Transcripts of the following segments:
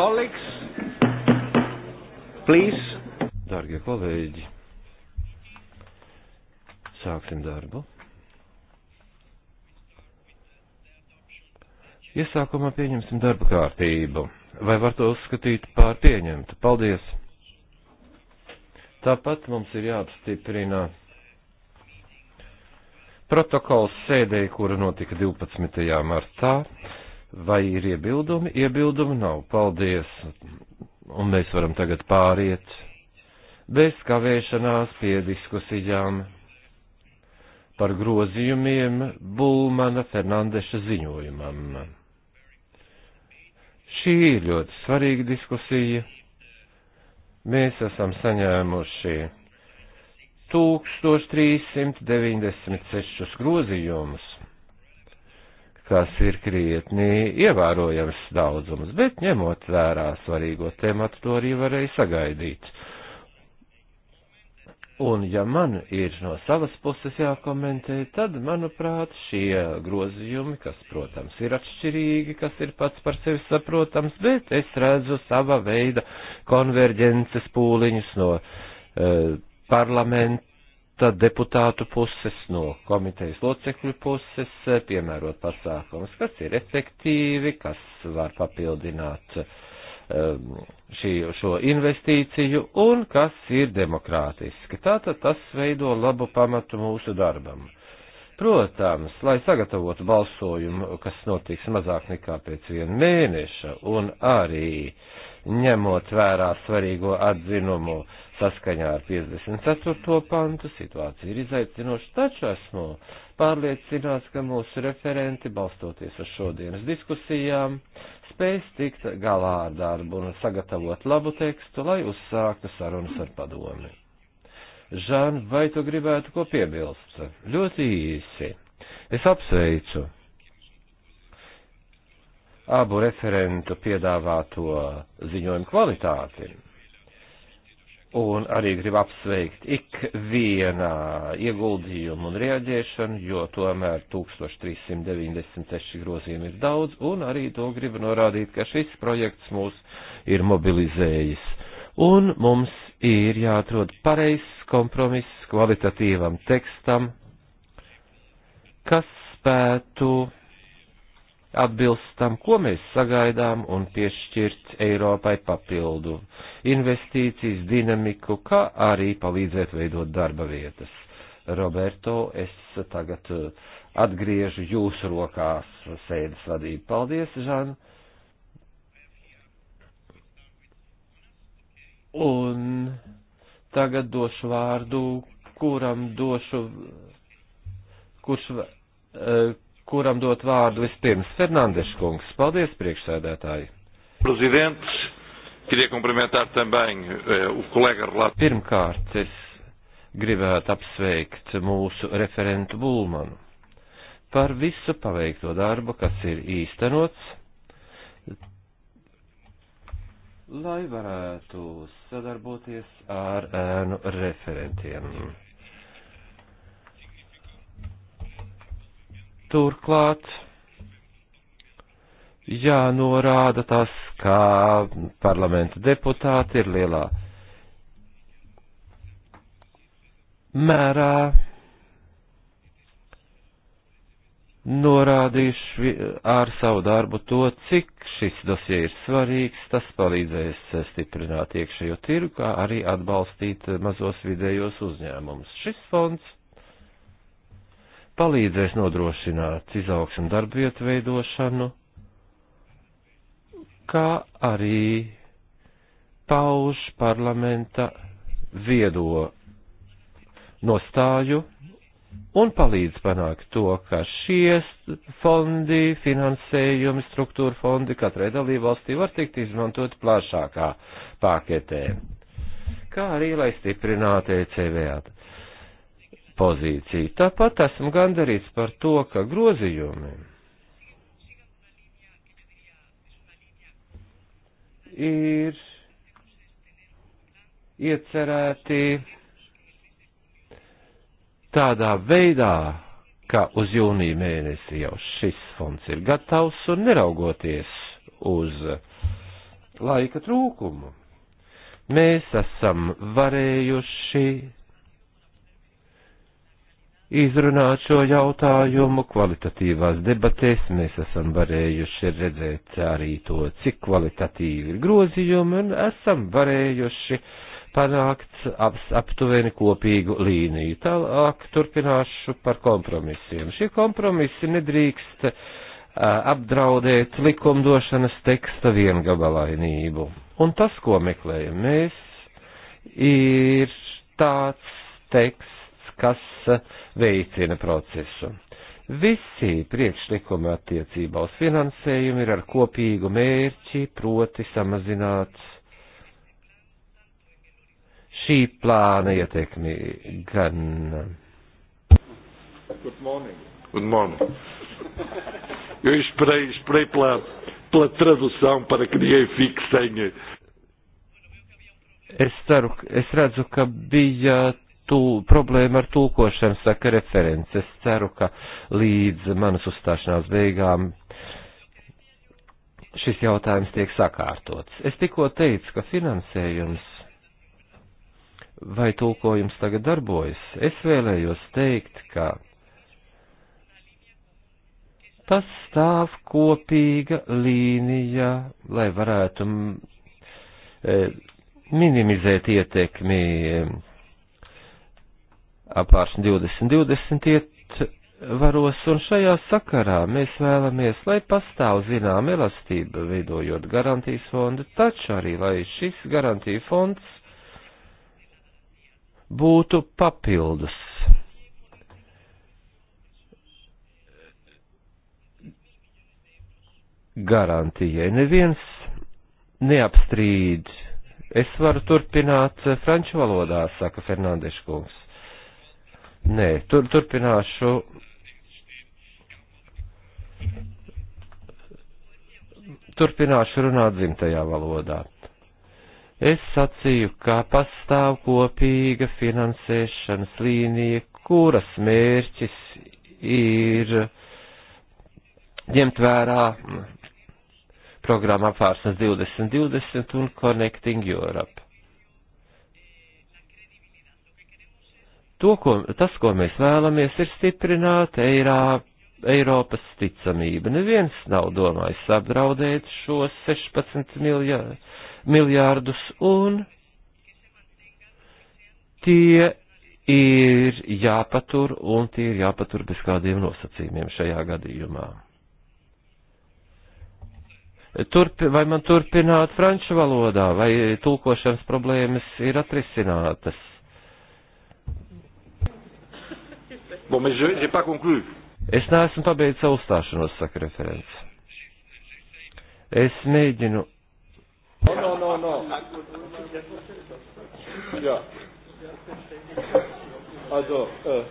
colleagues, please. Dārgie kolēģi, sāksim darbu. Iesākumā pieņemsim darba kārtību. Vai var to uzskatīt par pieņemtu? Paldies! Tāpat mums ir jāapstiprina protokols sēdē, kura notika 12. martā. Vai ir iebildumi? Iebildumi nav. Paldies. Un mēs varam tagad pāriet bez kavēšanās pie diskusijām par grozījumiem Bulmana Fernandeša ziņojumam. Šī ir ļoti svarīga diskusija. Mēs esam saņēmuši 1396 grozījumus kas ir krietni ievērojams daudzums, bet ņemot vērā svarīgo tematu, to arī varēja sagaidīt. Un ja man ir no savas puses jākomentē, tad, manuprāt, šie grozījumi, kas, protams, ir atšķirīgi, kas ir pats par sevi saprotams, bet es redzu sava veida konverģences pūliņus no uh, parlamenta no deputātu puses, no komitejas locekļu puses, eh, piemērot pasākumus, kas ir efektīvi, kas var papildināt um, šī, šo investīciju un kas ir demokrātiski. Tātad tas veido labu pamatu mūsu darbam. Protams, lai sagatavotu balsojumu, kas notiks mazāk nekā pēc viena mēneša, un arī ņemot vērā svarīgo atzinumu saskaņā ar 54. pantu situācija ir izaicinoša, taču esmu pārliecināts, ka mūsu referenti, balstoties uz šodienas diskusijām, spēs tikt galā ar darbu un sagatavot labu tekstu, lai uzsāktu sarunas ar padomi. Žan, vai tu gribētu ko piebilst? Ļoti īsi. Es apsveicu abu referentu piedāvāto ziņojumu kvalitāti un arī gribu apsveikt ikvienā ieguldījumu un reaģēšanu, jo tomēr 1396 grozījumi ir daudz, un arī to gribu norādīt, ka šis projekts mūs ir mobilizējis. Un mums ir jāatrod pareizs kompromiss kvalitatīvam tekstam, kas spētu atbilst tam, ko mēs sagaidām un piešķirt Eiropai papildu investīcijas, dinamiku, kā arī palīdzēt veidot darba vietas. Roberto, es tagad eh, atgriežu jūsu rokās sēdes vadību. Paldies, Žan! Un tagad došu vārdu, kuram došu, kurš, uh, kuram dot vārdu vispirms. Fernandes kungs, paldies priekšsēdētāji. Prezidents, queria cumprimentar também eh, o colega relator. Pirmkārt, es gribētu apsveikt mūsu referentu Bulmanu par visu paveikto darbu, kas ir īstenots, lai varētu sadarboties ar ēnu referentiem. Mm Turklāt jānorāda tas, kā parlamenta deputāti ir lielā mērā norādījuši ar savu darbu to, cik šis dosie ir svarīgs, tas palīdzēs stiprināt iekšējo tirgu, kā arī atbalstīt mazos vidējos uzņēmumus. Šis fonds palīdzēs nodrošināt izaugsmu darbvietu veidošanu, kā arī pauž parlamenta viedo nostāju un palīdz panākt to, ka šie fondi, finansējumi, struktūra fondi katrai dalībvalstī var tikt izmantot plašākā paketē, kā arī lai stiprinātu ECV pozīciju. Tāpat esmu gandarīts par to, ka grozījumi ir iecerēti tādā veidā, ka uz jūniju mēnesi jau šis fonds ir gatavs un neraugoties uz laika trūkumu. Mēs esam varējuši izrunāt šo jautājumu kvalitatīvās debatēs. Mēs esam varējuši redzēt arī to, cik kvalitatīvi ir grozījumi, un esam varējuši panākt ap, aptuveni kopīgu līniju. Tālāk turpināšu par kompromisiem. Šie kompromisi nedrīkst uh, apdraudēt likumdošanas teksta viengabalainību. Un tas, ko meklējam mēs, ir tāds teksts, kas eh, veicina procesu. Visi priekšlikumi attiecībā uz finansējumu ir ar kopīgu mērķi, proti samazināt šī plāna ietekmi gan. Good morning. Good morning. Eu esperei, esperei pela, pela tradução para que ninguém fique sem. Eh, es, ceru, es redzu, ka bija tū, problēma ar tūkošanu saka referents. Es ceru, ka līdz manas uzstāšanās beigām šis jautājums tiek sakārtots. Es tikko teicu, ka finansējums vai tulkojums tagad darbojas. Es vēlējos teikt, ka tas stāv kopīga līnija, lai varētu e, minimizēt ietekmi e, apārsni 2020 ietvaros, un šajā sakarā mēs vēlamies, lai pastāv zinām elastība, veidojot garantijas fondu, taču arī, lai šis garantija fonds būtu papildus. Garantijai neviens neapstrīd. Es varu turpināt eh, franču valodā, saka Fernandeškungs. Nē, tur, turpināšu. Turpināšu runāt dzimtajā valodā. Es sacīju, ka pastāv kopīga finansēšanas līnija, kuras mērķis ir ņemt vērā programmu apvārsnes 2020 un Connecting Europe. To, ko, tas, ko mēs vēlamies, ir stiprināt Eirā, Eiropas ticamību. Neviens nav domājis apdraudēt šos 16 miljā, miljārdus, un tie ir jāpatur, un tie ir jāpatur bez kādiem nosacījumiem šajā gadījumā. Turp, vai man turpināt franču valodā, vai tulkošanas problēmas ir atrisinātas? Bon, mais je n'ai pas conclu. Es neesmu pabeidzis savu stāšanos, saka referents. Es mēģinu. No, no, no, no. Jā. Also, äh,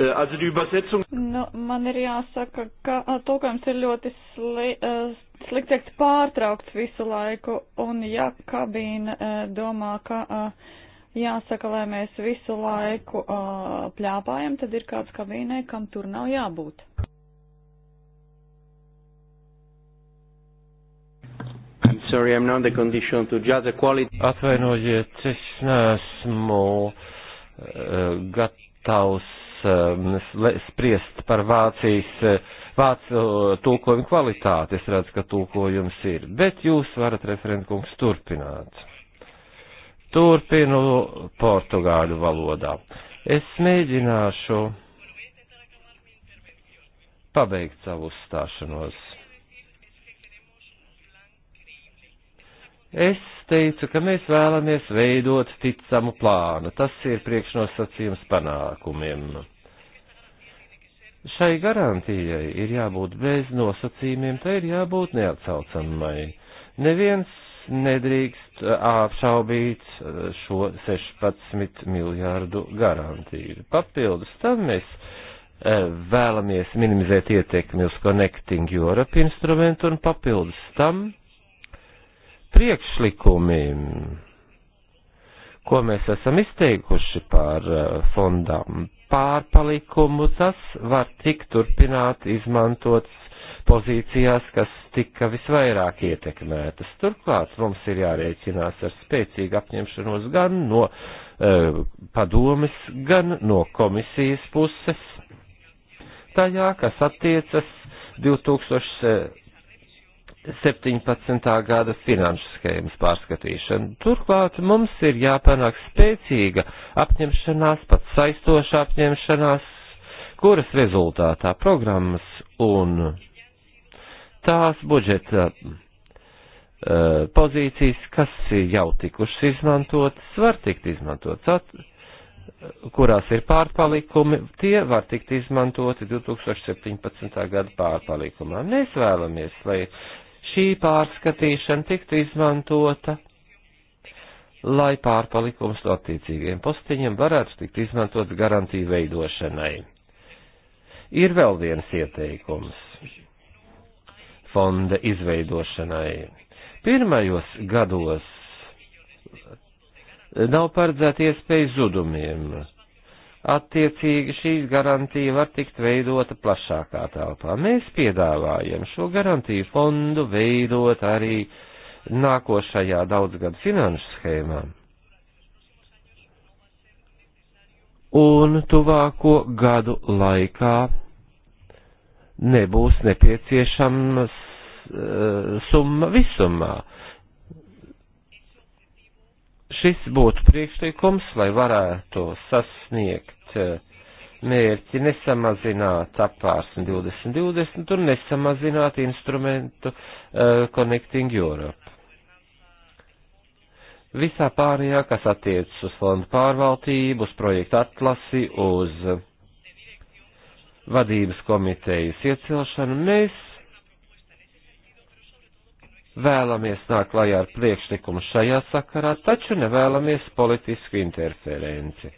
äh Also die Übersetzung. Nu, man ir jāsaka, ka tulkojums ir ļoti sli, slikti tiek pārtraukts visu laiku, un ja kabīna domā, ka jāsaka, lai mēs visu laiku uh, pļāpājam, tad ir kāds kabīnē, kam tur nav jābūt. I'm sorry, I'm not the condition to judge the quality. Atvainojiet, es neesmu uh, gatavs uh, spriest par Vācijas uh, vācu tulkojumu kvalitāti. Es redzu, ka tulkojums ir, bet jūs varat referentkungs turpināt. Turpinu portugāļu valodā. Es mēģināšu pabeigt savu uzstāšanos. Es teicu, ka mēs vēlamies veidot ticamu plānu. Tas ir priekšnosacījums panākumiem. Šai garantijai ir jābūt bez nosacījumiem, tai ir jābūt neatsaucamai. Neviens nedrīkst uh, apšaubīt uh, šo 16 miljārdu garantiju. Papildus tam mēs uh, vēlamies minimizēt ietekmi uz Connecting Europe instrumentu un papildus tam priekšlikumiem, ko mēs esam izteikuši par fondām pārpalikumu, tas var tik turpināt izmantots pozīcijās, kas tika visvairāk ietekmētas. Turklāt mums ir jārēķinās ar spēcīgu apņemšanos gan no uh, padomes, gan no komisijas puses, tajā, kas attiecas 2017. E, gada finanšu schēmas pārskatīšanu. Turklāt mums ir jāpanāk spēcīga apņemšanās, pat saistoša apņemšanās, kuras rezultātā programmas un tās budžeta e, pozīcijas, kas ir jau tikušas izmantotas, var tikt izmantotas, kurās ir pārpalikumi, tie var tikt izmantoti 2017. gada pārpalikumā. Mēs vēlamies, lai šī pārskatīšana tiktu izmantota, lai pārpalikums no attiecīgiem postiņiem varētu tikt izmantots garantiju veidošanai. Ir vēl viens ieteikums fonda izveidošanai. Pirmajos gados nav paredzēta iespēja zudumiem. Attiecīgi šīs garantija var tikt veidota plašākā telpā. Mēs piedāvājam šo garantiju fondu veidot arī nākošajā daudzgadu finanšu schēmā. Un tuvāko gadu laikā nebūs nepieciešams eh, summa visumā. Šis būtu priekšlikums, lai varētu sasniegt eh, mērķi nesamazināt apvārsni 2020 un nesamazināt instrumentu uh, Connecting Europe. Visā pārējā, kas attiecas uz fondu pārvaldību, uz projektu atlasi, uz uh, vadības komitejas iecelšanu, mēs vēlamies nākt klajā ar priekšlikumu šajā sakarā, taču nevēlamies politisku interferenci.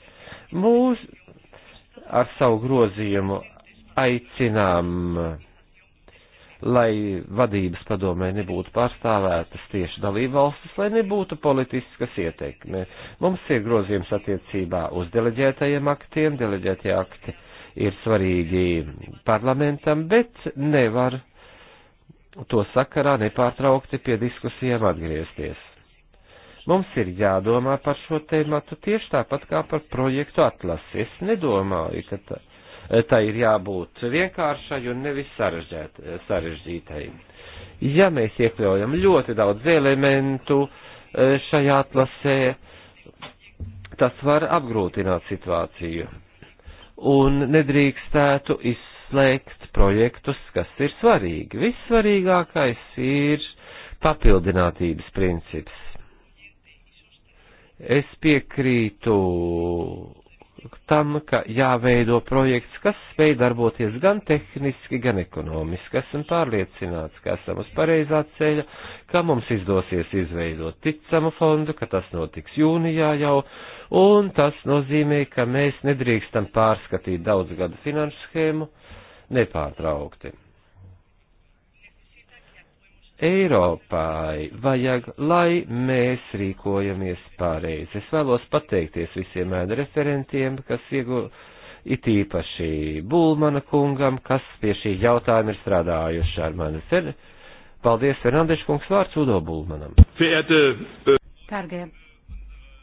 Mūs ar savu grozījumu aicinām, lai vadības padomē nebūtu pārstāvētas tieši dalībvalstis, lai nebūtu politiskas ieteikme. Mums ir grozījums attiecībā uz deleģētajiem aktiem, deleģētie akti ir svarīgi parlamentam, bet nevar to sakarā nepārtraukti pie diskusijām atgriezties. Mums ir jādomā par šo tēmatu tieši tāpat kā par projektu atlasi. Es nedomāju, ka tā, tā ir jābūt vienkāršai un nevis sarežģītai. Ja mēs iekļaujam ļoti daudz elementu eh, šajā atlasē, tas var apgrūtināt situāciju un nedrīkstētu izslēgt projektus, kas ir svarīgi. Vissvarīgākais ir papildinātības princips. Es piekrītu tam, ka jāveido projekts, kas spēj darboties gan tehniski, gan ekonomiski. Esmu pārliecināts, ka esam uz pareizā ceļa, ka mums izdosies izveidot ticamu fondu, ka tas notiks jūnijā jau. Uh, un tas nozīmē, ka mēs nedrīkstam pārskatīt daudzgadu finanšu schēmu nepārtraukti. Eiropai vajag, lai mēs rīkojamies pareizi. Es vēlos pateikties visiem ēda referentiem, kas iegūst it īpaši Bulmana kungam, kas pie šī jautājuma ir strādājuši ar mani. Fer... Paldies, Fernandeša kungs, vārds Udo Bulmanam. Äh, Dārgie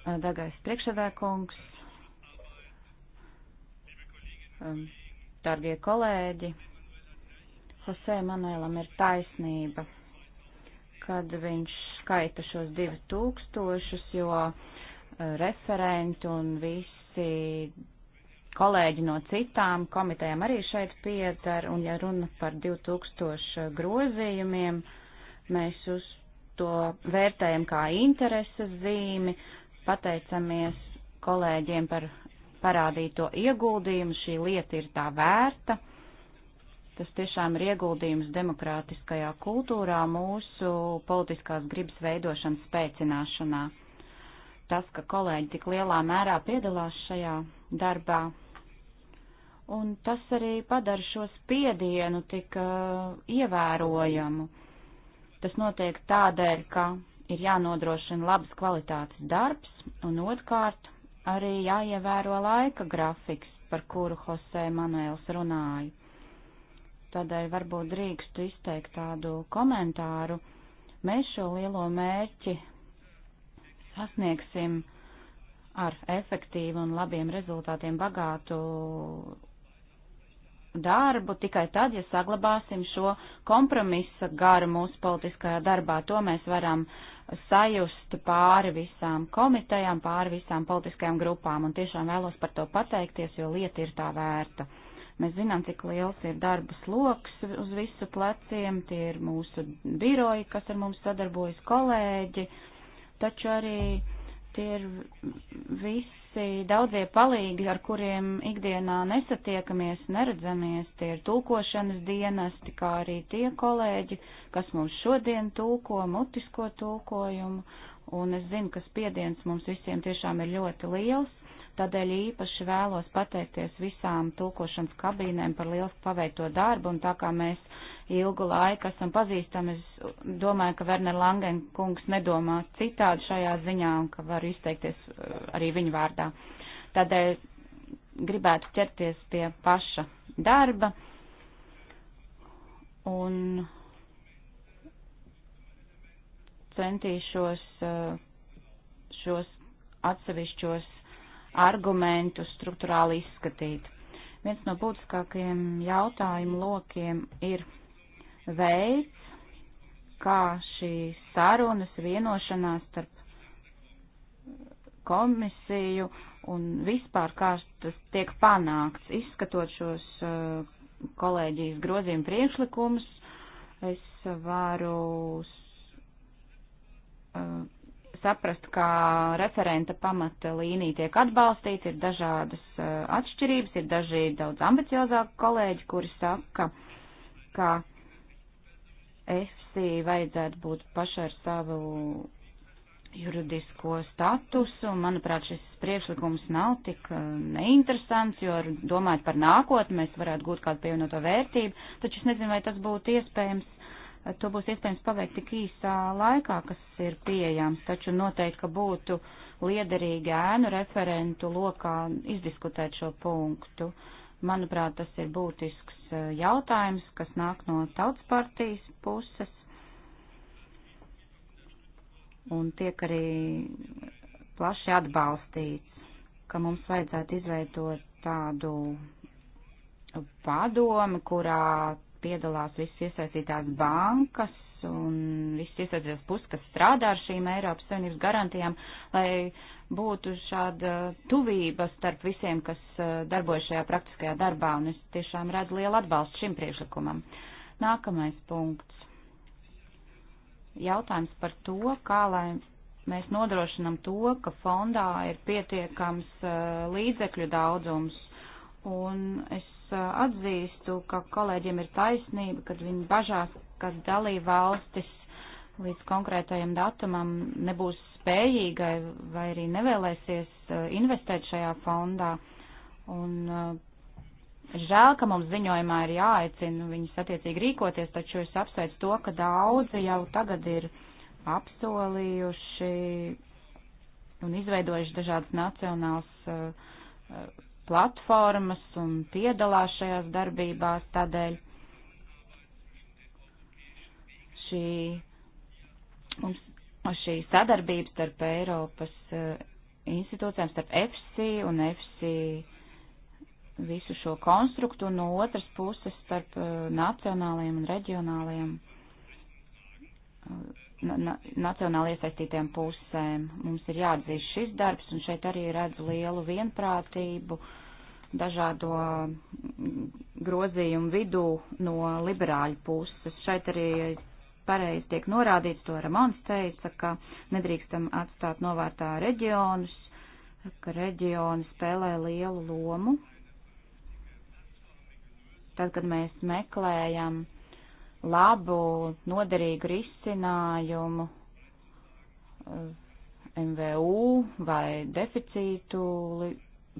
Dagais priekšsēdēkungs, um, darbie kolēģi, Jose Manuēlam ir taisnība, kad viņš skaita šos divus tūkstošus, jo uh, referenti un visi kolēģi no citām komitējām arī šeit piedar, un ja runa par 2000 grozījumiem, mēs uz to vērtējam kā intereses zīmi, Pateicamies kolēģiem par parādīto ieguldījumu. Šī lieta ir tā vērta. Tas tiešām ir ieguldījums demokrātiskajā kultūrā, mūsu politiskās gribas veidošanas spēcināšanā. Tas, ka kolēģi tik lielā mērā piedalās šajā darbā, un tas arī padara šo spiedienu tik uh, ievērojamu. Tas notiek tādēļ, ka ir jānodrošina labas kvalitātes darbs, un otrkārt arī jāievēro laika grafiks, par kuru Hosē Manuēls runāja. Tādēļ varbūt drīkstu izteikt tādu komentāru. Mēs šo lielo mērķi sasniegsim ar efektīvu un labiem rezultātiem bagātu darbu tikai tad, ja saglabāsim šo kompromisa garu mūsu politiskajā darbā. To mēs varam uh, sajust pāri visām komitejām, pāri visām politiskajām grupām, un tiešām vēlos par to pateikties, jo lieta ir tā vērta. Mēs zinām, cik liels ir darba sloks uz visu pleciem, tie ir mūsu biroji, kas ar mums sadarbojas, kolēģi, taču arī tie ir visi visi daudzie palīgi, ar kuriem ikdienā nesatiekamies, neredzamies, tie ir tūkošanas dienesti, kā arī tie kolēģi, kas mums šodien tūko mutisko tūkojumu, un es zinu, ka spiediens mums visiem tiešām ir ļoti liels, tādēļ īpaši vēlos pateikties visām tūkošanas kabīnēm par lielu paveikto darbu, un tā kā mēs ilgu laiku esam pazīstami. Es domāju, ka Werner Langen kungs nedomā citādi šajā ziņā un ka varu izteikties eh, arī viņu vārdā. Tādēļ gribētu ķerties pie paša darba un centīšos eh, šos atsevišķos argumentus struktūrāli izskatīt. Viens no būtiskākajiem jautājumu lokiem ir veids, kā šīs sarunas vienošanās starp komisiju un vispār kā tas tiek panākts. Izskatot šos uh, kolēģijas grozījumu priekšlikumus, es varu uh, saprast, kā referenta pamata līnija tiek atbalstīta, ir dažādas uh, atšķirības, ir daži daudz ambiciozāki kolēģi, kuri saka, ka EFSI vajadzētu būt pašai ar savu juridisko statusu. Manuprāt, šis priekšlikums nav tik uh, neinteresants, jo domājot par nākotni, mēs varētu gūt kādu pievienoto vērtību, taču es nezinu, vai tas būtu iespējams. Uh, to būs iespējams paveikt tik īsā laikā, kas ir pieejams, taču noteikti, ka būtu liederīgi ēnu referentu lokā izdiskutēt šo punktu. Uh, Manuprāt, tas ir būtisks e, jautājums, kas nāk no tautas partijas puses. Un tiek arī plaši atbalstīts, ka mums vajadzētu izveidot tādu padomi, kurā piedalās visas iesaistītās bankas, un visas iesaistītās puses, kas strādā ar šīm Eiropas Savienības garantijām, lai būtu šāda tuvība starp visiem, kas eh, darbojas šajā praktiskajā darbā, un es tiešām redzu lielu atbalstu šim priekšlikumam. Nākamais punkts. Jautājums par to, kā lai mēs nodrošinam to, ka fondā ir pietiekams eh, līdzekļu daudzums, un es eh, atzīstu, ka kolēģiem ir taisnība, kad viņi bažās, ka dalība valstis līdz konkrētajam datumam nebūs spējīgai vai arī nevēlēsies uh, investēt šajā fondā. Un uh, žēl, ka mums ziņojumā ir jāaicina viņus attiecīgi rīkoties, taču es apsveicu to, ka daudzi jau tagad ir apsolījuši un izveidojuši dažādas nacionālas uh, platformas un piedalās šajās darbībās tādēļ šī, mums, šī sadarbība starp Eiropas eh, institūcijām, starp EFSI un EFSI visu šo konstruktu un no otras puses starp eh, nacionālajiem un reģionālajiem eh, na, na, nacionāli iesaistītiem pusēm. Mums ir jāatzīst šis darbs un šeit arī redzu lielu vienprātību dažādo mm, grozījumu vidū no liberāļu puses. Šeit arī pareizi tiek norādīts, to Ramons teica, ka nedrīkstam atstāt novārtā reģionus, ka reģioni spēlē lielu lomu. Tad, kad mēs meklējam labu, noderīgu risinājumu eh, MVU vai deficītu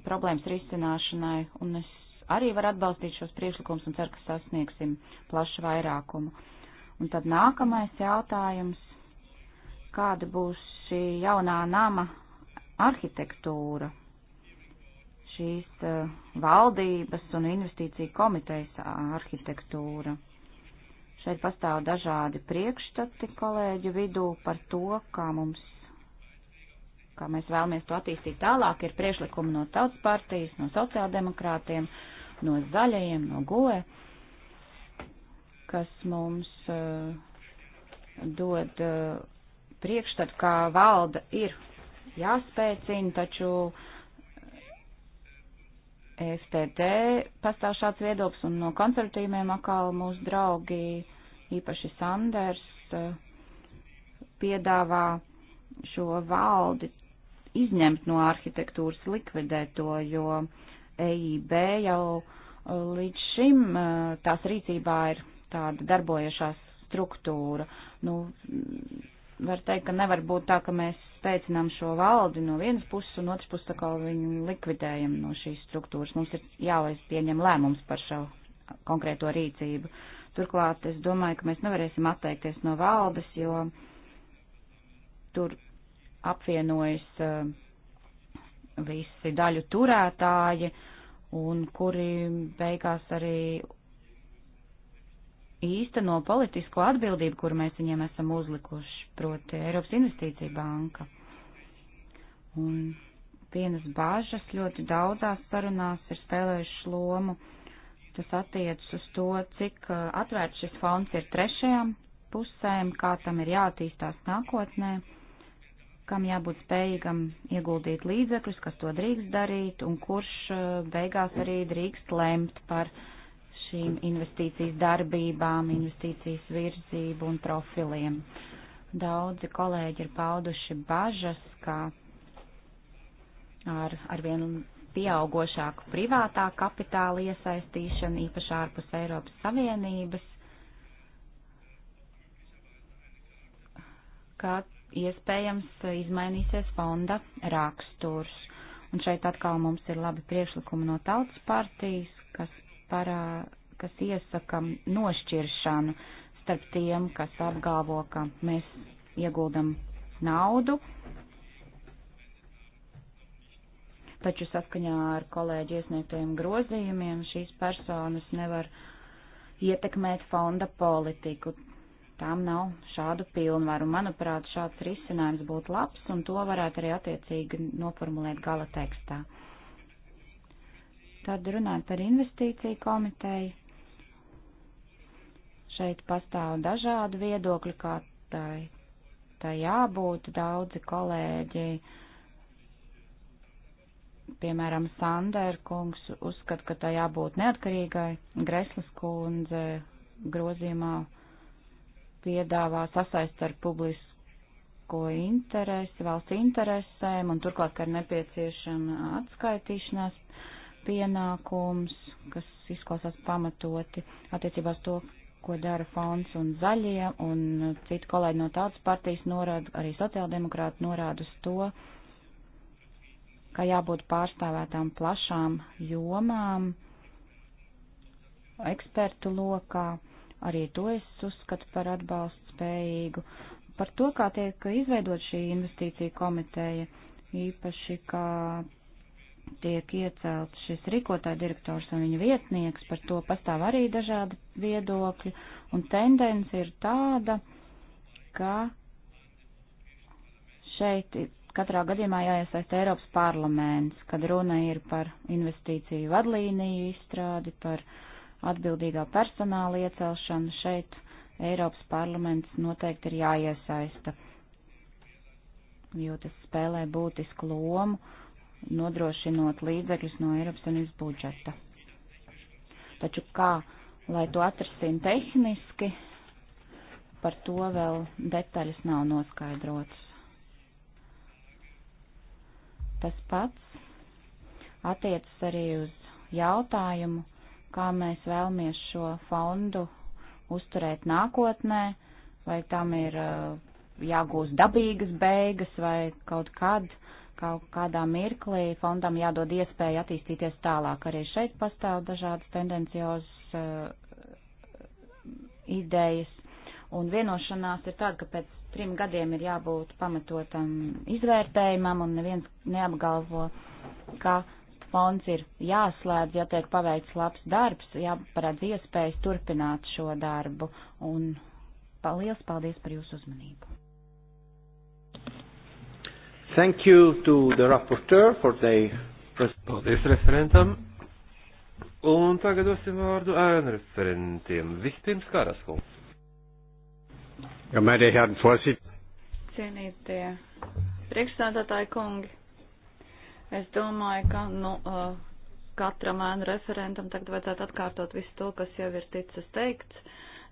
problēmas risināšanai, un es arī varu atbalstīt šos priekšlikumus un ceru, ka sasniegsim plašu vairākumu. Un tad nākamais jautājums, kāda būs šī jaunā nama arhitektūra šīs eh, valdības un investīcija komitejas arhitektūra. Šeit pastāv dažādi priekšstati kolēģu vidū par to, kā mums, kā mēs vēlamies to attīstīt tālāk, ir priešlikumi no tautas partijas, no sociāldemokrātiem, no zaļajiem, no goe. Uh, kas mums uh, dod uh, eh, priekšstatu, kā valda ir jāspēcina, taču FTT pastāv šāds viedoklis un no konservatīviem atkal mūsu draugi, īpaši Sanders, uh, piedāvā šo valdi izņemt no arhitektūras, likvidēt to, jo EIB jau līdz šim tās rīcībā ir tāda darbojošās struktūra. Nu, var teikt, ka nevar būt tā, ka mēs spēcinām šo valdi no vienas puses un otras puses tā kā viņu likvidējam no šīs struktūras. Mums ir jālaiz pieņem lēmums par šo konkrēto rīcību. Turklāt es domāju, ka mēs nevarēsim atteikties no valdes, jo tur apvienojas eh, visi daļu turētāji un kuri beigās arī īsteno politisko atbildību, kur mēs viņiem esam uzlikuši, proti Eiropas Investīcija banka. Un vienas bāžas ļoti daudzās sarunās ir spēlējušas lomu. Tas attiecas uz to, cik uh, atvērts šis fonds ir trešajām pusēm, kā tam ir jātīstās nākotnē, kam jābūt spējīgam ieguldīt līdzekļus, kas to drīkst darīt un kurš uh, beigās arī drīkst lemt par uh, šīm investīcijas darbībām, investīcijas virzību un profiliem. Daudzi kolēģi ir pauduši bažas, ka ar, ar vienu pieaugošāku privātā kapitāla iesaistīšanu, īpaši ārpus Eiropas Savienības, ka iespējams izmainīsies fonda raksturs. Un šeit atkal mums ir labi priekšlikumi no tautas partijas, kas parā, kas iesaka nošķiršanu starp tiem, kas apgalvo, ka mēs ieguldam naudu, taču saskaņā ar kolēģi iesniegtajiem grozījumiem šīs personas nevar ietekmēt fonda politiku. Tām nav šādu pilnvaru. Manuprāt, šāds risinājums būtu labs, un to varētu arī attiecīgi noformulēt gala tekstā. Tad runāt par investīciju komiteju. Šeit pastāv dažādi viedokļi, kā tai, tai jābūt. Daudzi kolēģi, piemēram, Sandēra kungs, uzskata, ka tai jābūt neatkarīgai. Greslas kundze grozījumā piedāvā sasaist ar publisko interesi, valsts interesēm, un turklāt, ka ir nepieciešama atskaitīšanās pienākums, kas izklausās pamatoti attiecībās to, ko dara fonds un zaļie, un citu kolēģi no tautas partijas norāda, arī sociāldemokrāti norāda uz to, ka jābūt pārstāvētām plašām jomām, ekspertu lokā, arī to es uzskatu par atbalstu spējīgu. Par to, kā tiek izveidot šī investīcija komiteja, īpaši kā tiek iecelts šis rīkotāja direktors un viņa vietnieks, par to pastāv arī dažādi viedokļi, un tendence ir tāda, ka šeit katrā gadījumā jāiesaista Eiropas parlaments, kad runa ir par investīciju vadlīniju izstrādi, par atbildīgā personāla iecelšanu, šeit Eiropas parlaments noteikti ir jāiesaista, jo tas spēlē būtisku lomu nodrošinot līdzekļus no Eiropas Savienības budžeta. Taču kā, lai to atrastītu tehniski, par to vēl detaļas nav noskaidrotas. Tas pats attiecas arī uz jautājumu, kā mēs vēlamies šo fondu uzturēt nākotnē, vai tam ir uh, jāgūst dabīgas beigas, vai kaut kad kaut kādā mirklī fondam jādod iespēja attīstīties tālāk. Arī šeit pastāv dažādas tendenciozas uh, idejas. Un vienošanās ir tāda, ka pēc trim gadiem ir jābūt pamatotam izvērtējumam un neviens neapgalvo, ka fonds ir jāslēdz, ja tiek paveikts labs darbs, jāparedz iespējas turpināt šo darbu. Un liels paldies par jūsu uzmanību! Thank you to the rapporteur for the Paldies referentam. Un tagad dosim vārdu ēnu referentiem. Vispirms Karaskol. Ja mēdē Herrn Fosit. Cienītie priekšstādātāji kungi, es domāju, ka nu, katram ēnu referentam tagad vajadzētu atkārtot visu to, kas jau ir ticis teikts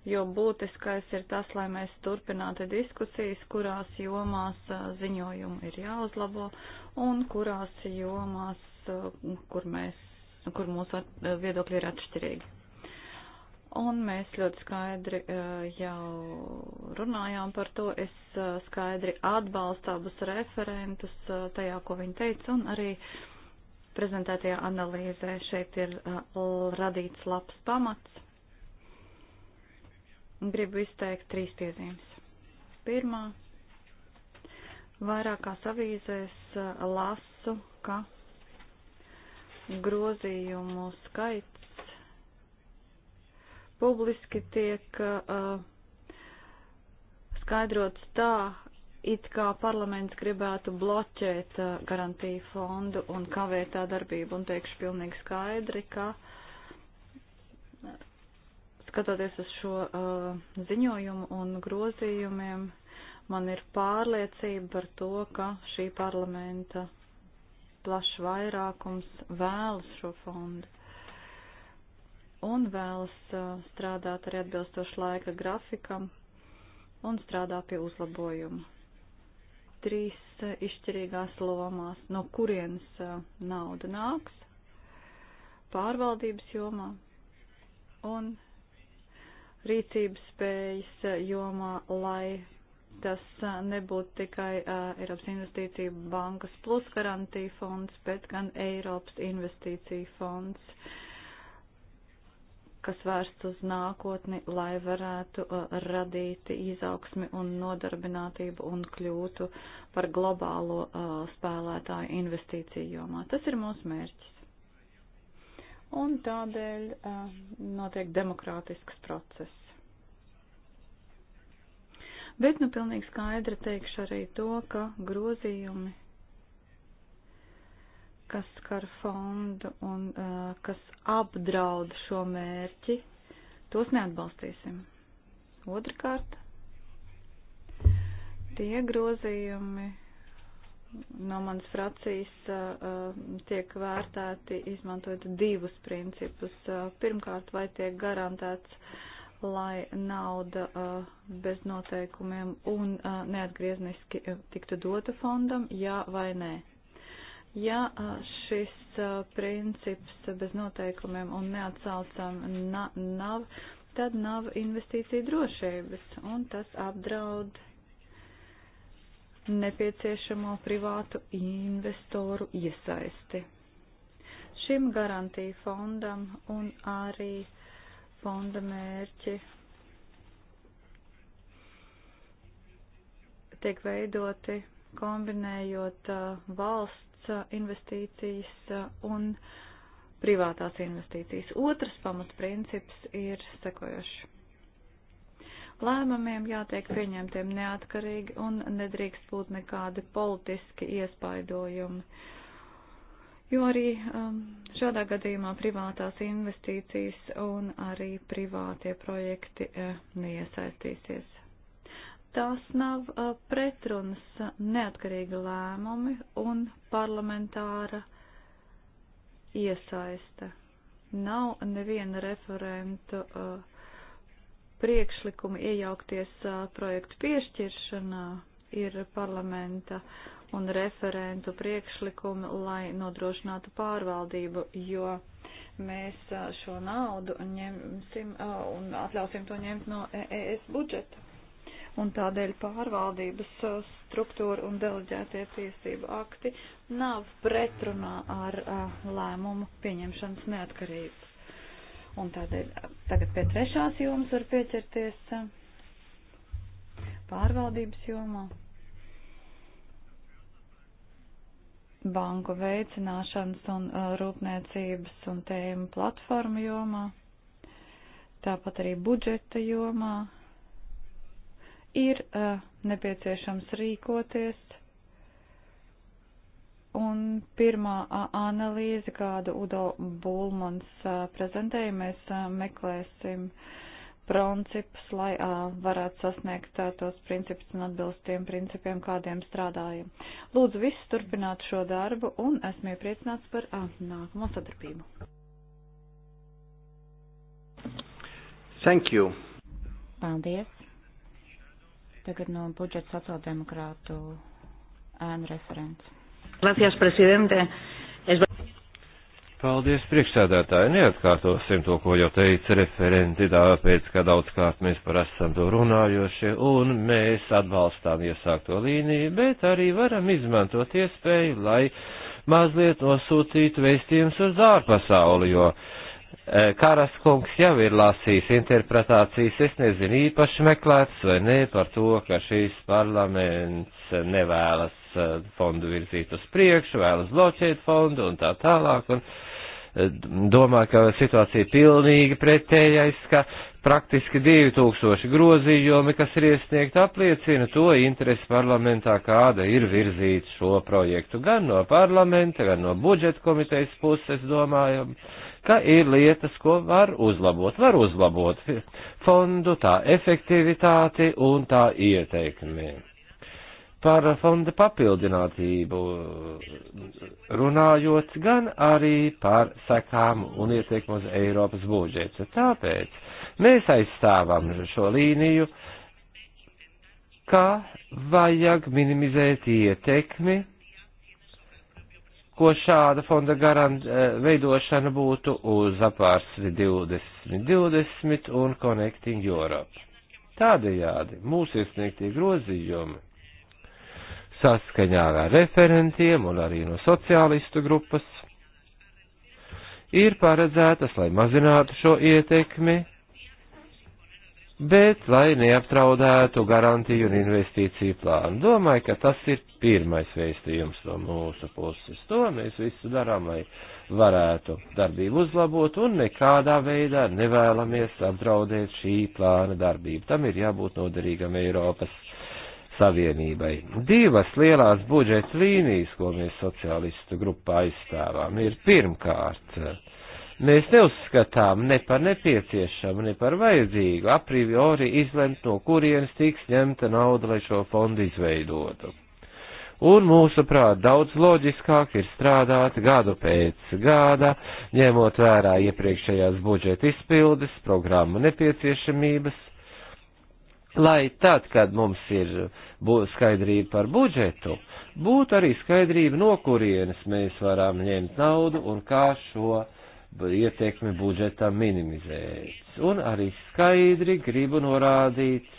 jo būtiskais ir tas, lai mēs turpinātu diskusijas, kurās jomās ziņojumi ir jāuzlabo un kurās jomās, kur, mēs, kur mūsu viedokļi ir atšķirīgi. Un mēs ļoti skaidri jau runājām par to. Es skaidri atbalstu abus referentus tajā, ko viņi teica, un arī prezentētajā analīzē šeit ir radīts labs pamats gribu izteikt trīs piezīmes. Pirmā, vairākās avīzēs lasu, ka grozījumu skaits publiski tiek uh, skaidrots tā, it kā parlaments gribētu bloķēt uh, garantiju fondu un kavēt tā darbību, un teikšu pilnīgi skaidri, ka uh, skatoties uz šo uh, ziņojumu un grozījumiem, man ir pārliecība par to, ka šī parlamenta plašs vairākums vēlas šo fondu un vēlas uh, strādāt arī atbilstoši laika grafikam un strādā pie uzlabojuma. Trīs uh, izšķirīgās lomās, no kurienes uh, nauda nāks, pārvaldības jomā un rīcības spējas uh, jomā, lai tas uh, nebūtu tikai uh, Eiropas investīcija bankas plus garantija fonds, bet gan Eiropas investīcija fonds, kas vērsts uz nākotni, lai varētu radīt izaugsmi un nodarbinātību un kļūtu par globālo spēlētāju investīciju jomā. Tas ir mūsu mērķis. Un tādēļ notiek demokrātisks process. Bet, nu, pilnīgi skaidri teikšu arī to, ka grozījumi, kas skar fondu un uh, kas apdraud šo mērķi, tos neatbalstīsim. Otrakārt, tie grozījumi no manas fracijas uh, tiek vērtēti izmantojot divus principus. Uh, pirmkārt, vai tiek garantēts uh, lai nauda eh, bez noteikumiem un eh, neatgriezniski eh, tiktu dota fondam, jā vai nē. Ja šis princips bez noteikumiem un neatsaucam na, nav, tad nav investīcija drošības, un tas apdraud nepieciešamo privātu investoru iesaisti. Šim garantija fondam un arī fonda mērķi tiek veidoti kombinējot uh, valsts uh, investīcijas uh, un privātās investīcijas. Otrs pamatprincips ir sekojošs. Lēmumiem jātiek pieņemtiem neatkarīgi un nedrīkst būt nekādi politiski iespaidojumi. Uh, jo arī um, šādā gadījumā privātās investīcijas un arī privātie projekti uh, neiesaistīsies. Tās nav uh, pretrunas neatkarīgi lēmumi un parlamentāra iesaista. Nav neviena referentu uh, priekšlikuma iejaukties uh, projektu piešķiršanā ir parlamenta un referentu priekšlikumu, lai nodrošinātu pārvaldību, jo mēs šo naudu ņemsim un atļausim to ņemt no EES budžeta. Un tādēļ pārvaldības struktūra un deleģētie tiesību akti nav pretrunā ar lēmumu pieņemšanas neatkarības. Un tādēļ tagad pie trešās jomas var pieķerties pārvaldības jomā. banku veicināšanas un uh, rūpniecības un tēmu platformu jomā, tāpat arī budžeta jomā, ir uh, nepieciešams rīkoties. Un pirmā analīze, kādu Udo Bulmans uh, prezentēja, mēs uh, meklēsim uh, principus, lai uh, varētu sasniegt uh, tos principus un atbilst tiem principiem, kādiem strādājam. Lūdzu, visus turpināt šo darbu un esmu iepriecināts par uh, nākamo sadarbību. Thank you. Paldies. Tagad no budžeta sociāldemokrātu ēnu referents. Gracias, presidente. Es... Paldies, priekšsēdētāji. Neatkārtosim to, ko jau teica referenti, tāpēc, ka daudzkārt mēs par esam to runājoši, un mēs atbalstām iesākto līniju, bet arī varam izmantot iespēju, lai mazliet nosūtītu vēstījums uz ārpasauli, jo e, Karas kungs jau ir lasījis interpretācijas, es nezinu, īpaši meklēts vai nē par to, ka šīs parlaments nevēlas e, fondu virzīt uz priekšu, vēlas bloķēt fondu un tā tālāk. Un, uh, domā, ka situācija ir pilnīgi pretējais, ka praktiski 2000 grozījumi, kas ir iesniegti, apliecina to interesi parlamentā, kāda ir virzīt šo projektu. Gan no parlamenta, gan no budžeta komitejas puses domājam, ka ir lietas, ko var uzlabot. Var uzlabot fondu, tā efektivitāti un tā ieteikumi par fonda papildinātību runājot, gan arī par sekām un ietekmu uz Eiropas budžetu. Tāpēc mēs aizstāvam šo līniju, kā vajag minimizēt ietekmi, ko šāda fonda garant, eh, veidošana būtu uz apārsni 2020 un Connecting Europe. Tādējādi mūsu iesniegtie grozījumi saskaņā ar referentiem un arī no sociālistu grupas, ir paredzētas, lai mazinātu šo ietekmi, bet lai neaptraudētu garantiju un investīciju plānu. Domāju, ka tas ir pirmais vēstījums no mūsu puses. To mēs visu darām, lai varētu darbību uzlabot un nekādā veidā nevēlamies apdraudēt šī plāna darbību. Tam ir jābūt noderīgam Eiropas Savienībai. Divas lielās budžeta līnijas, ko mēs sociālistu grupā aizstāvām, ir pirmkārt, mēs neuzskatām ne par nepieciešamu, ne par vajadzīgu a priori izlemt, no kurienes tiks ņemta nauda, lai šo fondu izveidotu. Un mūsuprāt, daudz loģiskāk ir strādāt gadu pēc gada, ņemot vērā iepriekšējās budžeta izpildes, programmu nepieciešamības lai tad, kad mums ir skaidrība par budžetu, būtu arī skaidrība, no kurienes mēs varam ņemt naudu un kā šo ietekmi budžetam minimizēt. Un arī skaidri gribu norādīt,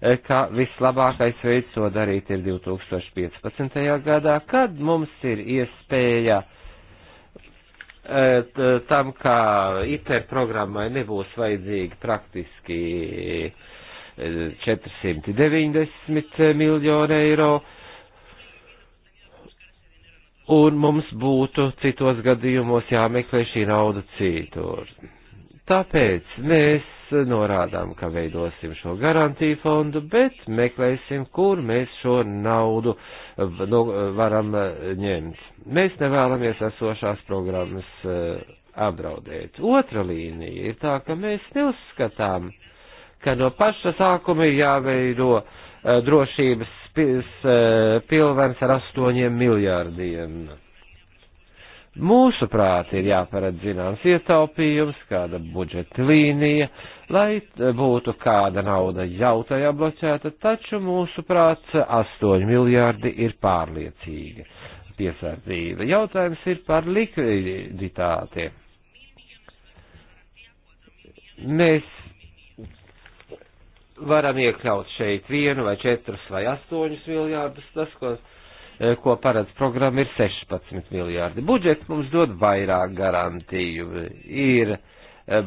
eh, ka vislabākais veids to darīt ir 2015. gadā, kad mums ir iespēja eh, tam, kā ITER programmai nebūs vajadzīgi praktiski 490 miljonu eiro. Un mums būtu citos gadījumos jāmeklē šī nauda citur. Tāpēc mēs norādām, ka veidosim šo garantiju fondu, bet meklēsim, kur mēs šo naudu nu, varam ņemt. Mēs nevēlamies esošās programmas eh, apdraudēt. Otra līnija ir tā, ka mēs neuzskatām, uh, ka no paša sākuma ir jāveido uh, drošības pils, uh, eh, pilvens ar astoņiem miljārdiem. Mūsuprāt, ir jāparedz zināms ietaupījums, kāda budžeta līnija, lai eh, būtu kāda nauda jauta jābloķēta, taču mūsuprāt, 8 miljārdi ir pārliecīga piesardzība. Jautājums ir par likviditāti. Mēs varam iekļaut šeit vienu vai četrus vai astoņus miljārdus. Tas, ko, e, ko paredz programma, ir 16 miljārdi. Budžets mums dod vairāk garantiju. Ir e,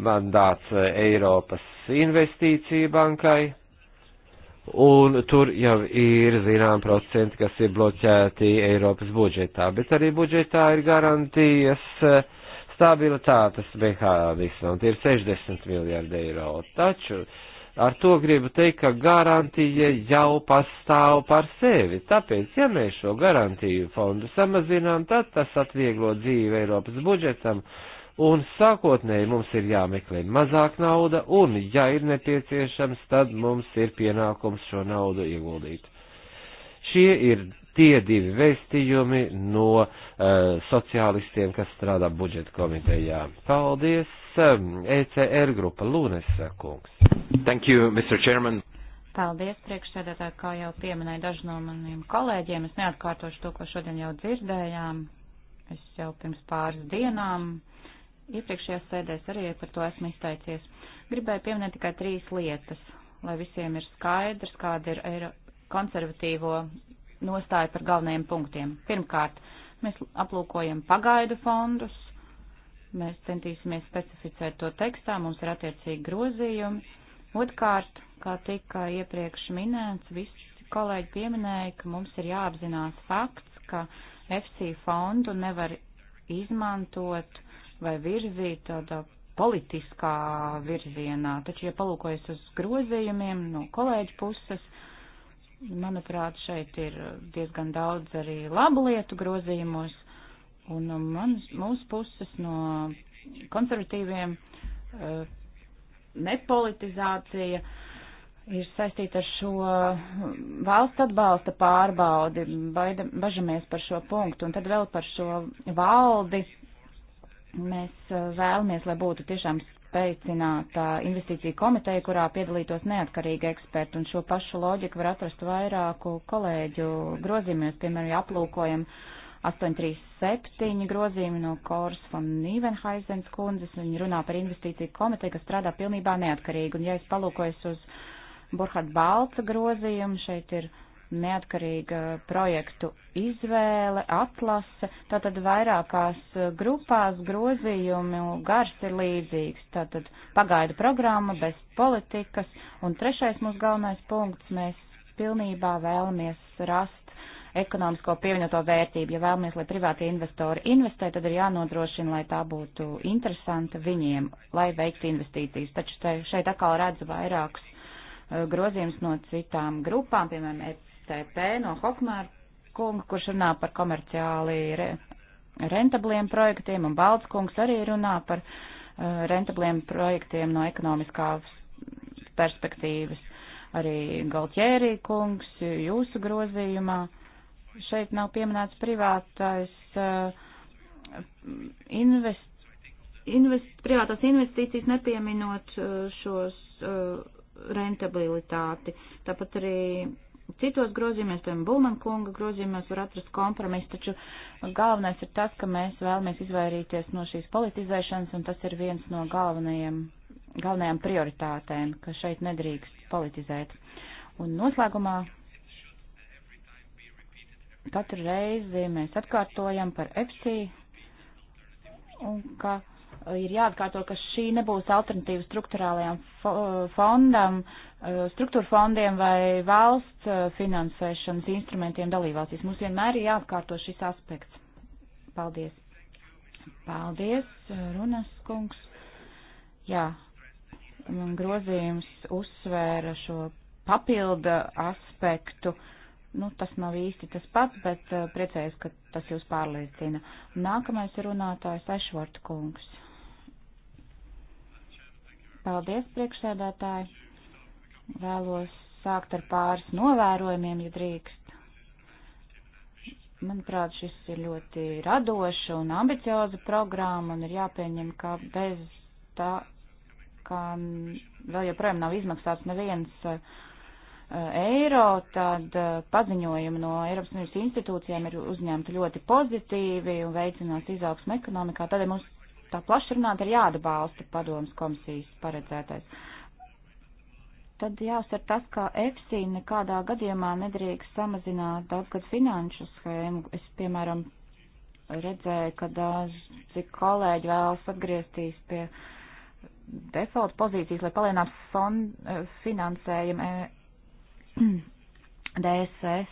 mandāts e, Eiropas investīcija bankai. Un tur jau ir zinām procenti, kas ir bloķēti Eiropas budžetā, bet arī budžetā ir garantijas stabilitātes mehānismam, tie ir 60 miljārdi eiro. Taču uh, Ar to gribu teikt, ka garantija jau pastāv par sevi. Tāpēc, ja mēs šo garantiju fondu samazinām, tad tas atvieglo dzīvi Eiropas budžetam, un sākotnēji mums ir jāmeklē mazāk nauda, un, ja ir nepieciešams, tad mums ir pienākums šo naudu ieguldīt. Šie ir tie divi vēstījumi no uh, sociālistiem, kas strādā budžeta komitejā. Paldies! ECR grupa Lūnesa kungs. Thank you, Mr. Chairman. Paldies, priekšsēdētāji, kā jau pieminēja daži no maniem kolēģiem. Es neatkārtošu to, ko šodien jau dzirdējām. Es jau pirms pāris dienām iepriekšējās sēdēs arī par to esmu izteicies. Gribēju pieminēt tikai trīs lietas, lai visiem ir skaidrs, kāda ir Eiro konservatīvo nostāja par galvenajiem punktiem. Pirmkārt, mēs aplūkojam pagaidu fondus, Mēs centīsimies specificēt to tekstā, mums ir attiecīgi grozījumi. Otkārt, kā tika iepriekš minēts, visi kolēģi pieminēja, ka mums ir jāapzinās fakts, ka FC fondu nevar izmantot vai virzīt tādā politiskā virzienā. Taču, ja palūkojas uz grozījumiem no kolēģi puses, manuprāt, šeit ir diezgan daudz arī labu lietu grozījumos. Un no um, man, mūsu puses no konservatīviem uh, nepolitizācija ir saistīta ar šo um, valsts atbalsta pārbaudi, baida, bažamies par šo punktu. Un tad vēl par šo valdi mēs uh, vēlamies, lai būtu tiešām spēcināta investīcija komiteja, kurā piedalītos neatkarīgi eksperti. Un šo pašu loģiku var atrast vairāku kolēģu grozījumies, piemēram, ja aplūkojam. Uh, 837 grozījumi no Kors von Nīvenhaizens kundzes. Viņi runā par investīciju komiteju, kas strādā pilnībā neatkarīgi. Un ja es palūkojos uz Burkhard Balca grozījumu, šeit ir neatkarīga projektu izvēle, atlase, tātad vairākās grupās grozījumu gars ir līdzīgs, tātad pagaidu programma bez politikas, un trešais mūsu galvenais punkts, mēs pilnībā vēlamies rast ekonomisko pievienoto vērtību. Ja vēlamies, lai privātie investori investē, tad ir jānodrošina, lai tā būtu interesanta viņiem, lai veiktu investīcijas. Taču te, šeit atkal redzu vairākus uh, grozījums no citām grupām, piemēram, ECP no Hokmāra kunga, kurš runā par komerciāli re, rentabliem projektiem, un Balts kungs arī runā par uh, rentabliem projektiem no ekonomiskās perspektīvas. Arī Galtjērī kungs jūsu grozījumā uh, šeit nav pieminēts privātais eh, invest, invest, privātās investīcijas, nepieminot eh, šos eh, rentabilitāti. Tāpat arī citos grozījumies, piemēram, Bulman kunga grozījumies var atrast kompromisu, taču galvenais ir tas, ka mēs vēlamies izvairīties no šīs politizēšanas, un tas ir viens no galvenajiem, galvenajām prioritātēm, ka šeit nedrīkst politizēt. Un noslēgumā katru reizi mēs atkārtojam par EPSI un ka ir jāatkārto, ka šī nebūs alternatīva struktūrālajām fondam, eh, struktūra fondiem vai valsts eh, finansēšanas instrumentiem dalībvalstīs. Mums vienmēr ir jāatkārto šis aspekts. Paldies. Paldies, Runas kungs. Jā, grozījums uzsvēra šo papildu aspektu. Uh, Nu, tas nav īsti tas pats, bet eh, priecājos, ka tas jūs pārliecina. Nākamais runātājs Ešvorta kungs. Paldies, priekšsēdētāji. Vēlos sākt ar pāris novērojumiem, ja drīkst. Manuprāt, šis ir ļoti radoša un ambicioza programma un ir jāpieņem, ka bez tā, ka vēl joprojām nav izmaksāts neviens uh, Eh, eiro, tad eh, paziņojumi no Eiropas Savienības institūcijām ir uzņemti ļoti pozitīvi un veicinās izaugsmu ekonomikā. Tādēļ mums tā plaši runāt ir jāatbalsta padomas komisijas paredzētais. Tad jāsver tas, ka EFSI nekādā gadījumā nedrīkst samazināt daudzgad finanšu schēmu. Es, piemēram, redzēju, ka daži kolēģi vēlas atgriezties pie default pozīcijas, lai palienātu fond, eh, finansējumu DSS.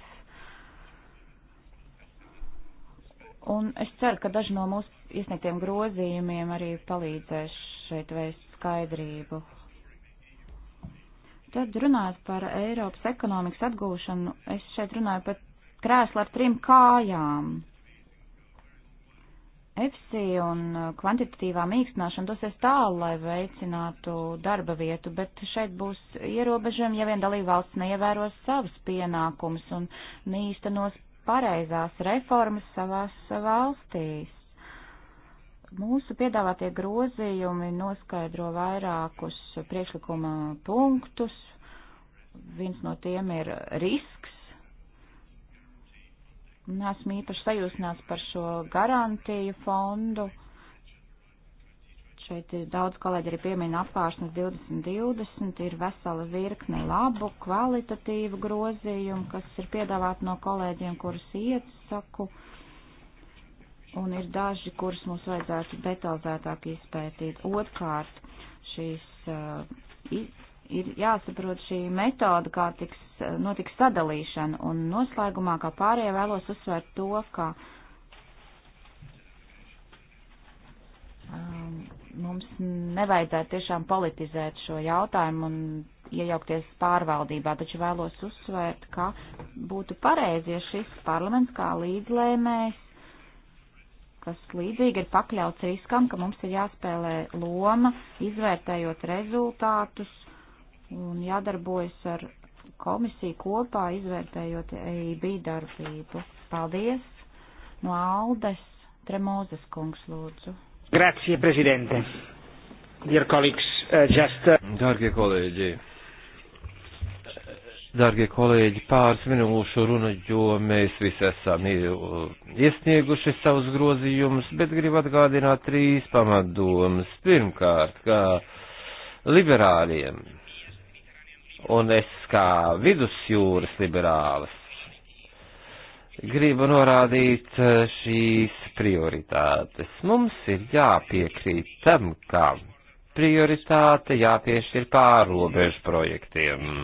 Un es ceru, ka daži no mūsu iesniegtiem grozījumiem arī palīdzēs šeit vēst skaidrību. Tad runājot par Eiropas ekonomikas atgūšanu, es šeit runāju par krēslu ar trim kājām. EFSI un uh, kvantitatīvā mīkstināšana dosies tālu, lai veicinātu darba vietu, bet šeit būs ierobežojumi, ja vien dalība valsts neievēros savus pienākumus un neīstenos pareizās reformas savās valstīs. Mūsu piedāvātie grozījumi noskaidro vairākus priekšlikuma punktus. Viens no tiem ir risks Nesmu īpaši sajūsmināts par šo garantiju fondu. Šeit ir daudz kolēģi arī piemina apvārsnes 2020, ir vesela virkne labu, kvalitatīvu grozījumu, kas ir piedāvāti no kolēģiem, kurus ietsaku, un ir daži, kurus mums vajadzētu detalizētāk izpētīt. Otkārt, šīs uh, ir jāsaprot šī metoda, kā tiks, notiks sadalīšana. Un noslēgumā, kā pārējie, vēlos uzsvērt to, ka um, mums nevajadzētu tiešām politizēt šo jautājumu un iejaukties pārvaldībā, taču vēlos uzsvērt, ka būtu pareizi, ja šis parlaments kā līdzlēmējs kas līdzīgi ir pakļauts riskam, ka mums ir jāspēlē loma, izvērtējot rezultātus un jādarbojas ar komisiju kopā, izvērtējot EIB darbību. Paldies! No Aldes Tremozes kungs lūdzu. Grazie, prezidente. Dear colleagues, uh, just... Uh... Dārgie kolēģi, Dārgie kolēģi, pāris minūšu runu, jo mēs visi esam iesnieguši savus grozījumus, bet gribu atgādināt trīs pamatdomas. Pirmkārt, kā liberāļiem Un es kā vidusjūras liberālis gribu norādīt e, šīs prioritātes. Mums ir jāpiekrīt tam, ka prioritāte jāpiešķir pārobežu projektiem,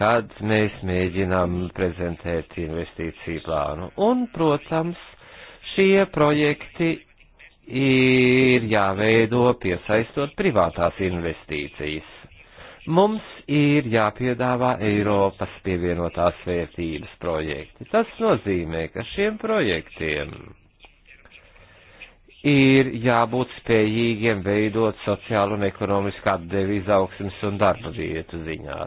kad mēs mēģinām prezentēt investīciju plānu. Un, protams, šie projekti ir jāveido piesaistot privātās investīcijas. Mums ir jāpiedāvā Eiropas pievienotās vērtības projekti. Tas nozīmē, ka šiem projektiem ir jābūt spējīgiem veidot sociālu un ekonomisku atdevi izaugsmas un darba vietu ziņā.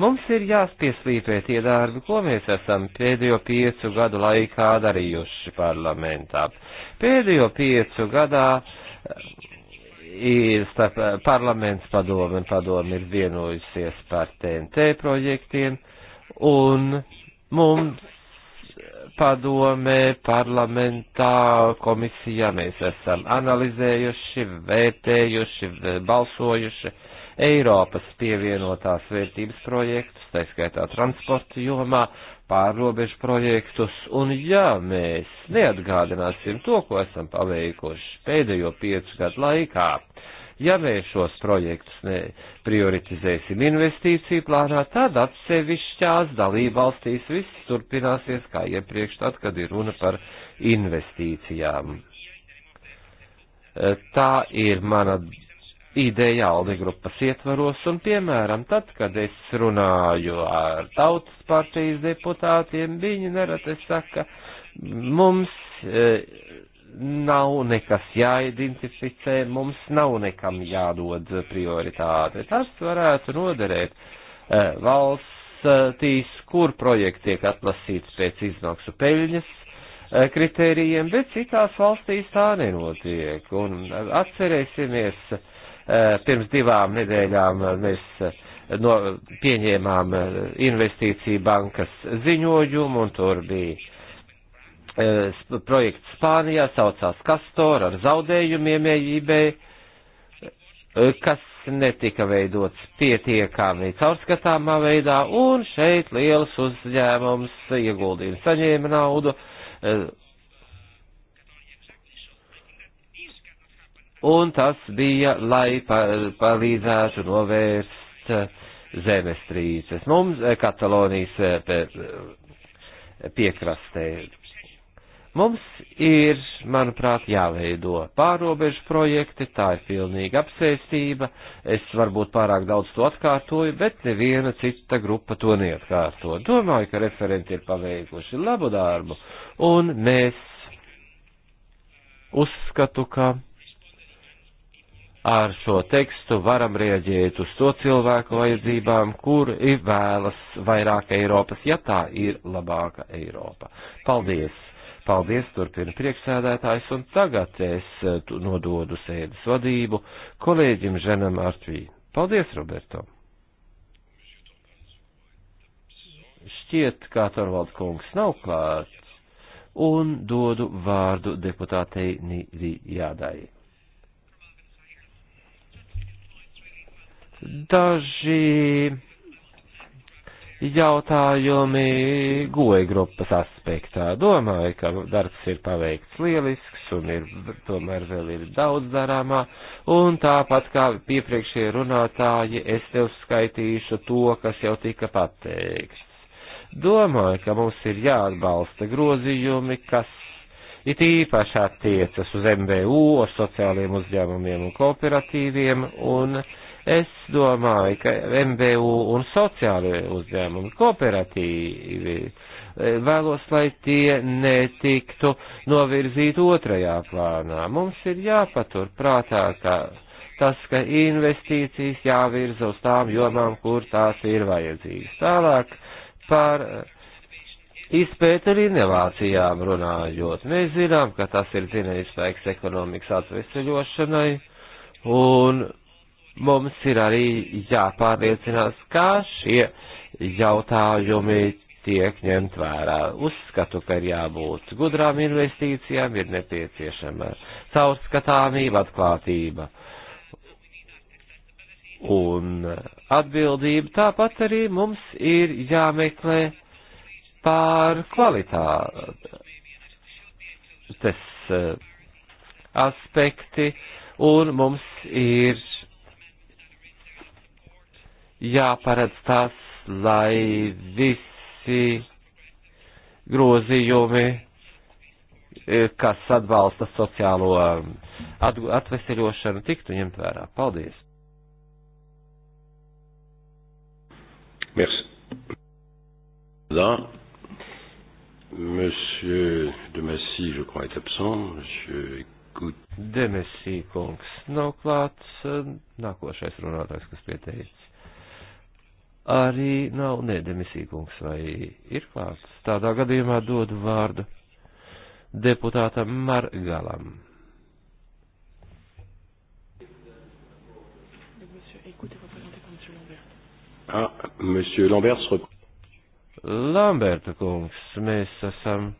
Mums ir jāspieslīpē tie darbi, ko mēs esam pēdējo piecu gadu laikā darījuši parlamentā. Pēdējo piecu gadā ir starp eh, parlaments padomi un padomi ir vienojusies par TNT projektiem un mums padomē, parlamentā, komisijā mēs esam analizējuši, vērtējuši, balsojuši Eiropas pievienotās vērtības projektus, tā skaitā transporta jomā, pārrobežu projektus, un ja mēs neatgādināsim to, ko esam paveikuši pēdējo piecu gadu laikā, ja mēs šos projektus neprioritizēsim investīciju plānā, tad atsevišķās dalībvalstīs viss turpināsies kā iepriekš, tad, kad ir runa par investīcijām. Tā ir mana ideja Aldi grupas ietvaros, un piemēram, tad, kad es runāju ar tautas partijas deputātiem, viņi nereti saka, mums e, nav nekas jāidentificē, mums nav nekam jādod prioritāte. Tas varētu noderēt e, valstīs, kur projekti tiek atlasīts pēc izmaksu peļņas, e, kritērijiem, bet citās valstīs tā nenotiek. Un e, atcerēsimies uh, Eh, pirms divām nedēļām eh, mēs eh, no, pieņēmām investīciju bankas ziņojumu, un tur bija projekts Spānijā, saucās Kastor ar zaudējumiem EIB, kas netika veidots pietiekami caurskatāmā veidā, un šeit liels uzņēmums ieguldījums saņēma naudu un tas bija, lai palīdzētu novērst eh, zemestrīces. Mums eh, Katalonijas eh, piekrastē. Mums ir, manuprāt, jāveido pārobežu projekti, tā ir pilnīga apsēstība, es varbūt pārāk daudz to atkārtoju, bet neviena cita grupa to neatkārto. Domāju, ka referenti ir paveikuši labu darbu, un mēs uzskatu, ka ar šo tekstu varam rieģēt uz to cilvēku vajadzībām, kuri vēlas vairāk Eiropas, ja tā ir labāka Eiropa. Paldies! Paldies, turpina priekšsēdētājs, un tagad es eh, nododu sēdes vadību kolēģim Ženam Artvī. Paldies, Roberto! Šķiet, kā Torvalds kungs nav klāts, un dodu vārdu deputātei Nīri Jādai. Daži jautājumi goja grupas aspektā. Domāju, ka darbs ir paveikts lielisks un ir, tomēr vēl ir daudz darāmā. Un tāpat kā piepriekšējie runātāji, es tev skaitīšu to, kas jau tika pateikts. Domāju, ka mums ir jāatbalsta grozījumi, kas it īpaši attiecas uz MBU, uz sociāliem uzņēmumiem un kooperatīviem. Un, uh, Es domāju, ka MBU un sociālie uzņēmumi, kooperatīvi, e, vēlos, lai tie netiktu novirzīti otrajā plānā. Mums ir jāpatur prātā, ka tas, ka investīcijas jāvirza uz tām jomām, kur tās ir vajadzīgas. Tālāk par izpēta un inovācijām runājot. Mēs zinām, ka tas ir zinājums laiks ekonomikas atvesļošanai, un mums ir arī jāpārliecinās, kā šie jautājumi tiek ņemt vērā. Uzskatu, ka ir jābūt gudrām investīcijām, ir nepieciešama caurskatāmība, atklātība un atbildība. Tāpat arī mums ir jāmeklē pār kvalitātes eh, aspekti, un mums ir jāparedz tas, lai visi grozījumi, eh, kas atbalsta sociālo eh, atveseļošanu, tiktu ņemt vērā. Paldies! Merci. Là, Monsieur de Massy, je crois, est absent. Monsieur écoute. De Massy, kungs, nav klāts. Nākošais runātājs, kas pieteicis arī nav, nē, demisīkungs vai ir klāts. Tādā gadījumā dodu vārdu deputātam Margalam. Ah, monsieur Lamberts. Lamberta kungs, mēs esam,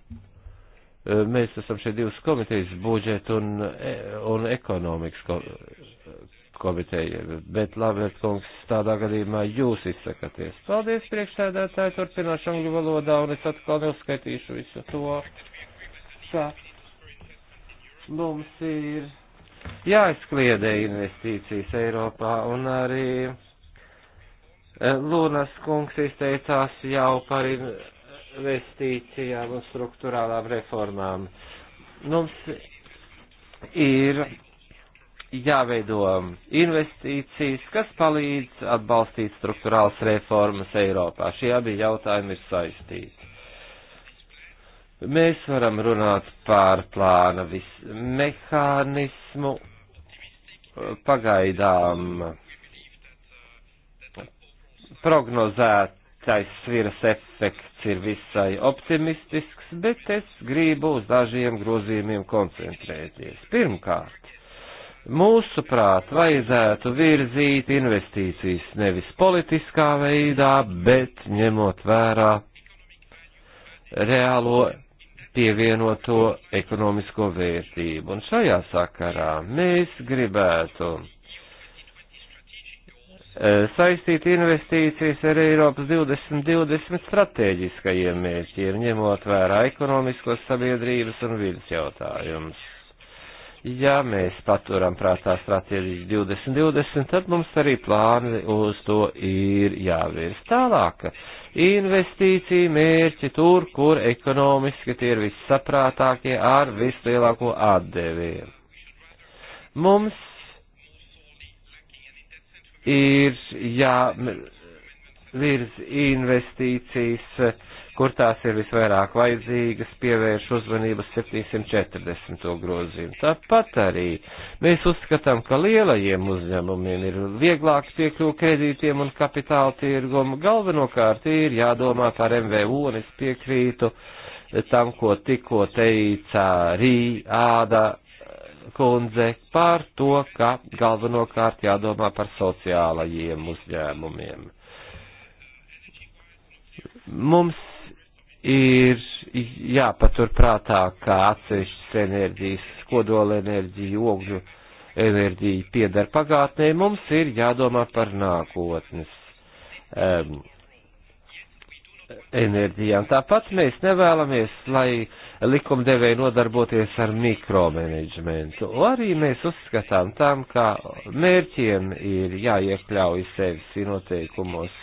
eh, mēs esam šeit divas komitejas budžeta un, e, un ekonomikas komitejas komiteja, bet Lambert kungs tādā gadījumā jūs izsakaties. Paldies priekšsēdētāji, turpināšu angļu valodā un es atkal neuzskaitīšu visu to, ka mums ir jāizkliedē investīcijas Eiropā un arī eh, Lūnas kungs izteicās jau par investīcijām un struktūrālām reformām. Mums ir jāveido investīcijas, kas palīdz atbalstīt struktūrāls reformas Eiropā. Šie abi jautājumi ir saistīti. Mēs varam runāt par plāna vis mehānismu pagaidām prognozētais sviras efekts ir visai optimistisks, bet es gribu uz dažiem grozījumiem koncentrēties. Pirmkārt, Mūsuprāt, vajadzētu virzīt investīcijas nevis politiskā veidā, bet ņemot vērā reālo pievienoto ekonomisko vērtību. Un šajā sakarā mēs gribētu e, saistīt investīcijas ar Eiropas 2020 stratēģiskajiem mērķiem, ņemot vērā ekonomiskos sabiedrības un vidas jautājumus ja mēs paturam prātā stratēģiju 2020, tad mums arī plāni uz to ir jāvirs tālāk. Investīcija mērķi tur, kur ekonomiski tie ir vissaprātākie ar vislielāko atdevību. Mums ir jāvirz investīcijas kur tās ir visvairāk vajadzīgas, pievērš uzmanību 740. grozījumu. Tāpat arī mēs uzskatām, ka lielajiem uzņēmumiem ir vieglāk piekļūt kredītiem un kapitāla tirgumu. Galvenokārt ir jādomā par MVU, un es piekrītu tam, ko tikko teica Rīāda kundze par to, ka galvenokārt jādomā par sociālajiem uzņēmumiem. Mums ir jāpatur prātā, ka atsevišķas enerģijas, kodola enerģija, ogļu enerģija pieder pagātnē, mums ir jādomā par nākotnes um, enerģijām. Tāpat mēs nevēlamies, lai likumdevēji nodarboties ar mikromanagementu. Arī mēs uzskatām tam, ka mērķiem ir jāiekļauj sevis noteikumos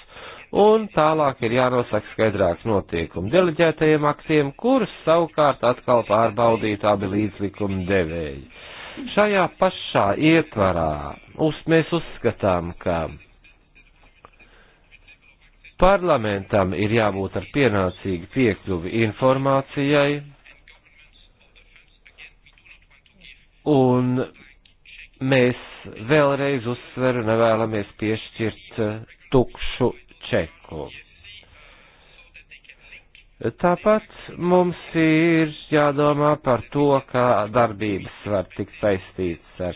un tālāk ir jānosaka skaidrāk notiekumi deleģētajiem aktiem, kurus savukārt atkal pārbaudītu abi līdzlikuma devēji. Šajā pašā ietvarā uz, mēs uzskatām, ka parlamentam ir jābūt ar pienācīgu piekļuvi informācijai, un mēs vēlreiz uzsveru nevēlamies piešķirt tukšu čeku. Tāpat mums ir jādomā par to, kā darbības var tikt saistīts ar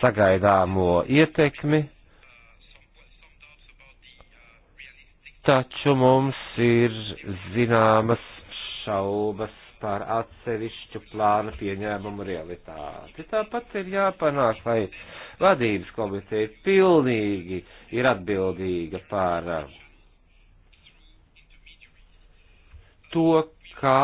sagaidāmo ietekmi, taču mums ir zināmas šaubas par atsevišķu plānu pieņēmumu realitāti. Tāpat ir jāpanāk, lai vadības komiteja pilnīgi ir atbildīga par to, kā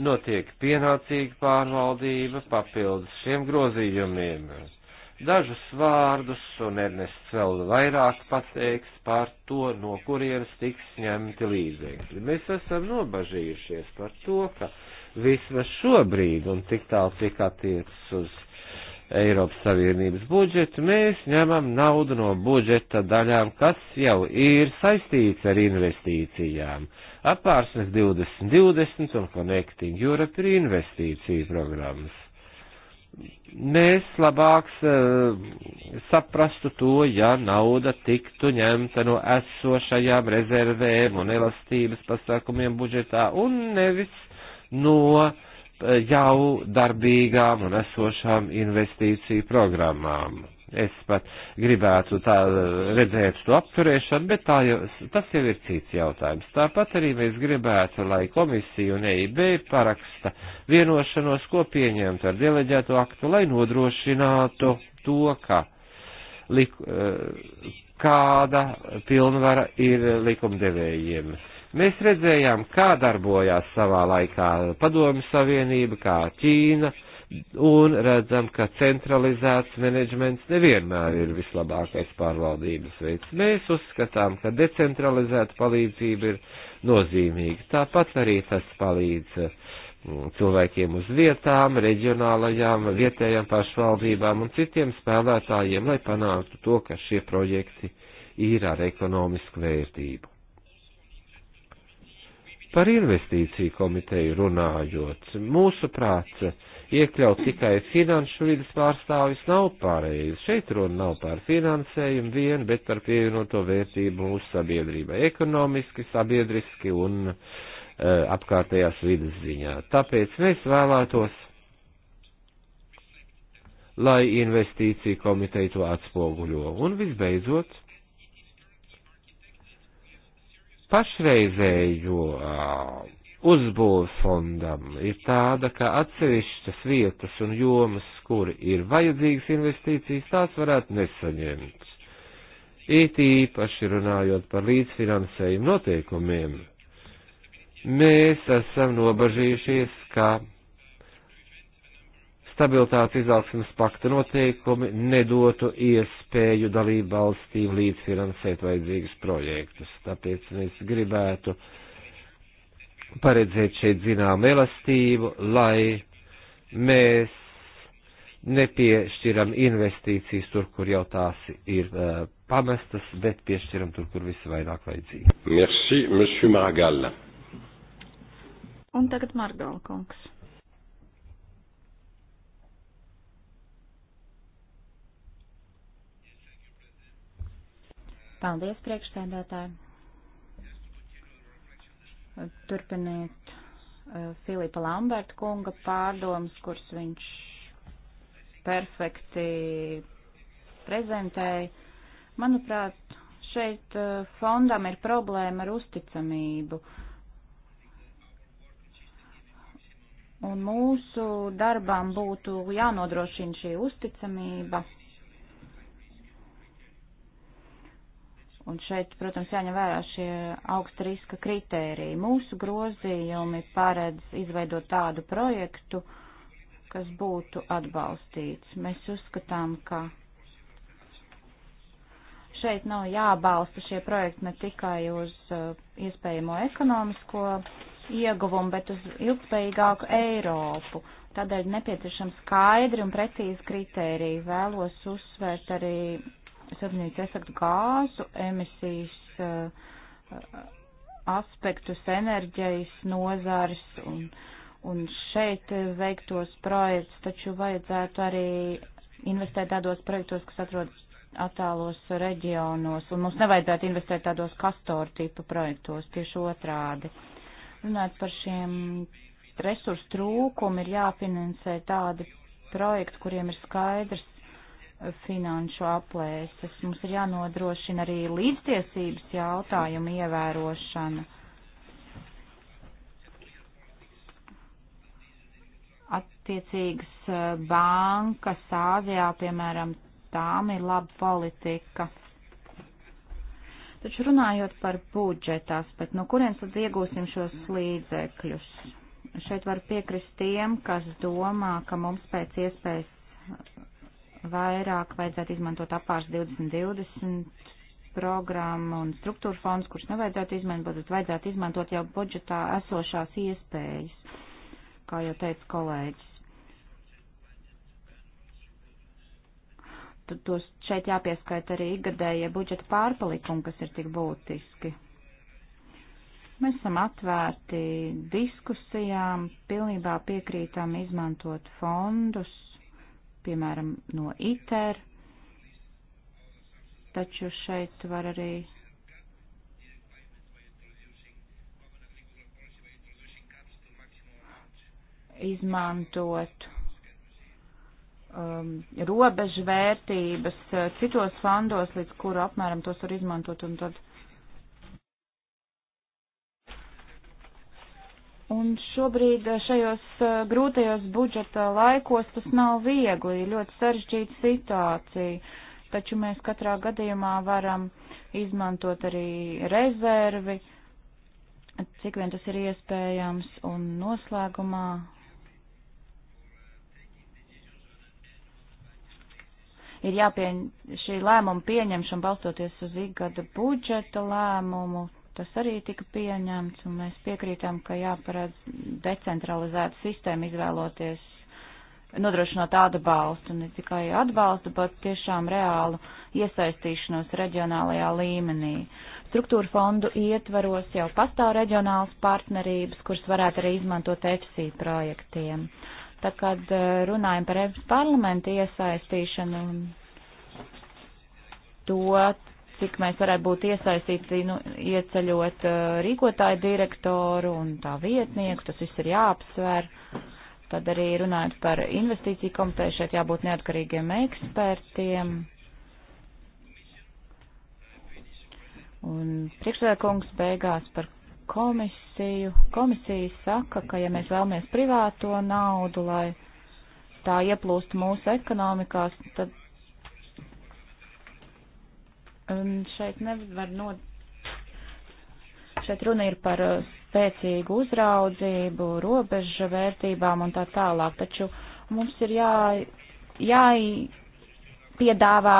notiek pienācīga pārvaldība papildus šiem grozījumiem. Dažus vārdus un Ernests vēl vairāk pateiks par to, no kurienes tiks ņemti līdzekļi. Mēs esam nobažījušies par to, ka vismaz šobrīd un tik tālu cik attiecas uz Eiropas Savienības budžetu, mēs ņemam naudu no budžeta daļām, kas jau ir saistīts ar investīcijām. Apārsnes 2020 un Connecting Europe ir investīcija programmas. Mēs labāks uh, eh, saprastu to, ja nauda tiktu ņemta no esošajām rezervēm un elastības pasākumiem budžetā un nevis no uh, jau darbīgām un esošām investīciju programmām. Es pat gribētu tā redzēt to apturēšanu, bet tā jau, tas jau ir cits jautājums. Tāpat arī mēs gribētu, lai komisija un EIB paraksta vienošanos, ko pieņemtu ar deleģēto aktu, lai nodrošinātu to, ka lik, eh, kāda pilnvara ir likumdevējiem. Mēs redzējām, kā darbojās savā laikā Padomju Savienība, kā Ķīna, un redzam, ka centralizēts menedžments nevienmēr ir vislabākais pārvaldības veids. Mēs uzskatām, ka decentralizēta palīdzība ir nozīmīga. Tāpat arī tas palīdz mm, cilvēkiem uz vietām, reģionālajām, vietējām pašvaldībām un citiem spēlētājiem, lai panāktu to, ka šie projekti ir ar ekonomisku vērtību. Par investīciju komiteju runājot, mūsu prāts iekļaut tikai finanšu vidas pārstāvis nav pareizi. Šeit runa nav par finansējumu vien, bet par pievienoto vērtību mūsu sabiedrībai ekonomiski, sabiedriski un uh, apkārtējās vidas ziņā. Tāpēc mēs vēlētos lai investīcija komiteja to atspoguļo. Un visbeidzot, pašreizējo uzbūvi fondam ir tāda, ka atsevišķas vietas un jomas, kur ir vajadzīgas investīcijas, tās varētu nesaņemt. It īpaši runājot par līdzfinansējumu noteikumiem, mēs esam nobažījušies, ka stabilitātes izaugsmas pakta noteikumi nedotu iespēju dalību valstīm līdzfinansēt vajadzīgus projektus. Tāpēc mēs gribētu paredzēt šeit zinām elastību, lai mēs nepiešķiram investīcijas tur, kur jau tās ir uh, pamestas, bet piešķiram tur, kur visvairāk vajadzīgi. Merci, monsieur Margalla. Un tagad Margalla kungs. Paldies, priekšsēdētāji. Turpiniet uh, Filipa Lamberta kunga pārdomas, kuras viņš perfekti prezentēja. Manuprāt, šeit uh, fondam ir problēma ar uzticamību. Un mūsu darbām būtu jānodrošina šī uzticamība. Mm Un šeit, protams, jāņem vērā šie augsta riska kritēriji. Mūsu grozījumi paredz izveidot tādu projektu, kas būtu atbalstīts. Mēs uzskatām, ka šeit nav jābalsta šie projekti ne tikai uz uh, iespējamo ekonomisko ieguvumu, bet uz ilgspējīgāku Eiropu. Tādēļ nepieciešams skaidri un precīzi kritēriji. Vēlos uzsvērt arī siltumnīca efektu gāzu emisijas eh, aspektus enerģijas nozars un, un šeit veiktos projekts, taču vajadzētu arī investēt tādos projektos, kas atrodas attālos reģionos, un mums nevajadzētu investēt tādos kastoru tipu projektos, tieši otrādi. Runāt par šiem resursu trūkumu ir jāfinansē tādi projekti, kuriem ir skaidrs finanšu aplēses. Mums ir jānodrošina arī līdztiesības jautājumu ievērošana. Attiecīgas e, bankas Āzijā, piemēram, tām ir laba politika. Taču runājot par budžeta aspektu, no kurienes tad iegūsim šos līdzekļus? Šeit var piekrist tiem, kas domā, ka mums pēc iespējas vairāk vajadzētu izmantot apārs 2020 programmu un struktūra fonds, kurus nevajadzētu izmantot, bet vajadzētu izmantot jau budžetā esošās iespējas, kā jau teica kolēģis. Tos šeit jāpieskaita arī ikgadējie budžeta pārpalikumi, kas ir tik būtiski. Mēs esam atvērti diskusijām, pilnībā piekrītam izmantot fondus piemēram, no ITER, taču šeit var arī izmantot um, robežvērtības uh, citos fondos, līdz kuru apmēram tos var izmantot, un tad Un šobrīd eh, šajos eh, grūtajos budžeta laikos tas nav viegli, ļoti sarežģīta situācija. Taču mēs katrā gadījumā varam izmantot arī rezervi, cik vien tas ir iespējams, un noslēgumā. Ir jāpieņem šī lēmuma pieņemšana balstoties uz ikgada budžeta lēmumu, tas arī tika pieņemts, un mēs piekrītam, ka jāparāda decentralizēta sistēma izvēloties, nodrošinot atbalstu, ne tikai atbalstu, bet tiešām reālu iesaistīšanos reģionālajā līmenī. Struktūra fondu ietvaros jau pastāv reģionāls partnerības, kuras varētu arī izmantot EFSI projektiem. Tā kad eh, runājam par EFSI parlamentu iesaistīšanu un to, cik mēs varētu būt iesaistīti, nu, ieceļot uh, rīkotāju direktoru un tā vietnieku, tas viss ir jāapsver. Tad arī runājot par investīciju komiteju, šeit jābūt neatkarīgiem ekspertiem. Un priekšsēdētājs beigās par komisiju. Komisija saka, ka ja mēs vēlamies privāto naudu, lai tā ieplūst mūsu ekonomikās, tad Un um, šeit nevar no. Šeit runa ir par uh, spēcīgu uzraudzību, robežu vērtībām un tā tālāk, taču mums ir jā, jāpiedāvā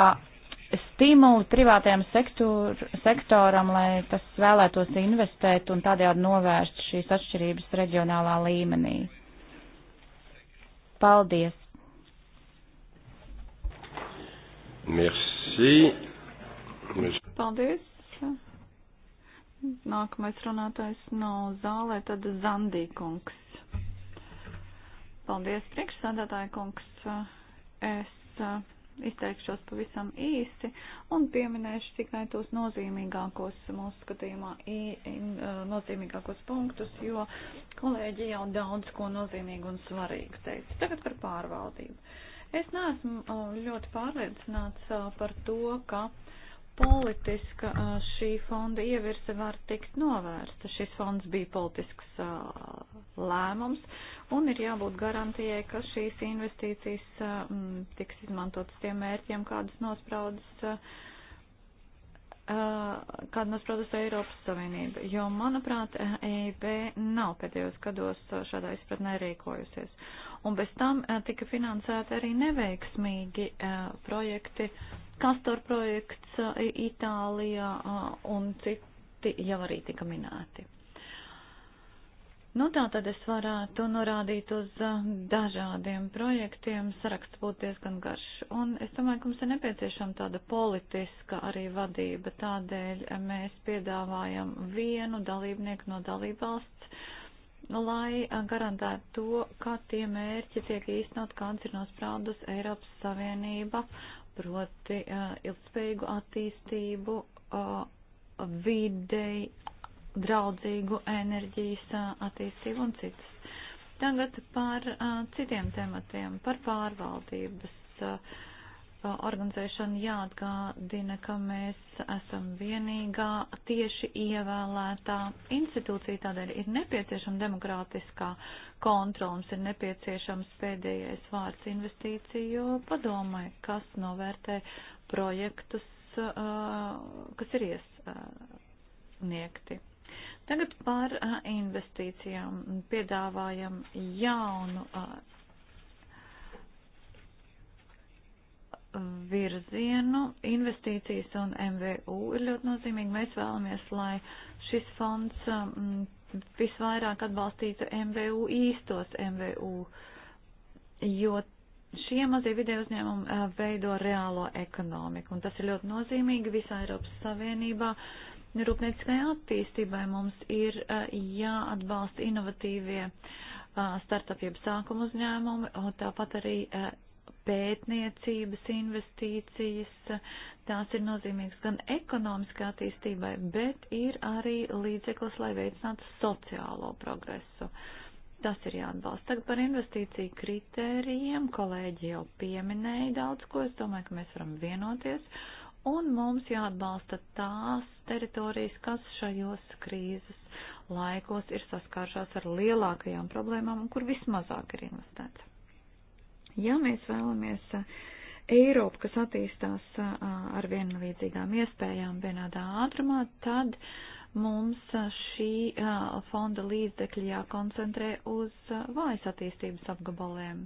stimulu privātajam sektor, sektoram, lai tas vēlētos investēt un tādējādi novērst šīs atšķirības reģionālā līmenī. Paldies! Merci. Paldies. Nākamais runātājs nav zālē, tad Zandī kungs. Paldies, priekšsādātāja kungs. Es uh, izteikšos pavisam īsi un pieminēšu tikai tos nozīmīgākos mūsu skatījumā, uh, nozīmīgākos punktus, jo kolēģi jau daudz ko nozīmīgu un svarīgu teica. Tagad par pārvaldību. Es neesmu uh, ļoti pārliecināts par to, ka uh, politiska šī fonda ievirse var tikt novērsta. Šis fonds bija politisks lēmums un ir jābūt garantijai, ka šīs investīcijas tiks izmantotas tiem mērķiem, kādas nospraudas kāda mums produs Eiropas Savienība, jo, manuprāt, EIB nav pēdējos gados šādā izpratnē rīkojusies. Un bez tam tika finansēti arī neveiksmīgi projekti Kastor projekts uh, Itālijā uh, un citi jau arī tika minēti. Nu, tā tad es varētu norādīt uz uh, dažādiem projektiem. Saraksts būtu diezgan garš. Un es domāju, ka mums ir nepieciešama tāda politiska arī vadība. Tādēļ mēs piedāvājam vienu dalībnieku no dalībvalsts, lai garantētu to, ka tie mērķi tiek īstenot, kāds ir nosprādus Eiropas Savienība proti uh, ilgspējīgu attīstību, uh, videi draudzīgu enerģijas uh, attīstību un citas. Tagad par uh, citiem tematiem, par pārvaldības. Uh, organizēšanu jāatgādina, ka mēs esam vienīgā tieši ievēlētā institūcija, tādēļ ir nepieciešama demokrātiskā kontrols, ir nepieciešams pēdējais vārds investīciju padomai, kas novērtē projektus, uh, kas ir iesniegti. Tagad par uh, investīcijām piedāvājam jaunu uh, virzienu. Investīcijas un MVU ir ļoti nozīmīgi. Mēs vēlamies, lai šis fonds mm, visvairāk atbalstītu MVU īstos MVU, jo šie mazie video uzņēmumi eh, veido reālo ekonomiku, un tas ir ļoti nozīmīgi visā Eiropas Savienībā. Rūpnieciskajai attīstībai mums ir eh, jāatbalsta inovatīvie eh, startup jeb sākuma uzņēmumi, un tāpat arī pētniecības investīcijas, tās ir nozīmīgas gan ekonomiskā attīstībai, bet ir arī līdzeklis, lai veicinātu sociālo progresu. Tas ir jāatbalsta. Tagad par investīciju kritērijiem. Kolēģi jau pieminēja daudz ko, es domāju, ka mēs varam vienoties. Un mums jāatbalsta tās teritorijas, kas šajos krīzes laikos ir saskāršās ar lielākajām problēmām un kur vismazāk ir investēts. Ja mēs vēlamies Eiropu, kas attīstās ar vienlīdzīgām iespējām, vienādā ātrumā, tad mums šī fonda līdzekļi jākoncentrē uz vājas attīstības apgabaliem.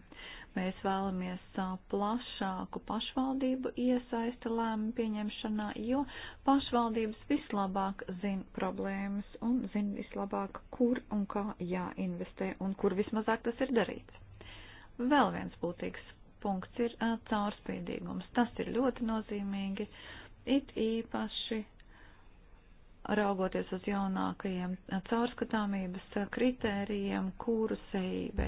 Mēs vēlamies plašāku pašvaldību iesaisti lēmumu pieņemšanā, jo pašvaldības vislabāk zina problēmas un zina vislabāk, kur un kā jāinvestē un kur vismazāk tas ir darīts. Vēl viens būtīgs punkts ir caurspīdīgums. Tas ir ļoti nozīmīgi, it īpaši raugoties uz jaunākajiem caurskatāmības kritērijiem, kurus EIB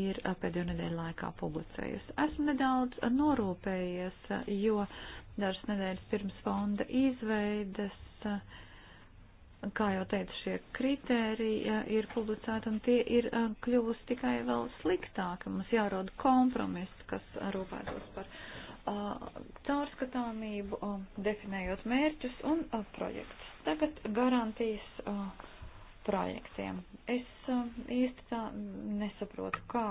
ir pēdējo nedēļu laikā publicējusi. Esmu nedaudz norūpējies, jo dažas nedēļas pirms fonda izveides uh, kā jau teicu, šie kritēriji ir publicēti un tie ir kļuvusi tikai vēl sliktāki. Mums jāroda kompromiss, kas rūpētos par caurskatāmību, definējot mērķus un projektus. Tagad garantijas projektiem. Es īsti tā nesaprotu, kā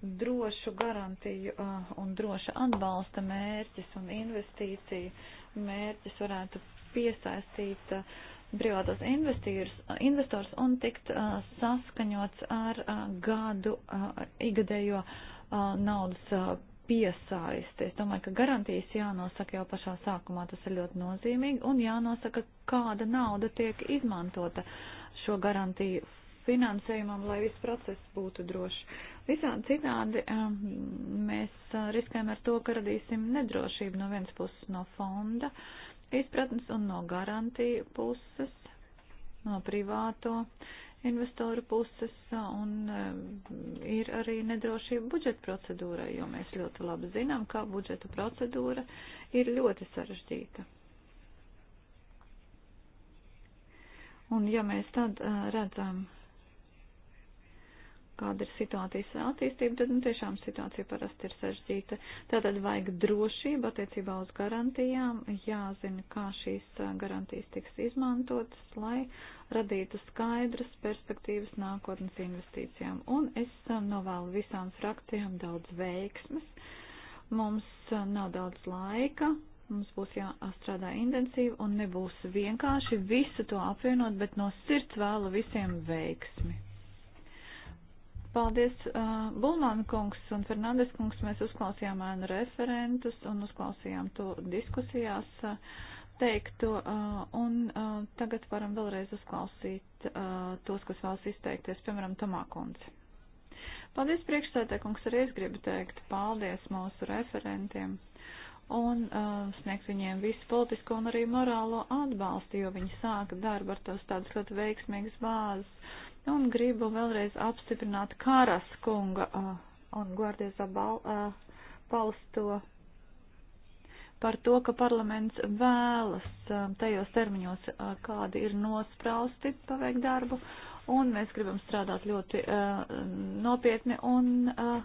drošu garantiju un droša atbalsta mērķis un investīciju mērķis varētu piesaistīt uh, privātos investors un tikt uh, saskaņots ar uh, gadu uh, igadējo uh, naudas uh, piesaisti. Es domāju, ka garantijas jānosaka jau pašā sākumā, tas ir ļoti nozīmīgi, un jānosaka, kāda nauda tiek izmantota šo garantiju finansējumam, lai viss process būtu drošs. Visādi citādi mēs riskējam ar to, ka radīsim nedrošību no vienas puses no fonda, uh, izpratnes un no garantiju puses, no privāto investoru puses, un eh, ir arī nedrošība budžeta procedūrai, jo mēs ļoti labi zinām, ka budžeta procedūra ir ļoti sarežģīta. Un ja mēs tad eh, redzam, kāda ir situācijas attīstība, tad nu, tiešām situācija parasti ir sažģīta. Tātad vajag drošība attiecībā uz garantijām, jāzina, kā šīs garantijas tiks izmantotas, lai radītu skaidras perspektīvas nākotnes investīcijām. Un es novēlu visām frakcijām daudz veiksmes. Mums nav daudz laika, mums būs jāstrādā intensīvi un nebūs vienkārši visu to apvienot, bet no sirds vēlu visiem veiksmi. Paldies, uh, Bulmāna kungs un Fernandes kungs. Mēs uzklausījām ēnu referentus un uzklausījām to diskusijās uh, teikto. Uh, un uh, tagad varam vēlreiz uzklausīt uh, tos, kas vēlas izteikties, piemēram, Tomā kundze. Paldies, priekšstādā kungs, arī es gribu teikt paldies mūsu referentiem un uh, sniegt viņiem visu politisko un arī morālo atbalstu, jo viņi sāka darbu ar tos tādas ļoti veiksmīgas bāzes Un gribu vēlreiz apstiprināt Kāras kunga uh, un Guardies Abal uh, palsto par to, ka parlaments vēlas um, tajos termiņos, uh, kādi ir nosprausti, paveikt darbu, un mēs gribam strādāt ļoti uh, nopietni un uh,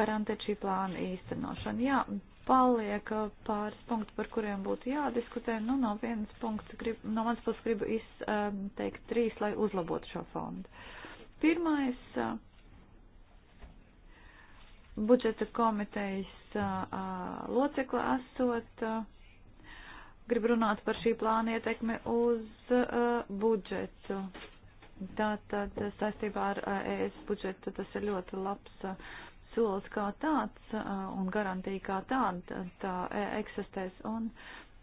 garantēt šī plāna īstenošanu. Jā, paliek pāris punkti, par kuriem būtu jādiskutē. Nu, no vienas punkts, grib, no manas puses gribu izteikt trīs, lai uzlabotu šo fondu. Pirmais, budžeta komitejas locekla esot, grib runāt par šī plāna ietekmi uz budžetu. Tātad saistībā ar ES budžetu tas ir ļoti labs solis kā tāds un garantija kā tāda tā e, eksistēs un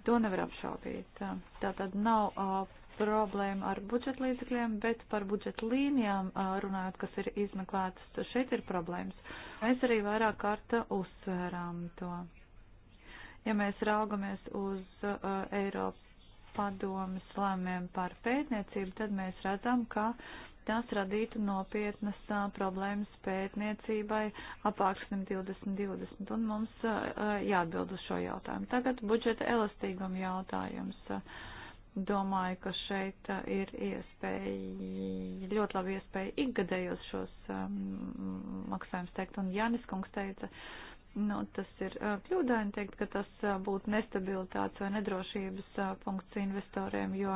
to nevar apšaubīt. Tā tad nav problēma ar budžeta līdzekļiem, bet par budžeta līnijām runājot, kas ir izmeklētas, šeit ir problēmas. Mēs arī vairāk kārta uzsvērām to. Ja mēs raugamies uz Eiropas padomas lēmiem par pētniecību, tad mēs redzam, ka uh, Tas radītu nopietnas a, problēmas pētniecībai apāksnim 2020, un mums a, jāatbild uz šo jautājumu. Tagad budžeta elastīguma jautājums. Domāju, ka šeit ir iespēja, ļoti labi iespēja ikgadējos šos maksājumus teikt, un Janis Kungs teica, Nu, tas ir kļūdaini teikt, ka tas būtu nestabilitātes vai nedrošības punkts investoriem, jo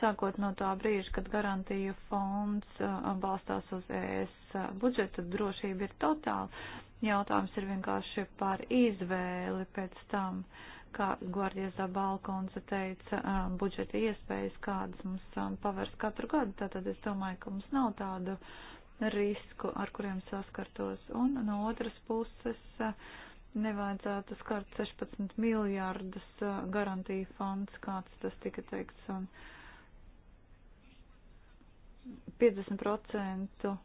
sākot no tā brīža, kad garantija fonds uh, balstās uz ES uh, budžeta, drošība ir totāla. Jautājums ir vienkārši par izvēli pēc tam, kā Guardies Zabalkonce teica, uh, budžeta iespējas, kādas mums um, pavērs katru gadu. Tātad es domāju, ka mums nav tādu risku, ar kuriem saskartos. Un no otras puses nevajadzētu skart 16 miljārdus garantija fonds, kāds tas tika teikts. Un, uh, 50%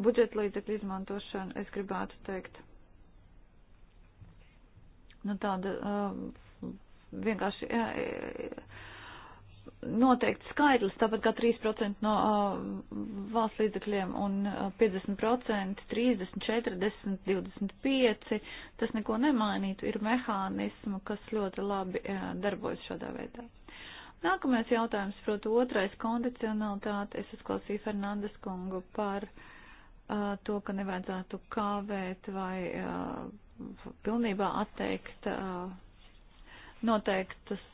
budžeta līdzekļu izmantošanu, es gribētu teikt, nu tāda uh, vienkārši uh, noteikti skaidrs, tāpat kā 3% no uh, valsts līdzekļiem un uh, 50%, 30, 40, 25, tas neko nemainītu, ir mehānismu, kas ļoti labi uh, darbojas šādā veidā. Nākamais jautājums, proti, otrais kondicionalitāte. Es uzklausīju Fernandes kungu par uh, to, ka nevajadzētu kāvēt vai uh, pilnībā atteikt uh, noteiktas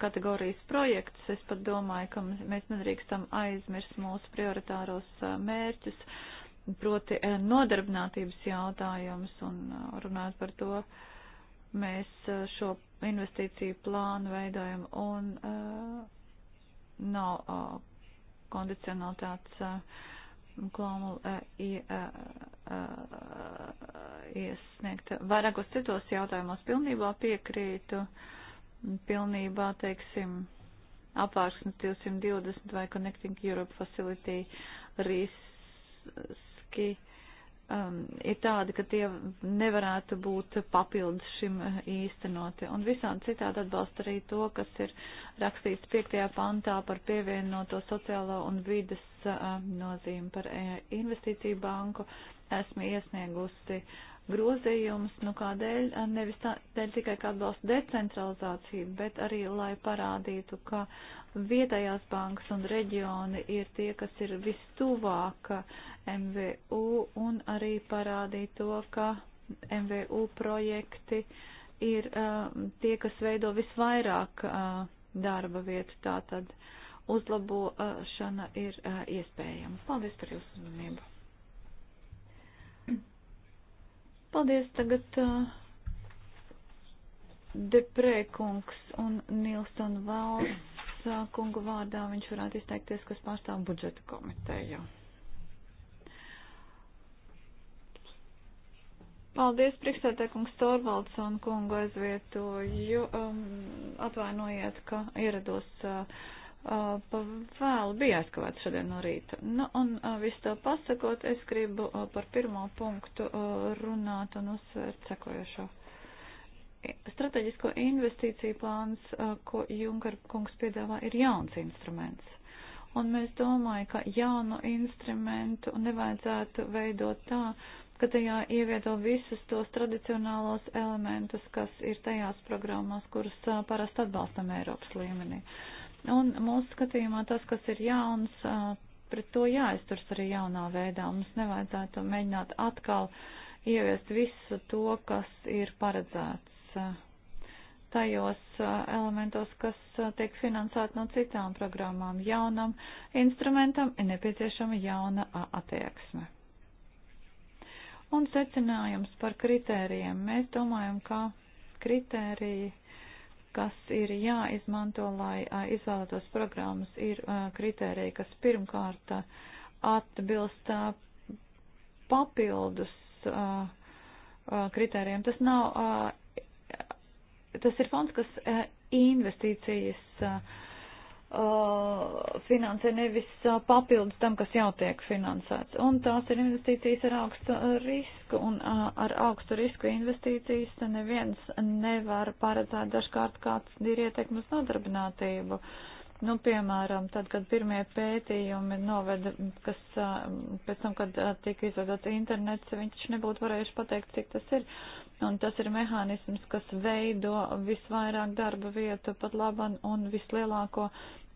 kategorijas projekts. Es pat domāju, ka mēs nedrīkstam aizmirst mūsu prioritāros mērķus, proti nodarbinātības jautājumus un runāt par to. Mēs šo investīciju plānu veidojam un uh, nav uh, kondicionalitātes uh, klaumula uh, ie, uh, uh, iesniegta. Vairākos citos jautājumos pilnībā piekrītu, pilnībā, teiksim, apvāršanas 220 vai Connecting Europe Facility riski um, ir tādi, ka tie nevarētu būt papildus šim uh, īstenoti. Un visādi citādi atbalsta arī to, kas ir rakstīts 5. pantā par pievienoto sociālo un vidas uh, nozīmi par uh, investīciju banku. Esmu iesniegusi uh, grozījumus, nu kādēļ, eh, nevis tādēļ tikai kā atbalsta decentralizāciju, bet arī lai parādītu, ka vietējās bankas un reģioni ir tie, kas ir vistuvāk MVU un arī parādīt to, ka MVU projekti ir uh, tie, kas veido visvairāk uh, darba vietu, tātad uzlabošana ir uh, iespējama. Paldies par jūsu uzmanību! Paldies tagad uh, Deprēkungs un Nilsson Valds uh, kungu vārdā. Viņš varētu izteikties, kas pārstāv budžeta komiteju. Paldies, priekšstādākums Torvalds un kungu aizvietoju. Um, atvainojiet, ka ierados uh, vēl bija aizkavēts šodien no rīta. Nu, un visu to pasakot, es gribu par pirmo punktu runāt un uzsvērt sekojošo. Strateģisko investīciju plāns, ko Junker kungs piedāvā, ir jauns instruments. Un mēs domājam, ka jaunu instrumentu nevajadzētu veidot tā, ka tajā ievieto visus tos tradicionālos elementus, kas ir tajās programmās, kuras parasti atbalstam Eiropas līmenī. Uh, Un mūsu skatījumā tas, kas ir jauns, pret to jāizturs arī jaunā veidā. Mums nevajadzētu mēģināt atkal ieviest visu to, kas ir paredzēts tajos elementos, kas tiek finansēti no citām programmām. Jaunam instrumentam ir nepieciešama jauna attieksme. Un secinājums par kritērijiem. Mēs domājam, ka kritēriji kas ir jāizmanto, lai izvēlētos programmas, ir kritērija, kas pirmkārt atbilst papildus kritērijiem. Tas nav, tas ir fonds, kas investīcijas Uh, finansē nevis uh, papildus tam, kas jau tiek finansēts. Un tās ir investīcijas ar augstu risku, un uh, ar augstu risku investīcijas neviens nevar paredzēt dažkārt, kāds ir ietekmes nodarbinātību. Nu, piemēram, tad, kad pirmie pētījumi noveda, kas pēc tam, kad tika izvedots internets, viņš nebūtu varējuši pateikt, cik tas ir. Un tas ir mehānisms, kas veido visvairāk darba vietu pat laban un vislielāko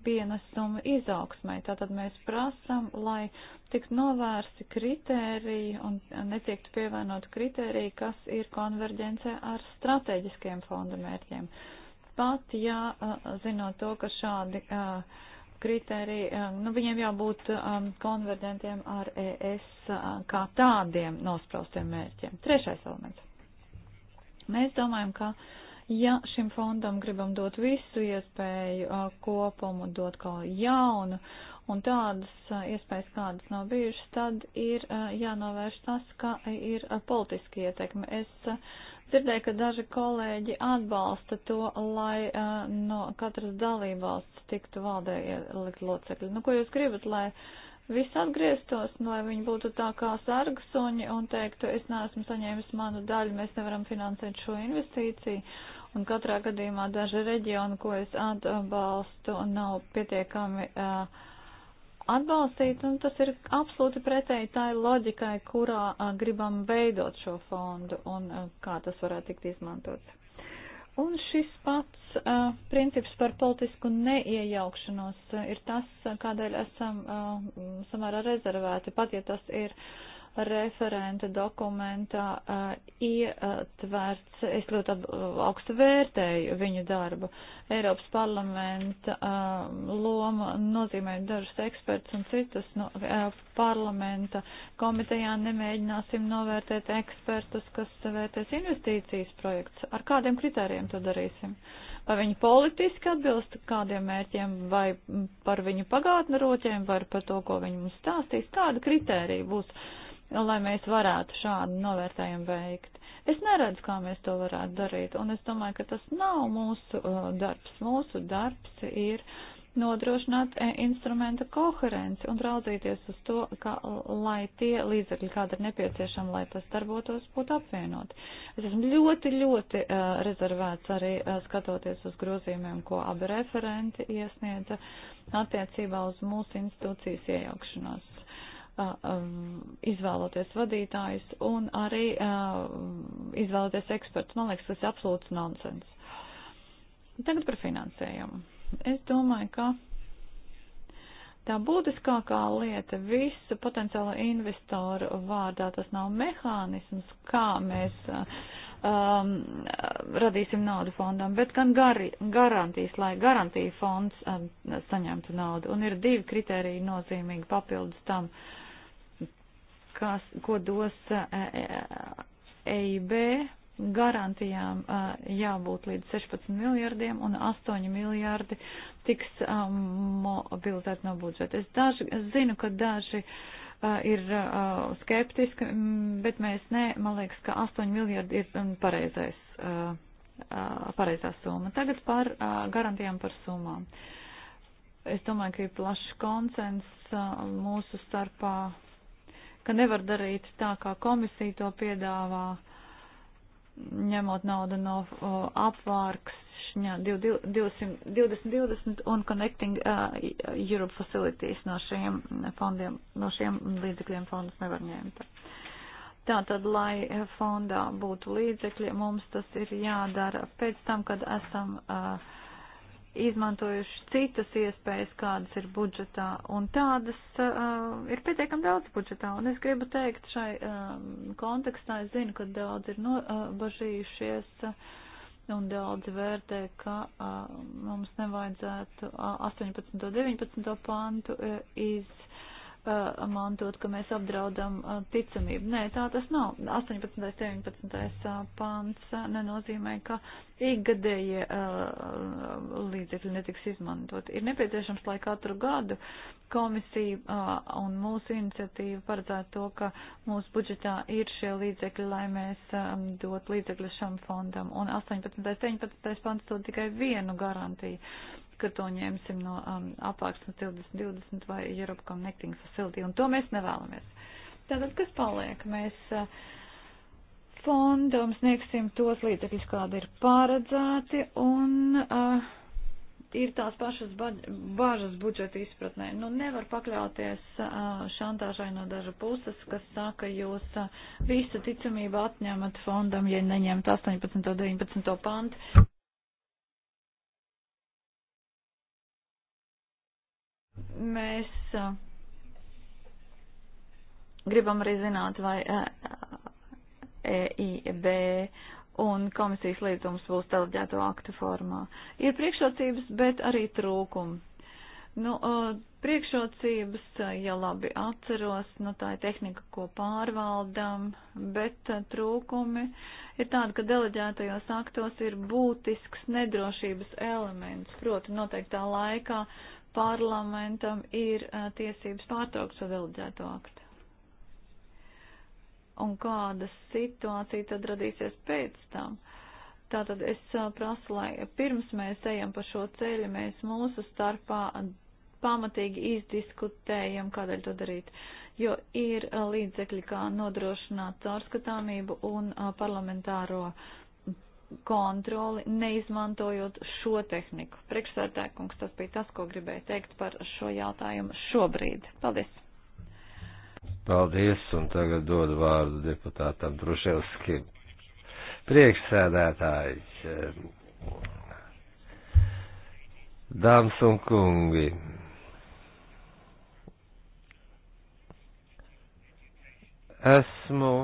pienesumu izaugsmai. Tātad mēs prasam, lai tiktu novērsti kritēriji un netiktu pievienot kritēriji, kas ir konverģencē ar strateģiskiem fonda mērķiem. Pat, ja zinot to, ka šādi kritēriji, nu, viņiem jābūt konverģentiem ar ES kā tādiem nospraustiem mērķiem. Trešais elements. Mēs domājam, ka ja šim fondam gribam dot visu iespēju kopumu, dot kaut ko jaunu un tādas iespējas, kādas nav bijušas, tad ir jānovērš tas, ka ir politiski ietekme. Es dzirdēju, ka daži kolēģi atbalsta to, lai no katras dalībvalsts tiktu valdē ielikt locekļi. Nu, ko jūs gribat, lai? Uh, viss atgrieztos, lai viņi būtu tā kā sargsuņi un teiktu, es neesmu saņēmis manu daļu, mēs nevaram finansēt šo investīciju. Un katrā gadījumā daži reģioni, ko es atbalstu, nav pietiekami uh, atbalstīti, un tas ir absolūti pretēji tai loģikai, kurā uh, gribam veidot šo fondu un uh, kā tas varētu tikt izmantots. Un šis pats uh, princips par politisku neiejaukšanos uh, ir tas, kādēļ esam uh, samērā rezervēti, pat ja tas ir uh, referenta dokumentā uh, ietverts. Es ļoti augstu vērtēju viņa darbu. Eiropas parlamenta uh, loma nozīmē dažus ekspertus un citus no nu, uh, parlamenta komitejā. Nemēģināsim novērtēt ekspertus, kas vērtēs investīcijas projekts. Ar kādiem kritērijiem to darīsim? Vai viņi politiski atbilst kādiem mērķiem, vai par viņu pagātneroķiem, vai par to, ko viņi mums stāstīs? Kāda kritērija būs? Uh, lai mēs varētu šādu novērtējumu veikt. Es neredzu, kā mēs to varētu darīt, un es domāju, ka tas nav mūsu uh, darbs. Mūsu darbs ir nodrošināt e, instrumenta koherenci un raudzīties uz to, ka, lai tie līdzekļi, kāda ir nepieciešama, lai tas darbotos, būtu apvienot. Es esmu ļoti, ļoti uh, rezervēts arī uh, skatoties uz grozījumiem, ko abi referenti iesniedza attiecībā uz mūsu institūcijas iejaukšanos izvēloties vadītājus un arī izvēloties ekspertus. Man liekas, tas ir absolūts nonsens. Tagad par finansējumu. Es domāju, ka tā būtiskākā lieta visu potenciālo investoru vārdā tas nav mehānisms, kā mēs um, radīsim naudu fondam, bet gan gari, garantijas, lai garantija fonds um, saņemtu naudu. Un ir divi kriteriji nozīmīgi papildus tam. Uh, kas, ko dos EIB eh, e garantijām eh, jābūt līdz 16 miljardiem un 8 miljardi tiks eh, mobilizēti no budžeta. Es daži, es zinu, ka daži ir skeptiski, bet mēs ne, man liekas, ka 8 miljardi ir pareizais, pareizā summa. Tagad par garantijām par summām. Es domāju, ka ir plašs konsens mūsu starpā ka nevar darīt tā, kā komisija to piedāvā, ņemot naudu no uh, apvārkšņa 2020 un Connecting uh, Europe Facilities no šiem fondiem, no šiem līdzekļiem fondus nevar ņemt. Tātad, lai fondā būtu līdzekļi, mums tas ir jādara pēc tam, kad esam uh, izmantojuši citas iespējas, kādas ir budžetā, un tādas uh, ir pietiekami daudz budžetā. Un es gribu teikt, šai um, kontekstā es zinu, ka daudz ir nobažījušies. Uh, Un daudzi vērtē, ka uh, mums nevajadzētu uh, 18. un 19. pantu uh, iz, uh, Uh, mantot, ka mēs apdraudam uh, ticamību. Nē, tā tas nav. 18. un 19. pāns nenozīmē, ka ikgadējie uh, līdzekļi netiks izmantot. Ir nepieciešams, lai katru gadu komisija un mūsu iniciatīva paredzētu to, ka mūsu budžetā ir šie līdzekļi, lai mēs um, dot līdzekļus šam fondam. Un 18. un 19. pāns to tikai vienu garantiju līdzekļu to ņemsim no um, apāksnes 2020 vai Europe Connecting Facility, un to mēs nevēlamies. Tātad, kas paliek? Mēs uh, fondam sniegsim tos līdzekļus, kādi ir paredzēti, un uh, ir tās pašas bažas budžeta izpratnē. Nu, nevar pakļauties uh, šantāžai no daža puses, kas saka, jūs uh, visu ticamību atņemat fondam, ja neņemt 18. un 19. pantu. Mēs uh, gribam arī zināt, vai uh, EIB un komisijas līdzums būs deleģēto aktu formā. Ir priekšrocības, bet arī trūkumi. Nu, uh, priekšrocības, uh, ja labi atceros, nu tā ir tehnika, ko pārvaldam, bet uh, trūkumi ir tādi, ka deleģētajos aktos ir būtisks nedrošības elements, proti noteiktā laikā parlamentam ir tiesības pārtraukt šo delģēto aktu. Un kāda situācija tad radīsies pēc tam? Tātad es prasu, lai pirms mēs ejam pa šo ceļu, mēs mūsu starpā pamatīgi izdiskutējam, kādēļ to darīt, jo ir līdzekļi, kā nodrošināt caurskatāmību un parlamentāro uh, kontroli, neizmantojot šo tehniku. Priekšsēdētājkungs, tas bija tas, ko gribēju teikt par šo jautājumu šobrīd. Paldies! Paldies, un tagad dodu vārdu deputātam Druševskim. Priekšsēdētājs, dāmas un kungi, esmu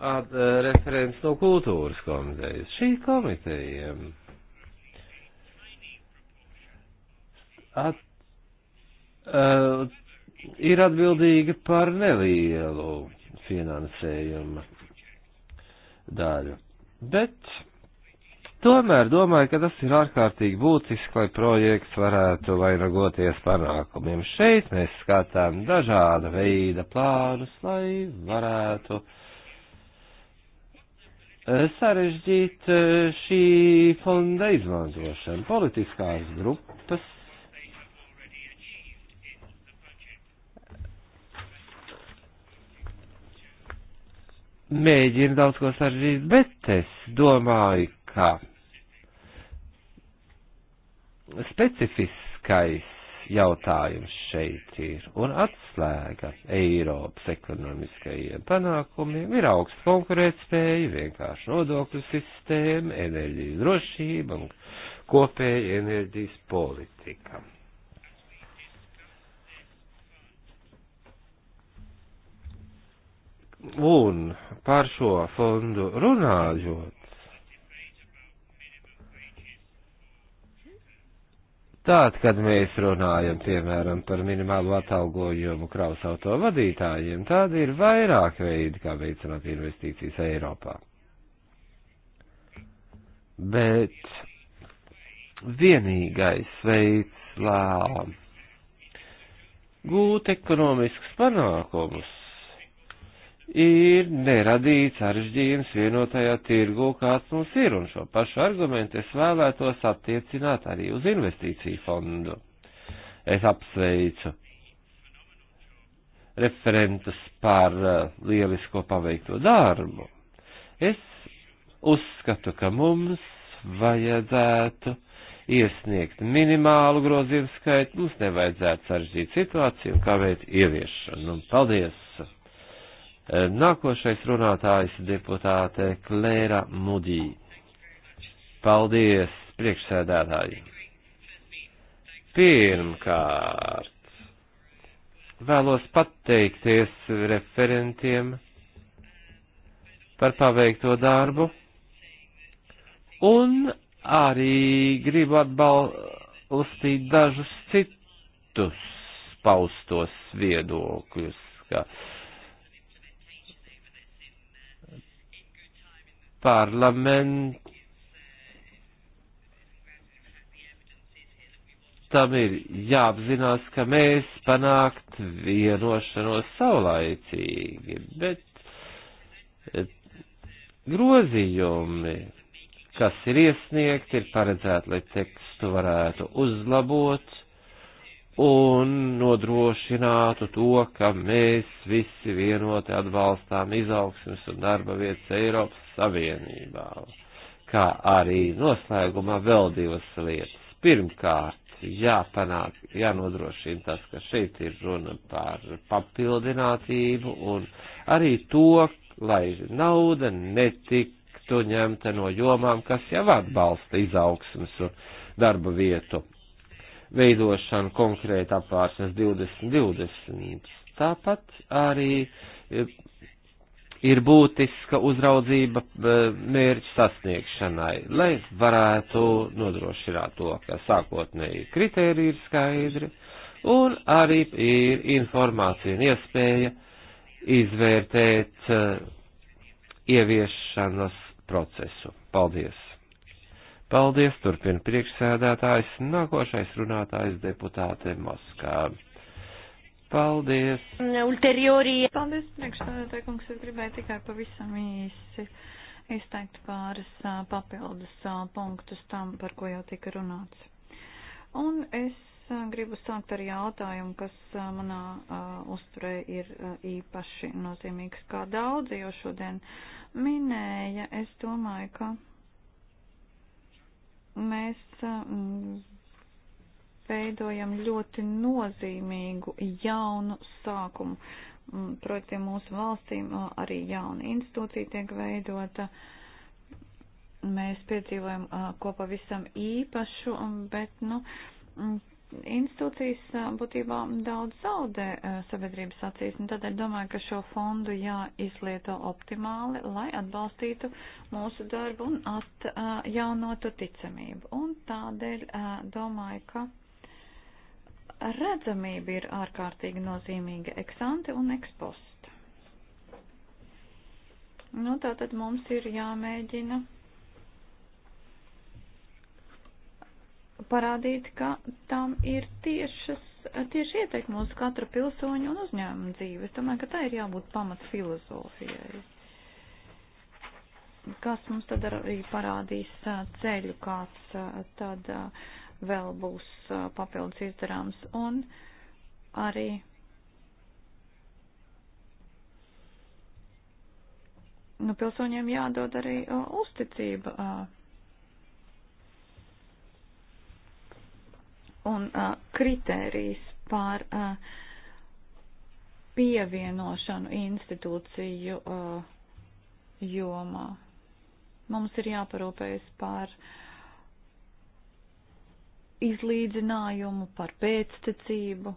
ad, eh, referents no kultūras komitejas. Šī komiteja at, uh, ir atbildīga par nelielu finansējuma daļu. Bet tomēr domāju, ka tas ir ārkārtīgi būtiski, lai projekts varētu vainagoties panākumiem. Šeit mēs skatām dažāda veida plānus, lai varētu uh, Eh, sarežģīt eh, šī fonda izmantošanu. Politiskās grupas mēģina daudz ko sarežģīt, bet es domāju, ka specifiskais jautājums šeit ir, un atslēga Eiropas ekonomiskajiem panākumiem ir augsts konkurētspēja, vienkārši nodokļu sistēma, enerģijas drošība un kopēja enerģijas politika. Un par šo fondu runājot, Tātad, kad mēs runājam, piemēram, par minimālu atalgojumu kraus auto vadītājiem, tad ir vairāk veidi, kā veicināt investīcijas Eiropā. Bet vienīgais veids, lai gūt ekonomiskus panākumus, ir neradīt sarežģījums vienotajā tirgu, kāds mums ir, un šo pašu argumentu es vēlētos attiecināt arī uz investīciju fondu. Es apsveicu referentus par uh, lielisko paveikto darbu. Es uzskatu, ka mums vajadzētu iesniegt minimālu grozījumu skaitu, mums nevajadzētu sarežģīt situāciju un kavēt ieviešanu. Paldies! Eh, nākošais runātājs deputāte Klēra Mudī. Paldies, priekšsēdētāji. Pirmkārt, vēlos pateikties referentiem par paveikto darbu un arī gribu atbalstīt dažus citus paustos viedokļus, ka uh, parlamentam ir jāapzinās, ka mēs panākt vienošanos saulaicīgi, bet e, grozījumi, kas ir iesniegti, ir paredzēti, lai tekstu varētu uzlabot un nodrošinātu to, ka mēs visi vienoti atbalstām izaugsmus un darba vietas Eiropas Savienībā. Kā arī noslēgumā vēl divas lietas. Pirmkārt, jāpanāk, jānodrošina tas, ka šeit ir runa par papildinātību un arī to, lai nauda netiktu ņemta no jomām, kas jau atbalsta izaugsmas un darba vietu veidošanu konkrēti apvārsnes 2020. Tāpat arī e, ir būtiska uzraudzība e, mērķu sasniegšanai, lai varētu nodrošināt to, ka sākotnēji kriteriji ir skaidri un arī ir informācija un iespēja izvērtēt e, ieviešanas procesu. Paldies! Paldies, turpina priekšsēdētājs, nākošais runātājs deputāte Moskā. Paldies! Ulteriori! Paldies, priekšsēdētāji, kungs, es gribēju tikai pavisam īsi izteikt pāris papildus punktus tam, par ko jau tika runāts. Un es gribu sākt ar jautājumu, kas manā uzturē ir īpaši nozīmīgs, kā daudzi jau šodien minēja. Es domāju, ka Mēs um, veidojam ļoti nozīmīgu jaunu sākumu. Mm, Proti, mūsu valstīm uh, arī jauna institūcija tiek veidota. Mēs piedzīvojam uh, ko pavisam īpašu, um, bet, nu, mm, institūcijas būtībā daudz zaudē sabiedrības acīs, un tādēļ domāju, ka šo fondu jāizlieto optimāli, lai atbalstītu mūsu darbu un atjaunotu ticamību. Un tādēļ domāju, ka redzamība ir ārkārtīgi nozīmīga eksante un ekspost. Nu, tātad mums ir jāmēģina parādīt, ka tam ir tiešas, tieši ieteikti mūsu katra pilsoņa un uzņēmuma dzīve. Es domāju, ka tā ir jābūt pamat filozofijai. Kas mums tad arī parādīs ceļu, kāds tad vēl būs papildus izdarāms un arī nu, pilsoņiem jādod arī uh, uzticība uh, un uh, kritērijas par uh, pievienošanu institūciju uh, jomā. Mums ir jāparūpējas par izlīdzinājumu, par pēctecību.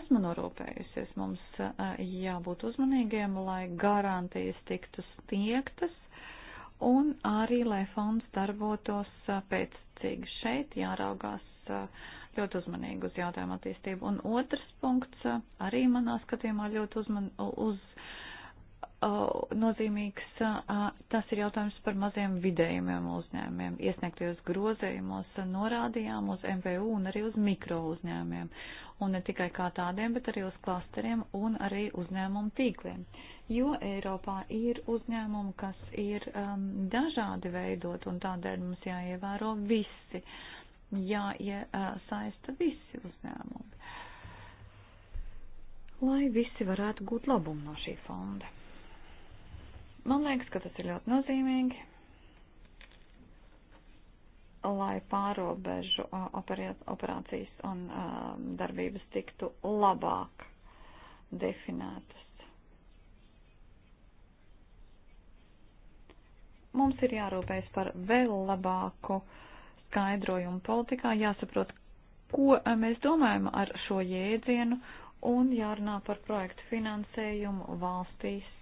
Esmu norūpējusies, mums uh, jābūt uzmanīgiem, lai garantijas tiktu sniegtas un arī, lai fonds darbotos uh, pēctecīgi. Šeit jāraugās ļoti uzmanīgi uz jautājumu attīstību. Un otrs punkts arī manā skatījumā ļoti uzman, uz, nozīmīgs. Tas ir jautājums par maziem vidējumiem uzņēmiem. Iesniegtajos grozējumos norādījām uz MVU un arī uz mikro uzņēmiem. Un ne tikai kā tādiem, bet arī uz klasteriem un arī uzņēmumu tīkliem. Jo Eiropā ir uzņēmumi, kas ir um, dažādi veidot, un tādēļ mums jāievēro visi. Uh, jāiesaista visi uzņēmumi, lai visi varētu gūt labumu no šī fonda. Man liekas, ka tas ir ļoti nozīmīgi, lai pārobežu operācijas un darbības tiktu labāk definētas. Mums ir jārūpējas par vēl labāku uh, skaidrojumu politikā, jāsaprot, ko eh, mēs domājam ar šo jēdzienu un jārunā par projektu finansējumu valstīs,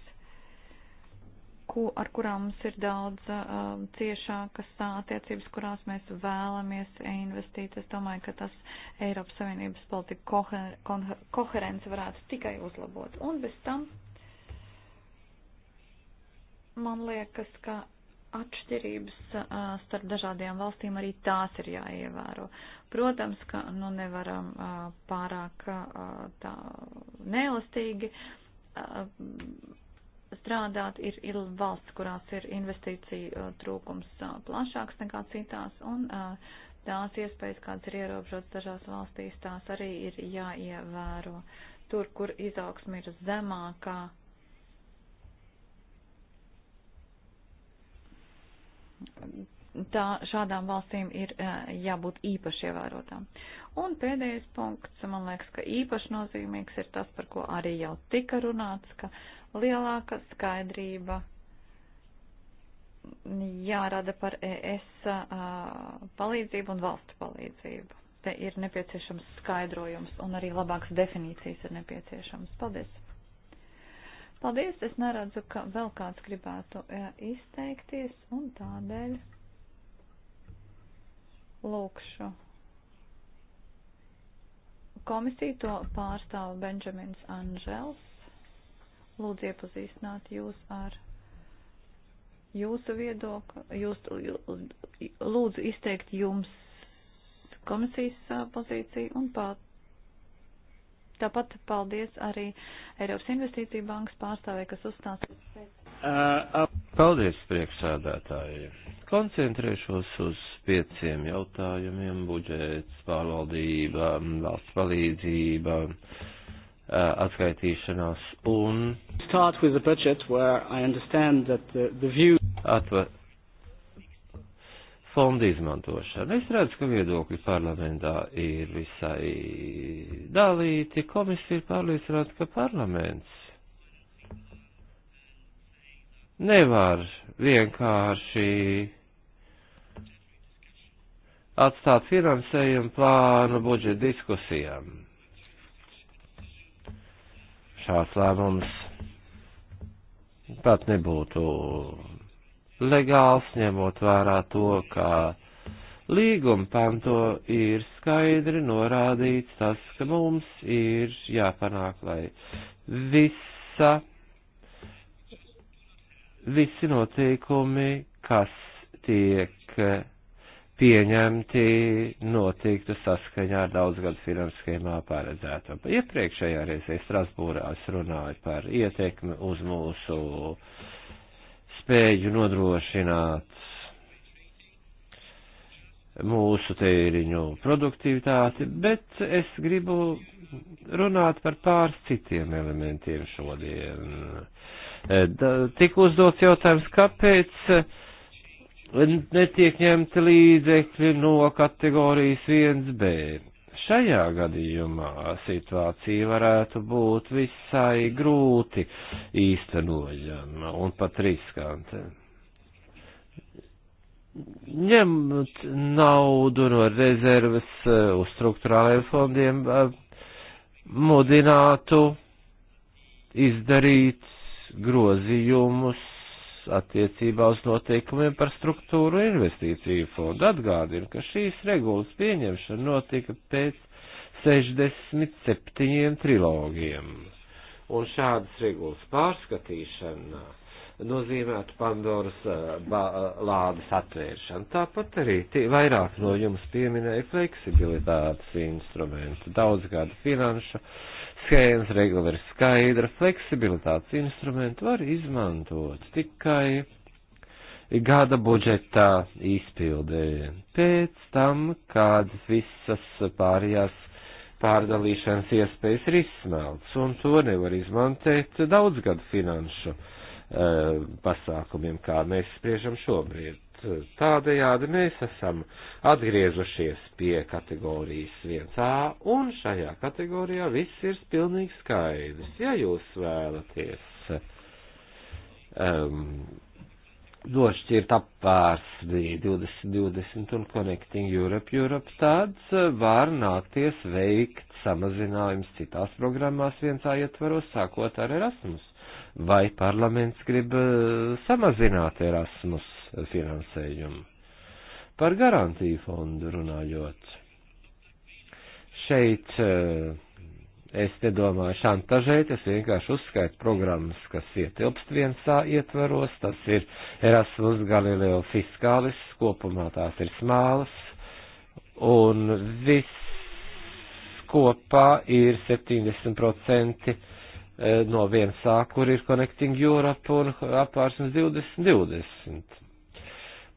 ko, ar kurām mums ir daudz um, ciešākas eh, attiecības, kurās mēs vēlamies investīt. Es domāju, ka tas Eiropas Savienības politika koher, koher, koherence varētu tikai uzlabot. Un bez tam man liekas, ka atšķirības starp dažādajām valstīm arī tās ir jāievēro. Protams, ka nu nevaram pārāk tā neelastīgi strādāt. Ir, ir valsts, kurās ir investīciju trūkums plašāks nekā citās, un tās iespējas, kādas ir ierobežotas dažās valstīs, tās arī ir jāievēro. Tur, kur izaugsme ir zemākā tā, šādām valstīm ir eh, jābūt īpaši ievērotām. Un pēdējais punkts, man liekas, ka īpaši nozīmīgs ir tas, par ko arī jau tika runāts, ka lielāka skaidrība jārada par ES eh, palīdzību un valstu palīdzību. Te ir nepieciešams skaidrojums un arī labāks definīcijas ir nepieciešams. Paldies! Paldies, es neredzu, ka vēl kāds gribētu e, izteikties un tādēļ lūkšu. Komisiju to pārstāv Benžamins Anžels. Lūdzu iepazīstināt jūs ar jūsu viedokli, jūs, lūdzu izteikt jums komisijas e, pozīciju un pat Tāpat paldies arī Eiropas Investīcija bankas pārstāvē, kas uzstāsies. Uh, uh, paldies, priekšsādātāji. Koncentrēšos uz pieciem jautājumiem - budžets, pārvaldība, valsts palīdzība, uh, atskaitīšanās un. Start with the budget where I understand that the, the view. Atva fonda izmantošanu. Es redzu, ka viedokļi parlamentā ir visai dalīti. Komisija ir pārliecināta, ka parlaments nevar vienkārši atstāt finansējumu plānu budžeta diskusijām. Šāds lēmums pat nebūtu legāls, ņemot vērā to, ka līguma panto ir skaidri norādīts tas, ka mums ir jāpanāk, lai visa, visi noteikumi, kas tiek pieņemti, notiktu saskaņā ar daudzgadu finanses schēmā paredzēto. Iepriekšējā reizē Strasbūrā es runāju par ietekmi uz mūsu uh, spēju nodrošināt mūsu tēriņu produktivitāti, bet es gribu runāt par pāris citiem elementiem šodien. Tik uzdots jautājums, kāpēc netiek ņemti līdzekļi no kategorijas 1B šajā gadījumā situācija varētu būt visai grūti īstenojama un pat riskanta. Ņemt naudu no rezerves eh, uz struktūrālajiem fondiem eh, mudinātu izdarīt grozījumus attiecībā uz noteikumiem par struktūru investīciju fondu. Atgādinu, ka šīs regulas pieņemšana notika pēc 67 trilogiem. Un šādas regulas pārskatīšana nozīmētu Pandoras eh, eh, lādes atvēršanu. Tāpat arī vairāk no jums pieminēja fleksibilitātes instrumentu, daudzgadu finanšu schēmas regula ir skaidra, fleksibilitātes instrumentu var izmantot tikai gada budžetā izpildē. Pēc tam, kad visas pārējās pārdalīšanas iespējas ir izsmelts, un to nevar izmantēt daudzgadu finanšu e, pasākumiem, kā mēs spriežam šobrīd tādējādi mēs esam atgriezušies pie kategorijas 1A, un šajā kategorijā viss ir pilnīgi skaidrs. Ja jūs vēlaties um, nošķirt apvērsnī 2020 un Connecting Europe, Europe tāds uh, var nākties veikt samazinājums citās programmās 1A ietvaros, sākot ar Erasmus. Vai parlaments grib uh, samazināt Erasmus finansējumu. Par garantiju fondu runājot. Šeit eh, es nedomāju šantažēt, es vienkārši uzskaitu programmas, kas ietilpst viensā ietvaros. Tas ir Erasmus Galileo fiskālis, kopumā tās ir smālas. Un viss kopā ir 70% eh, no viensā, kur ir Connecting Europe un apvārsnes 2020.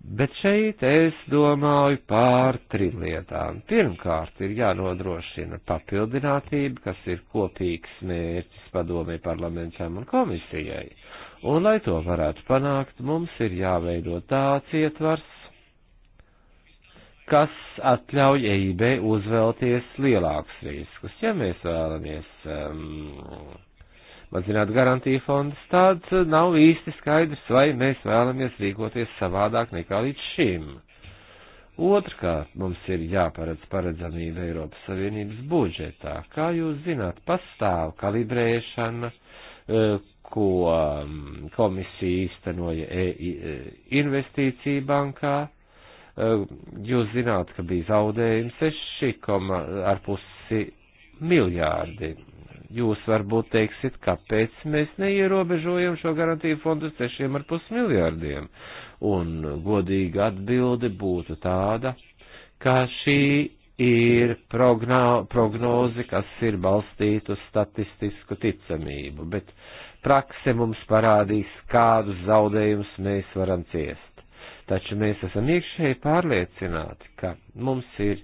Bet šeit es domāju pār trim lietām. Pirmkārt, ir jānodrošina papildinātība, kas ir kopīgs mērķis padomē parlamentam un komisijai. Un, lai to varētu panākt, mums ir jāveido tāds ietvars, kas atļauj EIB uzvelties lielākus riskus, ja mēs vēlamies um, mazināt garantiju fondus, tad eh, nav īsti skaidrs, vai mēs vēlamies rīkoties savādāk nekā līdz šim. Otrkārt, mums ir jāparedz paredzamība Eiropas Savienības budžetā. Kā jūs zināt, pastāv kalibrēšana, eh, ko mm, komisija īstenoja e eh, investīciju bankā. Jūs zināt, ka bija zaudējumi 6,5 miljārdi jūs varbūt teiksiet, kāpēc mēs neierobežojam šo garantiju fondu 6,5 miljārdiem. Un godīga atbilde būtu tāda, ka šī ir progno, prognoze, kas ir balstīta uz statistisku ticamību, bet prakse mums parādīs, kādus zaudējumus mēs varam ciest. Taču mēs esam iekšēji pārliecināti, ka mums ir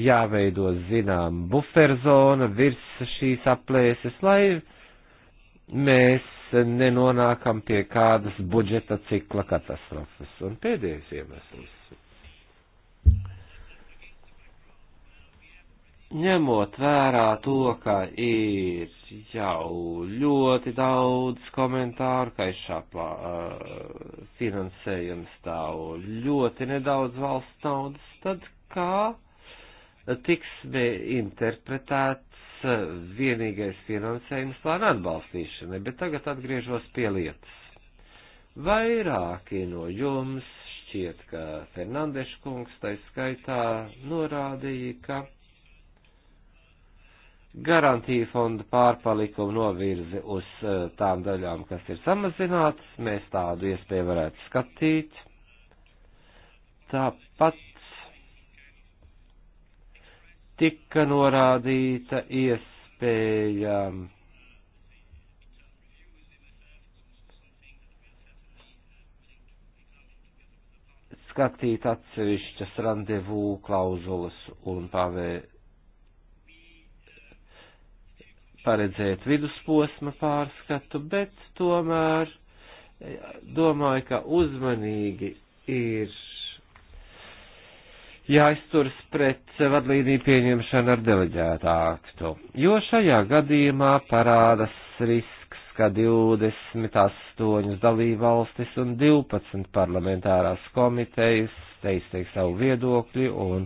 jāveido zinām buferzona virs šīs aplēses, lai mēs nenonākam pie kādas budžeta cikla katastrofas. Un pēdējais iemesls. Ņemot vērā to, ka ir jau ļoti daudz komentāru, ka izšāpā uh, finansējums stāv ļoti nedaudz valsts naudas, tad kā uh, tiksme interpretēts eh, vienīgais finansējums plāna atbalstīšanai, bet tagad atgriežos pie lietas. Vairāki no jums šķiet, ka Fernandeša kungs tai skaitā norādīja, ka garantija fonda pārpalikumu novirzi uz eh, tām daļām, kas ir samazinātas, mēs tādu iespēju varētu skatīt. Tāpat tika norādīta iespējām. skatīt atsevišķas rendezvū klauzulas un pavē paredzēt vidusposma pārskatu, bet tomēr eh, domāju, ka uzmanīgi ir jāizturas pret vadlīniju pieņemšanu ar deleģētu aktu, jo šajā gadījumā parādas risks, ka 28 dalībvalstis un 12 parlamentārās komitejas te izteiks savu viedokļu un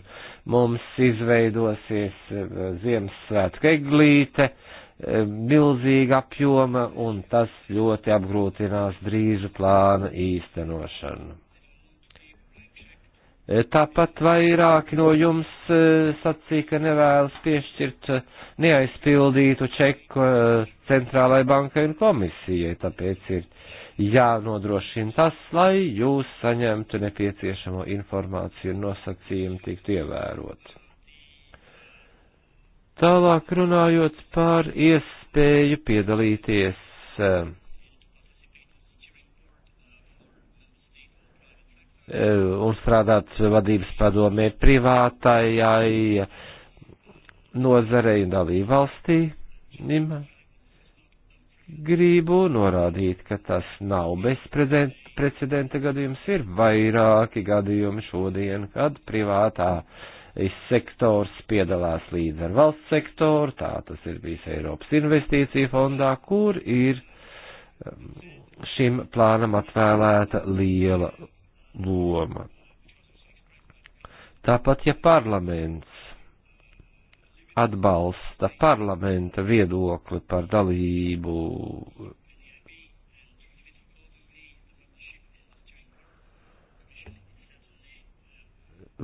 mums izveidosies e, Ziemassvētku eglīte, e, milzīga apjoma un tas ļoti apgrūtinās drīzu plāna īstenošanu. Tāpat vairāki no jums e, sacīja, ka nevēlas piešķirt e, neaizpildītu čeku e, centrālai bankai un komisijai, tāpēc ir jānodrošina tas, lai jūs saņemtu nepieciešamo informāciju un nosacījumu tiktu ievēroti. Tālāk runājot par iespēju piedalīties Eh, un strādāt vadības padomē privātajai nozarei un dalību valstī. Gribu norādīt, ka tas nav bezprecedenta gadījums, ir vairāki gadījumi šodien, kad privātā sektors piedalās līdz ar valsts sektoru, tā tas ir bijis Eiropas investīcija fondā, kur ir ehm, šim plānam atvēlēta liela loma. Tāpat, ja parlaments atbalsta parlamenta viedokli par dalību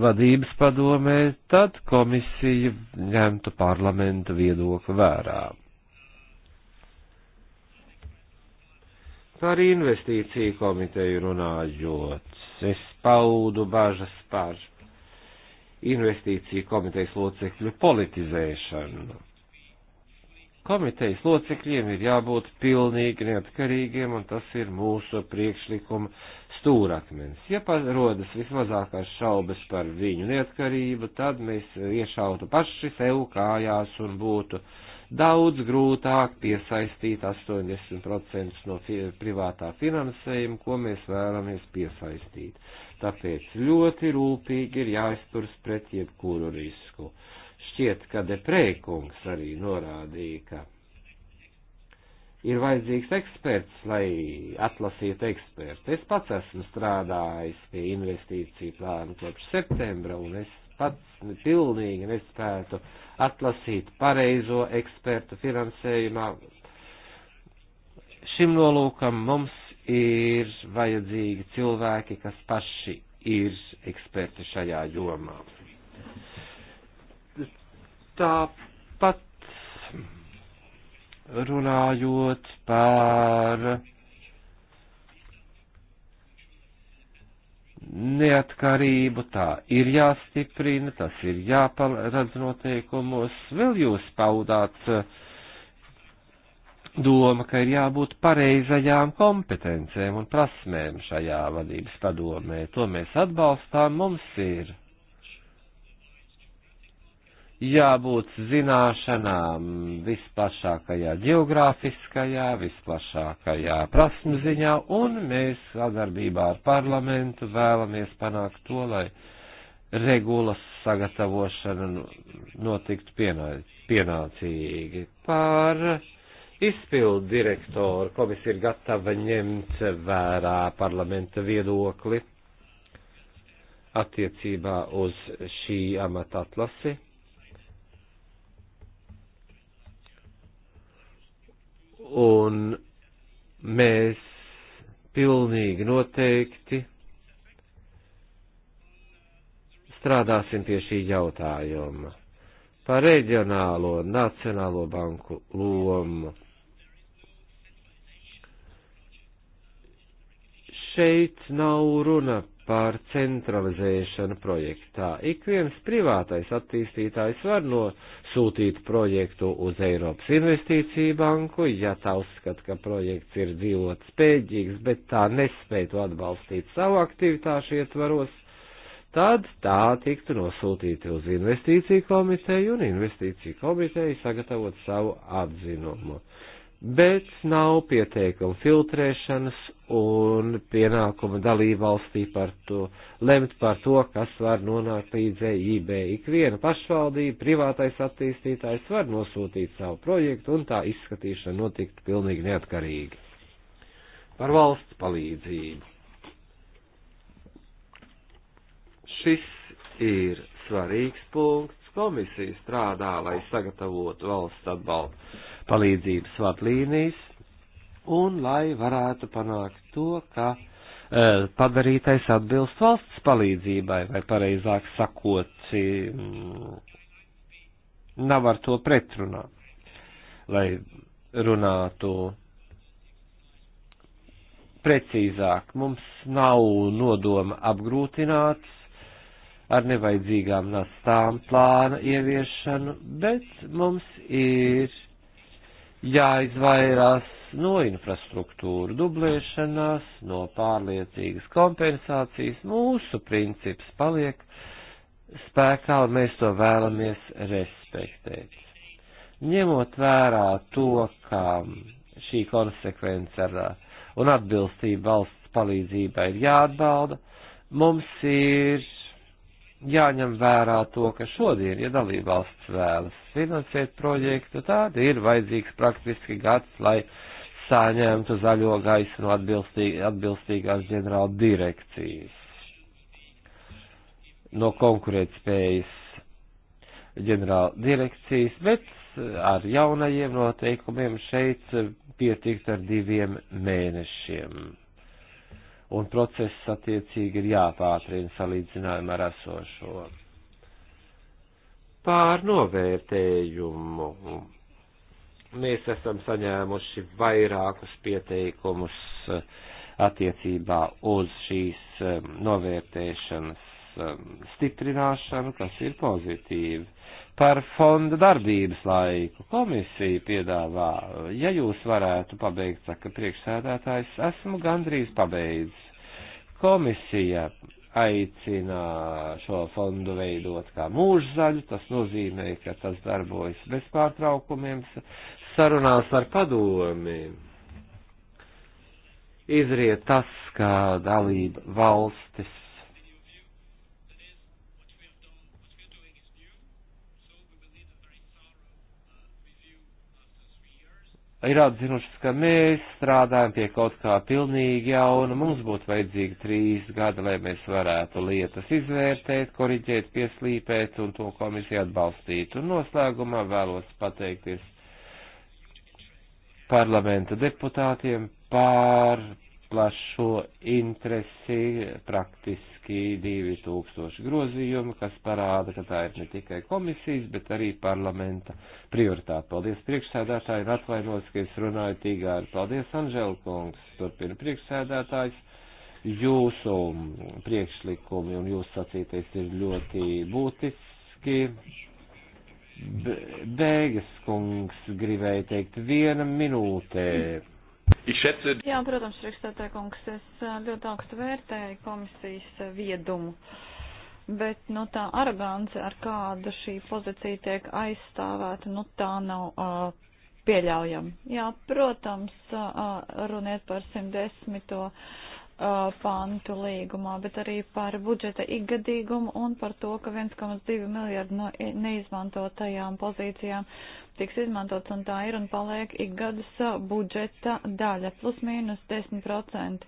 vadības padomē, tad komisija ņemtu parlamenta viedokli vērā. Par investīciju komiteju runājot, es paudu bažas par investīciju komitejas locekļu politizēšanu. Komitejas locekļiem ir jābūt pilnīgi neatkarīgiem, un tas ir mūsu priekšlikuma stūrakmens. Ja parodas vismazākās šaubas par viņu neatkarību, tad mēs iešautu paši sev kājās un būtu uh, daudz grūtāk piesaistīt 80% no privātā finansējuma, ko mēs vēlamies piesaistīt. Tāpēc ļoti rūpīgi ir jāizturas pret jebkuru risku. Šķiet, ka deprēkungs arī norādīja, ka ir vajadzīgs eksperts, lai atlasītu ekspertu. Es pats esmu strādājis pie investīciju plānu kopš septembra, un es pats pilnīgi nespētu atlasīt pareizo ekspertu finansējumā. Šim nolūkam mums ir vajadzīgi cilvēki, kas paši ir eksperti šajā jomā. Tāpat runājot par neatkarību, tā ir jāstiprina, tas ir jāparedz noteikumos. Vēl jūs paudāt eh, doma, ka ir jābūt pareizajām kompetencēm un prasmēm šajā vadības padomē. To mēs atbalstām, mums ir jābūt zināšanām visplašākajā geogrāfiskajā, visplašākajā prasmu ziņā, un mēs sadarbībā ar parlamentu vēlamies panākt to, lai regulas sagatavošana nu, notiktu pienā, pienācīgi. Par izpildu direktoru komisija ir gatava ņemt vērā parlamenta viedokli attiecībā uz šī amata atlasi Un mēs pilnīgi noteikti strādāsim pie šī jautājuma par reģionālo un nacionālo banku lomu. Šeit nav runa par centralizēšanu projektā. Ik viens privātais attīstītājs var nosūtīt projektu uz Eiropas investīciju banku, ja tā uzskata, ka projekts ir dzīvot spēcīgs, bet tā nespēj to atbalstīt savu aktivitāšu ietvaros, tad tā tiktu nosūtīta uz investīciju komiteju un investīciju komiteju sagatavot savu atzinumu bet nav pieteikuma filtrēšanas un pienākuma dalībvalstī par to lemt par to, kas var nonākt līdz EIB. Ikviena pašvaldība, privātais attīstītājs var nosūtīt savu projektu un tā izskatīšana notikt pilnīgi neatkarīgi. Par valsts palīdzību. Šis ir svarīgs punkts. Komisija strādā, lai sagatavotu valsts atbalstu palīdzības vadlīnijas, un lai varētu panākt to, ka e, padarītais atbilst valsts palīdzībai, vai pareizāk sakot, m, nav ar to pretrunā, lai runātu precīzāk, mums nav nodoma apgrūtināt ar nevajadzīgām nastām plāna ieviešanu, bet mums ir jāizvairās no infrastruktūra dublēšanās, no pārliecīgas kompensācijas. Mūsu princips paliek spēkā, un mēs to vēlamies respektēt. Ņemot vērā to, ka šī konsekvence ar, un atbilstība valsts palīdzībai ir jāatbalda, mums ir jāņem vērā to, ka šodien, ja dalībvalsts vēlas finansēt projektu, tad ir vajadzīgs praktiski gads, lai saņemtu zaļo gaisu no atbilstī, atbilstīgās ģenerāla direkcijas, no konkurētspējas ģenerāla direkcijas, bet ar jaunajiem noteikumiem šeit pietikt ar diviem mēnešiem un process attiecīgi ir jāpātrina salīdzinājumā ar esošo. Pār novērtējumu. Mēs esam saņēmuši vairākus pieteikumus eh, attiecībā uz šīs eh, novērtēšanas eh, stiprināšanu, kas ir pozitīvi par fonda darbības laiku. Komisija piedāvā, ja jūs varētu pabeigt, saka priekšsēdētājs, esmu gandrīz pabeidzis. Komisija aicina šo fondu veidot kā mūžzaļu, tas nozīmē, ka tas darbojas bez pārtraukumiem, sarunās ar padomi. Izriet tas, kā dalība valstis ir atzinušas, ka mēs strādājam pie kaut kā pilnīgi jauna, mums būtu vajadzīgi trīs gadi, lai mēs varētu lietas izvērtēt, koriģēt, pieslīpēt un to komisiju atbalstīt. Un noslēgumā vēlos pateikties parlamenta deputātiem par plašo interesi praktiski burtiski 2000 grozījumi, kas parāda, ka tā ir ne tikai komisijas, bet arī parlamenta prioritāte. Paldies priekšsēdētāji un atvainos, ka es runāju tīgāri. Paldies, Anžēla kungs, turpina priekšsēdētājs. Jūsu priekšlikumi un jūsu sacītais ir ļoti būtiski. Bēgas kungs gribēja teikt viena minūtē. Mm. Jā, protams, priekšstādāja kungs, es ļoti augstu vērtēju komisijas viedumu, bet, nu, tā arogance, ar kādu šī pozīcija tiek aizstāvēta, nu, tā nav uh, pieļaujama. Jā, protams, uh, runiet par 110 pantu uh, līgumā, bet arī par budžeta ikgadīgumu un par to, ka 1,2 miljardi no neizmantotajām pozīcijām tiks izmantots un tā ir un paliek ikgadas uh, budžeta daļa plus mīnus 10%.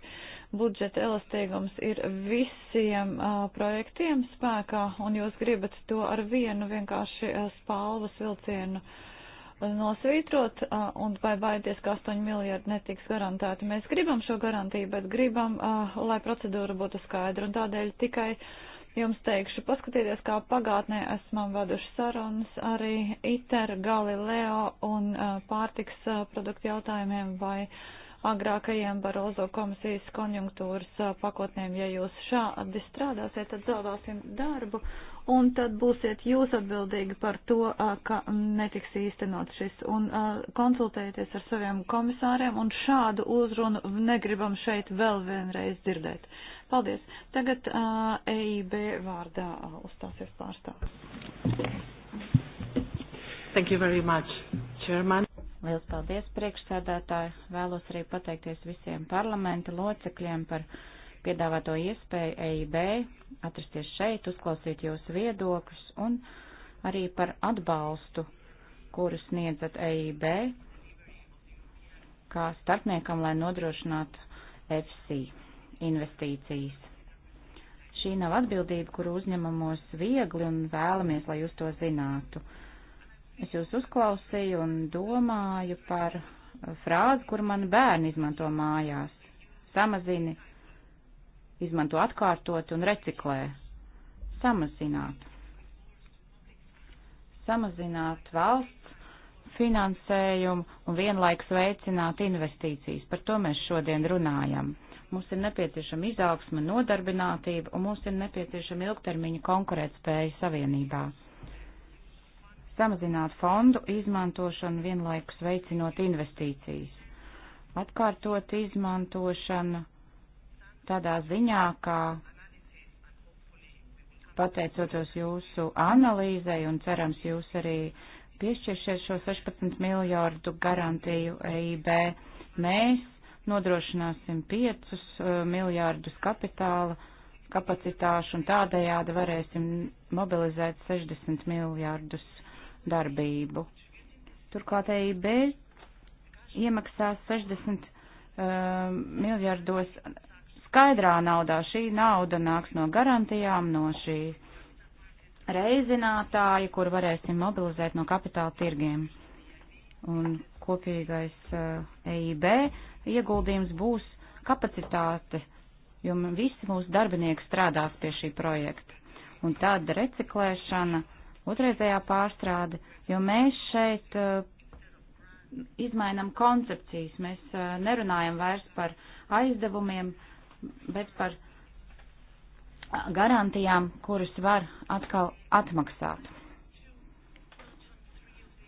Budžeta elastīgums ir visiem uh, projektiem spēkā un jūs gribat to ar vienu vienkārši uh, spalvas vilcienu uh, nosvītrot, un vai baidies, ka 8 miljardi netiks garantēti. Mēs gribam šo garantiju, bet gribam, lai procedūra būtu skaidra, un tādēļ tikai jums teikšu, paskatieties, kā pagātnē esam vaduši sarunas arī ITER, Galileo un pārtiks produktu jautājumiem vai agrākajiem Barozo komisijas konjunktūras pakotnēm. Ja jūs šādi strādāsiet, tad zaudāsim darbu un tad būsiet jūs atbildīgi par to, ka netiks īstenot šis. Un konsultējieties ar saviem komisāriem, un šādu uzrunu negribam šeit vēl vienreiz dzirdēt. Paldies. Tagad uh, EIB vārdā uzstāsies pārstāvis. Thank you very much, Chairman. Liels paldies, priekšsēdētāji. Vēlos arī pateikties visiem parlamenta locekļiem par piedāvāto iespēju EIB atrasties šeit, uzklausīt jūsu viedokļus un arī par atbalstu, kuru sniedzat EIB kā starpniekam, lai nodrošinātu FC investīcijas. Šī nav atbildība, kuru uzņemamos viegli un vēlamies, lai jūs to zinātu. Es jūs uzklausīju un domāju par frāzi, kur mani bērni izmanto mājās. Samazini izmanto atkārtot un reciklē. Samazināt. Samazināt valsts finansējumu un vienlaiks veicināt investīcijas. Par to mēs šodien runājam. Mums ir nepieciešama izaugsme, nodarbinātība un mums ir nepieciešama ilgtermiņa konkurētspēja savienībā. Samazināt fondu izmantošanu vienlaikus veicinot investīcijas. Atkārtot izmantošanu tādā ziņā, ka pateicoties jūsu analīzei un cerams jūs arī piešķiršies šo 16 miljārdu garantiju EIB, mēs nodrošināsim 5 uh, miljārdus kapitāla kapacitāšu un tādējādi varēsim mobilizēt 60 miljārdus darbību. Turklāt EIB iemaksās 60 uh, miljārdos skaidrā naudā. Šī nauda nāks no garantijām, no šī reizinātāja, kur varēsim mobilizēt no kapitāla tirgiem. Un kopīgais EIB eh, e ieguldījums būs kapacitāte, jo visi mūsu darbinieki strādās pie šī projekta. Un tāda reciklēšana, otrreizējā pārstrāde, jo mēs šeit eh, izmainam koncepcijas, mēs eh, nerunājam vairs par aizdevumiem, bet par garantijām, kuras var atkal atmaksāt.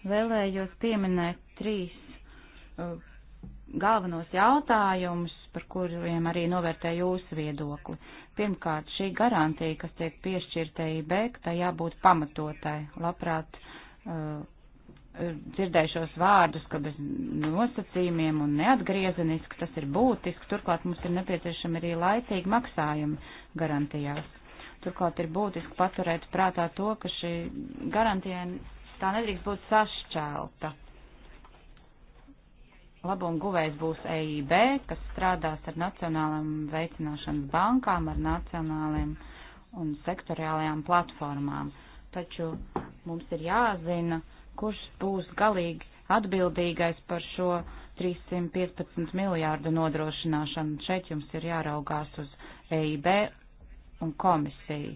Vēlējos pieminēt trīs uh, galvenos jautājumus, par kuriem arī novērtē jūsu viedokli. Pirmkārt, šī garantija, kas tiek piešķirta IB, tai jābūt pamatotai, labprāt, uh, dzirdējušos vārdus, ka bez nosacījumiem un neatgriezeniski tas ir būtiski, turklāt mums ir nepieciešami arī laicīgi maksājumi garantijās. Turklāt ir būtiski paturēt prātā to, ka šī garantija tā nedrīkst būt sašķelta. Labumu guvējs būs EIB, kas strādās ar nacionālām veicināšanas bankām, ar nacionāliem un sektoriālajām platformām. Taču mums ir jāzina, uh, kurš būs galīgi atbildīgais par šo 315 miljārdu nodrošināšanu. Šeit jums ir jāraugās uz EIB un komisiju.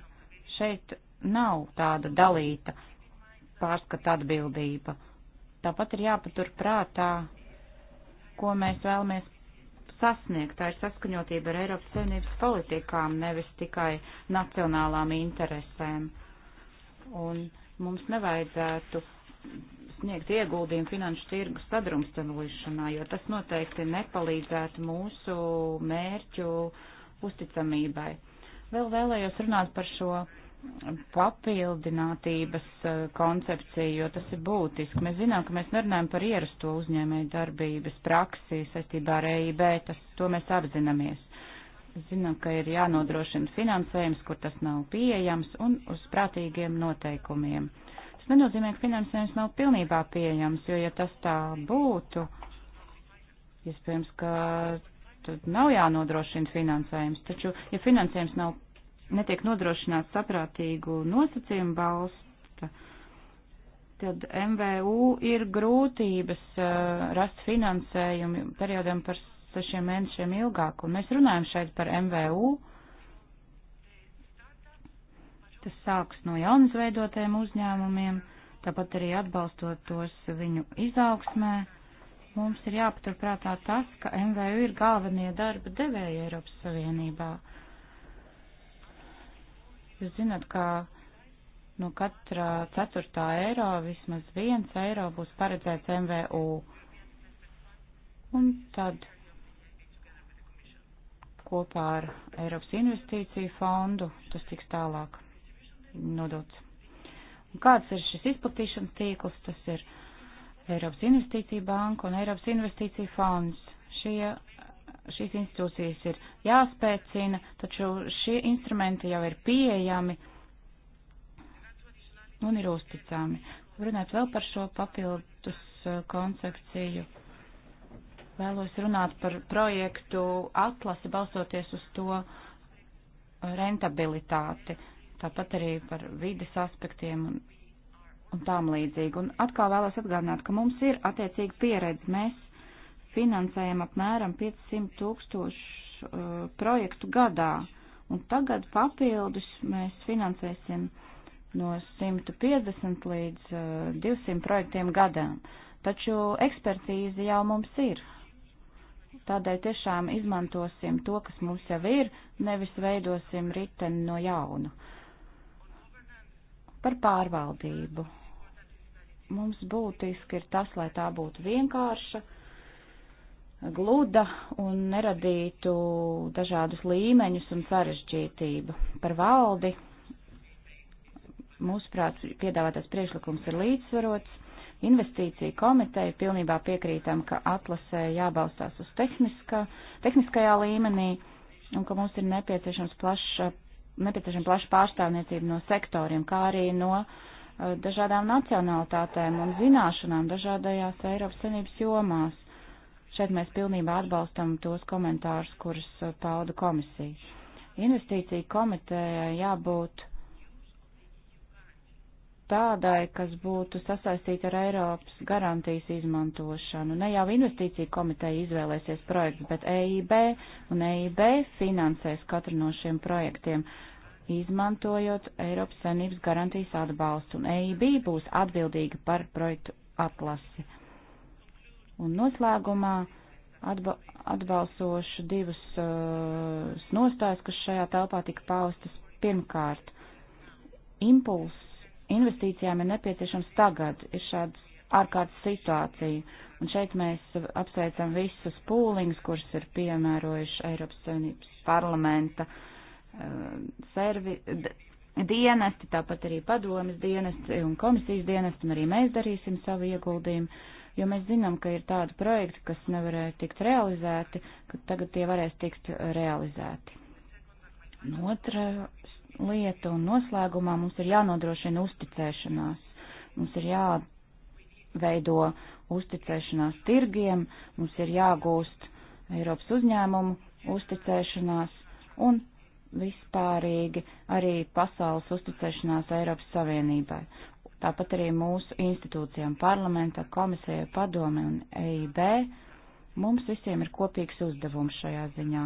Šeit nav tāda dalīta pārskata atbildība. Tāpat ir jāpatur prātā, ko mēs vēlamies sasniegt. Tā ir saskaņotība ar Eiropas Savienības politikām, nevis tikai nacionālām interesēm. Un mums nevajadzētu sniegt ieguldījumu finanšu tirgu sadrumstalošanā, jo tas noteikti nepalīdzētu mūsu mērķu uzticamībai. Vēl vēlējos runāt par šo papildinātības e, koncepciju, jo tas ir būtiski. Mēs zinām, ka mēs nerunājam par ierasto uzņēmēju darbības praksi saistībā ar EIB, tas, to mēs apzināmies. Zinām, ka ir jānodrošina finansējums, kur tas nav pieejams un uz prātīgiem noteikumiem. Uh, Tas nenozīmē, ka finansējums nav pilnībā pieejams, jo, ja tas tā būtu, iespējams, ka tad nav jānodrošina finansējums. Taču, ja finansējums nav, netiek nodrošināts saprātīgu nosacījumu balsta, tad MVU ir grūtības uh, rast finansējumu periodam par sešiem mēnešiem ilgāk. Un mēs runājam šeit par MVU Tas sāks no jaunas veidotiem uzņēmumiem, tāpat arī atbalstot tos viņu izaugsmē. Mums ir jāpaturprātā tas, ka MVU ir galvenie darba devēji Eiropas Savienībā. Jūs zināt, ka no katrā ceturtā eiro vismaz viens eiro būs paredzēts MVU. Un tad kopā ar Eiropas investīciju fondu tas tiks tālāk nodots. Un kāds ir šis izplatīšanas tīkls? Tas ir Eiropas Investīcija Banka un Eiropas Investīcija Fonds. Šie, šīs institūcijas ir jāspēcina, taču šie instrumenti jau ir pieejami un ir uzticami. Runāt vēl par šo papildus uh, koncepciju. Vēlos runāt par projektu atlasi, balsoties uz to rentabilitāti tāpat arī par vides aspektiem un, un tām līdzīgi. Un atkal vēlos atgādināt, ka mums ir attiecīga pieredze. Mēs finansējam apmēram 500 tūkstošu uh, projektu gadā, un tagad papildus mēs finansēsim no 150 līdz uh, 200 projektiem gadām. Taču ekspertīze jau mums ir. Tādēļ tiešām izmantosim to, kas mums jau ir, nevis veidosim riteni no jauna. Uh, Par pārvaldību. Mums būtiski ir tas, lai tā būtu vienkārša, gluda un neradītu dažādus līmeņus un sarežģītību. Par valdi. Mūsuprāt, piedāvātais priekšlikums ir līdzsvarots. Investīcija komiteja pilnībā piekrītam, ka atlasē jābalstās uz tehniska, tehniskajā līmenī un ka mums ir nepieciešams plašs nepieciešama plaša pārstāvniecība no sektoriem, kā arī no uh, dažādām nacionalitātēm un zināšanām dažādajās Eiropas Savienības jomās. Šeit mēs pilnībā atbalstam tos komentārus, kurus uh, pauda komisija. Investīcija komitejai jābūt tādai, kas būtu sasaistīta ar Eiropas garantijas izmantošanu. Ne jau investīcija komiteja izvēlēsies projekts, bet EIB un EIB finansēs katru no šiem projektiem, izmantojot Eiropas saimnības garantijas atbalstu, un EIB būs atbildīga par projektu atlasi. Un noslēgumā atba atbalsošu divus uh, nostājus, kas šajā telpā tika paustas. Pirmkārt, impulss investīcijām ir nepieciešams tagad, ir šāda ārkārtas situācija. Un šeit mēs apsveicam visus pūliņus, kurus ir piemērojuši Eiropas Savienības parlamenta um, servi, dienesti, tāpat arī padomas dienesti un komisijas dienesti, un arī mēs darīsim savu ieguldījumu, jo mēs zinām, ka ir tādi projekti, kas nevarēja tikt realizēti, ka tagad tie varēs tikt realizēti. Un otrs lieta un noslēgumā mums ir jānodrošina uzticēšanās. Mums ir jāveido uzticēšanās tirgiem, mums ir jāgūst Eiropas uzņēmumu uzticēšanās un vispārīgi arī pasaules uzticēšanās Eiropas Savienībai. Tāpat arī mūsu institūcijām, parlamenta, komisijai, padome un EIB. Mums visiem ir kopīgs uzdevums šajā ziņā.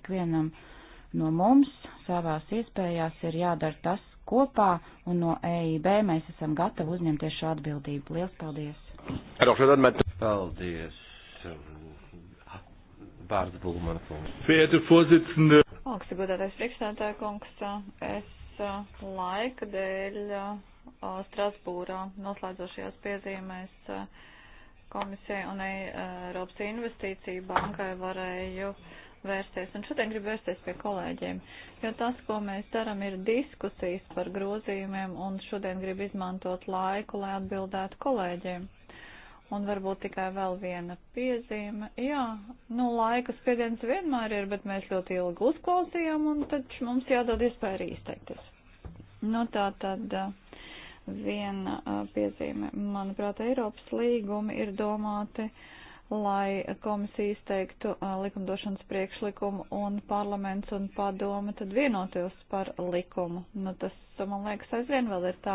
Ikvienam uh, No mums savās iespējās ir jādara tas kopā, un no EIB mēs esam gatavi uzņemties šo atbildību. Lielas paldies! Paldies! Vārds Bulmana kungs. Augsti godātais priekšstādātāja kungs, es laika dēļ Strasbūrā noslēdzošajās piezīmēs komisijai un Eiropas investīciju bankai varēju uh, vērsties. Un šodien gribu vērsties pie kolēģiem, jo tas, ko mēs daram, ir diskusijas par grozījumiem, un šodien gribu izmantot laiku, lai atbildētu kolēģiem. Un varbūt tikai vēl viena piezīme. Jā, nu laika spiediens vienmēr ir, bet mēs ļoti ilgi uzklausījām, un tad mums jādod iespēja arī izteikties. Nu tā tad uh, viena uh, piezīme. Manuprāt, Eiropas līgumi ir domāti. Uh, lai komisija izteiktu likumdošanas priekšlikumu un parlaments un padome tad vienotos par likumu. Nu, tas, man liekas, aizvien vēl ir tā.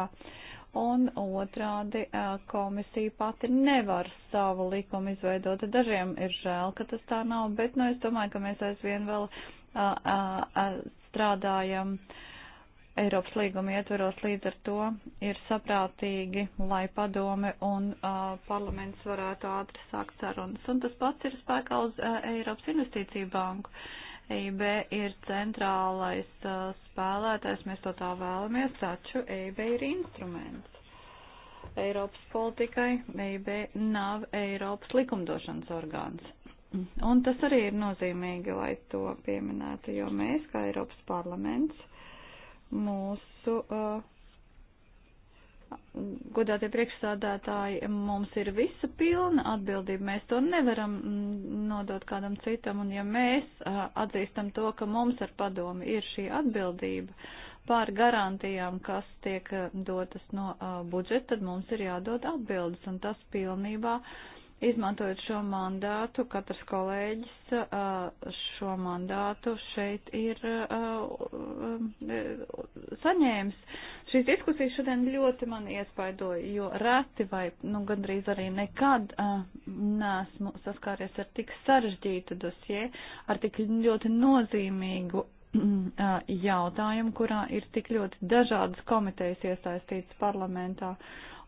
Un otrādi komisija pati nevar savu likumu izveidot. Dažiem ir žēl, ka tas tā nav, bet nu, es domāju, ka mēs aizvien vēl a, a, a, strādājam. Uh, Eiropas līguma ietveros līdz ar to ir saprātīgi, lai padome un uh, parlaments varētu ātri sākt sarunas. Un tas pats ir spēkā uz uh, Eiropas investīciju banku. EIB ir centrālais uh, spēlētājs, mēs to tā vēlamies, taču EIB ir instruments. Eiropas politikai EIB nav Eiropas likumdošanas orgāns. Un tas arī ir nozīmīgi, lai to pieminētu, jo mēs, kā Eiropas parlaments, mūsu uh, godātie priekšsādātāji, mums ir visa pilna atbildība. Mēs to nevaram mm, nodot kādam citam, un ja mēs uh, atzīstam to, ka mums ar padomu ir šī atbildība pār garantijām, kas tiek uh, dotas no uh, budžeta, tad mums ir jādod atbildes, un tas pilnībā uh, Izmantojot šo mandātu, katrs kolēģis šo mandātu šeit ir saņēmis. Šīs diskusijas šodien ļoti mani iespaidoja, jo reti vai nu, gandrīz arī nekad nesmu saskāries ar tik sarežģītu dosie, ar tik ļoti nozīmīgu jautājumu, kurā ir tik ļoti dažādas komitejas iesaistītas parlamentā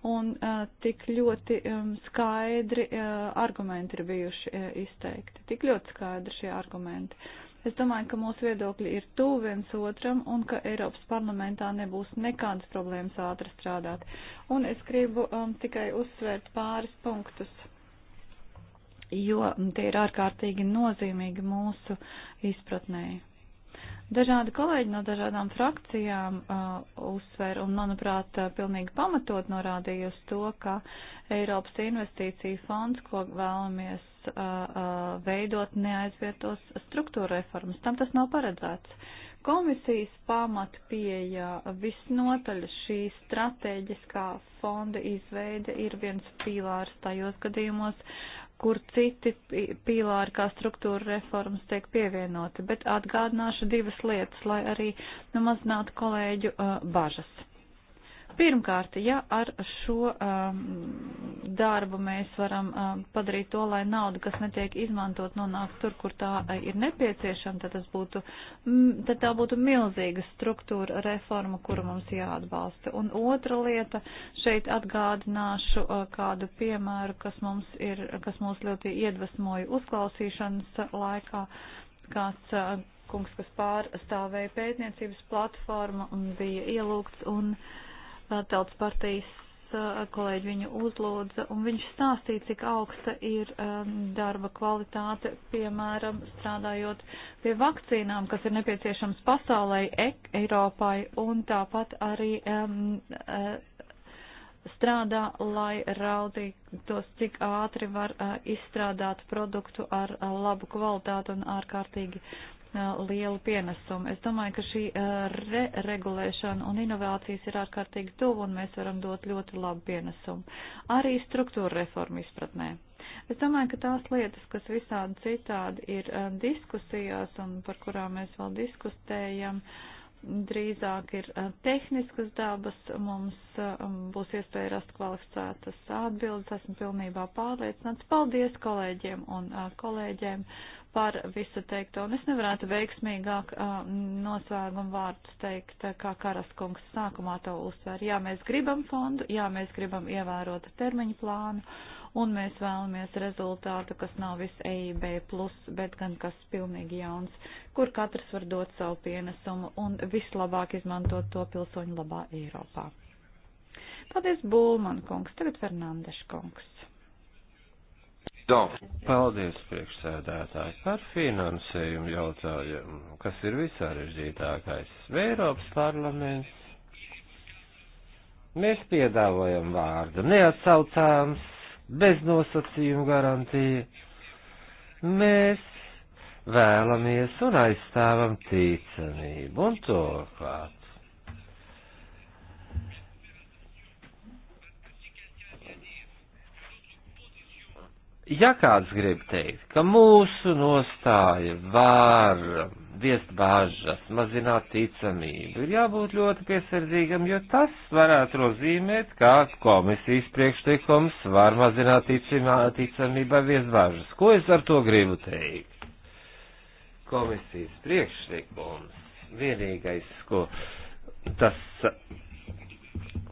un uh, tik ļoti um, skaidri uh, argumenti ir bijuši uh, izteikti. Tik ļoti skaidri šie argumenti. Es domāju, ka mūsu viedokļi ir tuvu viens otram un ka Eiropas parlamentā nebūs nekādas problēmas ātri strādāt. Un es gribu um, tikai uzsvērt pāris punktus, jo tie ir ārkārtīgi nozīmīgi mūsu izpratnēji. Dažādi kolēģi no dažādām frakcijām uh, uzsver un, manuprāt, uh, pilnīgi pamatot norādīja uz to, ka Eiropas investīcija fonds, ko vēlamies uh, uh, veidot, neaizvietos struktūra reformas. Tam tas nav paredzēts. Komisijas pamat pieeja visnotaļ šī strateģiskā fonda izveide ir viens pīlārs tajos gadījumos, kur citi pīlāri kā struktūra reformas tiek pievienoti, bet atgādināšu divas lietas, lai arī nu, mazinātu kolēģu uh, bažas. Pirmkārt, ja ar šo um, darbu mēs varam um, padarīt to, lai nauda, kas netiek izmantot, nonāk tur, kur tā uh, ir nepieciešama, tad, būtu, m, tad tā būtu milzīga struktūra reforma, kuru mums jāatbalsta. Un otra lieta, šeit atgādināšu uh, kādu piemēru, kas mums, ir, kas mums ļoti iedvesmoja uzklausīšanas laikā, kāds uh, kungs, kas pārstāvēja pētniecības platformu un bija ielūgts un uh, tautas partijas kolēģi viņu uzlūdza, un viņš stāstīja, cik augsta ir darba kvalitāte, piemēram, strādājot pie vakcīnām, kas ir nepieciešams pasaulē, Eiropai, un tāpat arī strādā, lai raudītos, cik ātri var izstrādāt produktu ar labu kvalitāti un ārkārtīgi lielu pienesumu. Es domāju, ka šī re-regulēšana un inovācijas ir ārkārtīgi tuvu un mēs varam dot ļoti labu pienesumu. Arī struktūra reforma izpratnē. Es domāju, ka tās lietas, kas visādi citādi ir diskusijās un par kurām mēs vēl diskutējam, drīzāk ir tehniskas dabas, mums būs iespēja rast kvalificētas atbildes, esmu pilnībā pārliecināts. Paldies kolēģiem un kolēģiem! par visu teikto. Un es nevarētu veiksmīgāk uh, noslēgumu vārdus teikt, kā Karaskungs sākumā to uzsver. Jā, mēs gribam fondu, jā, mēs gribam ievērot termiņu plānu, un mēs vēlamies rezultātu, kas nav viss EIB plus, bet gan kas pilnīgi jauns, kur katrs var dot savu pienesumu un vislabāk izmantot to pilsoņu labā Eiropā. Paldies, Bulman kungs, tagad Fernandeša kungs. Paldies, priekšsēdētāji, par finansējumu jautājumu, kas ir visārežģītākais. Eiropas parlaments. Mēs piedāvājam vārdu neatsaucāms, bez nosacījumu garantija. Mēs vēlamies un aizstāvam ticamību un to, kā Ja kāds grib teikt, ka mūsu nostāja var viest bāžas, mazināt ticamību, ir jābūt ļoti piesardzīgam, jo tas varētu nozīmēt, ka komisijas priekšteikums var mazināt ticamā, ticamību vai viest bāžas. Ko es ar to gribu teikt? Komisijas priekšteikums vienīgais, ko tas uh,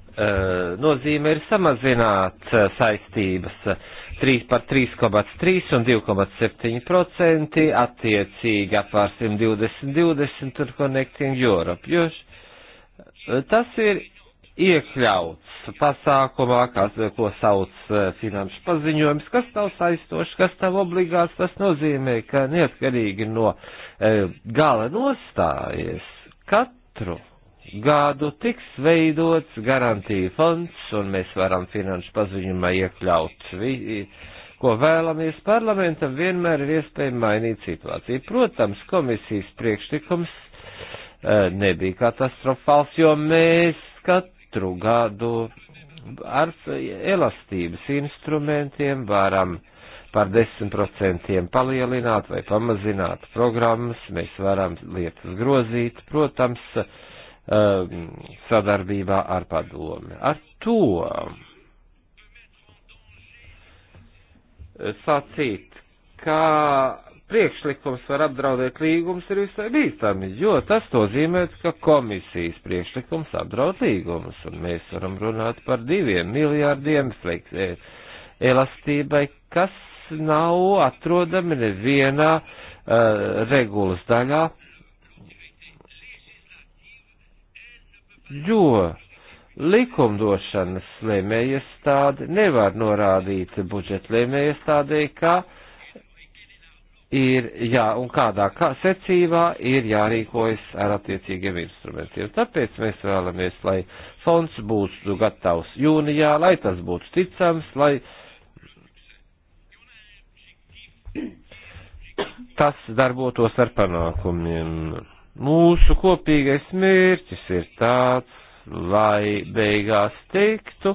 nozīmē, ir samazināt eh, saistības. Uh, 3 par 3,3 un 2,7% attiecīgi apvārsim 2020 tur Connecting Europe, jo tas ir iekļauts pasākumā, kas, ko sauc eh, finanšu paziņojums, kas nav saistošs, kas nav obligāts, tas nozīmē, ka neatkarīgi no e, gala nostājies katru gadu tiks veidots garantija fonds, un mēs varam finanšu paziņumā iekļaut, vi, ko vēlamies. Parlamentam vienmēr ir iespēja mainīt situāciju. Protams, komisijas priekšlikums uh, nebija katastrofāls, jo mēs katru gadu ar elastības instrumentiem varam par 10% palielināt vai pamazināt programmas, mēs varam lietas grozīt, protams, uh, um, sadarbībā ar padomi. Ar to sacīt, ka priekšlikums var apdraudēt līgums ir visai bīstami, jo tas nozīmē, ka komisijas priekšlikums apdraud līgumus, un mēs varam runāt par diviem miljārdiem e, elastībai, kas nav atrodami nevienā uh, regulas daļā, jo likumdošanas lēmējiestāde nevar norādīt budžeta lēmējiestādē, ka ir, jā, un kādā kā secībā ir jārīkojas ar attiecīgiem instrumentiem. Tāpēc mēs vēlamies, lai fonds būtu gatavs jūnijā, lai tas būtu ticams, lai tas darbotos ar panākumiem. Mūsu kopīgais mērķis ir tāds, lai beigās tiktu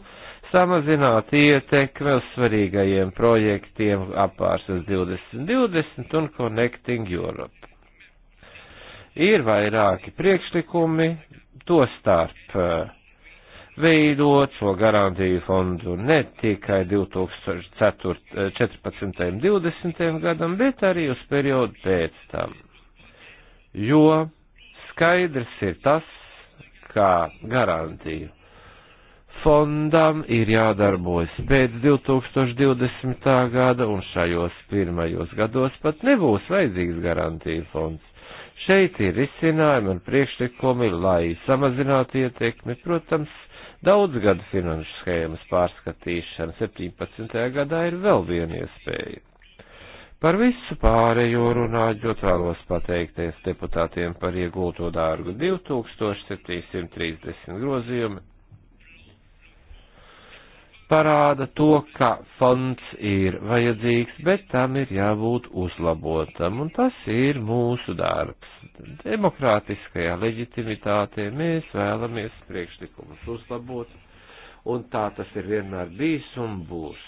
samazināt ietekmi uz svarīgajiem projektiem apārsas 2020 un Connecting Europe. Ir vairāki priekšlikumi, to starp uh, veidot šo garantiju fondu ne tikai 2014. un 2020. gadam, bet arī uz periodu pēc tam jo skaidrs ir tas, kā garantiju. Fondam ir jādarbojas pēc 2020. gada, un šajos pirmajos gados pat nebūs vajadzīgs garantija fonds. Šeit ir izcinājumi un priekšlikumi, lai samazinātu ietekmi, protams, daudz gadu finanšu schēmas pārskatīšana 17. gadā ir vēl viena iespēja. Par visu pārējo runājot vēlos pateikties deputātiem par iegūto dārgu 2730 grozījumi. Parāda to, ka fonds ir vajadzīgs, bet tam ir jābūt uzlabotam, un tas ir mūsu darbs. Demokrātiskajā leģitimitātē mēs vēlamies priekšlikumus uzlabot, un tā tas ir vienmēr bijis un būs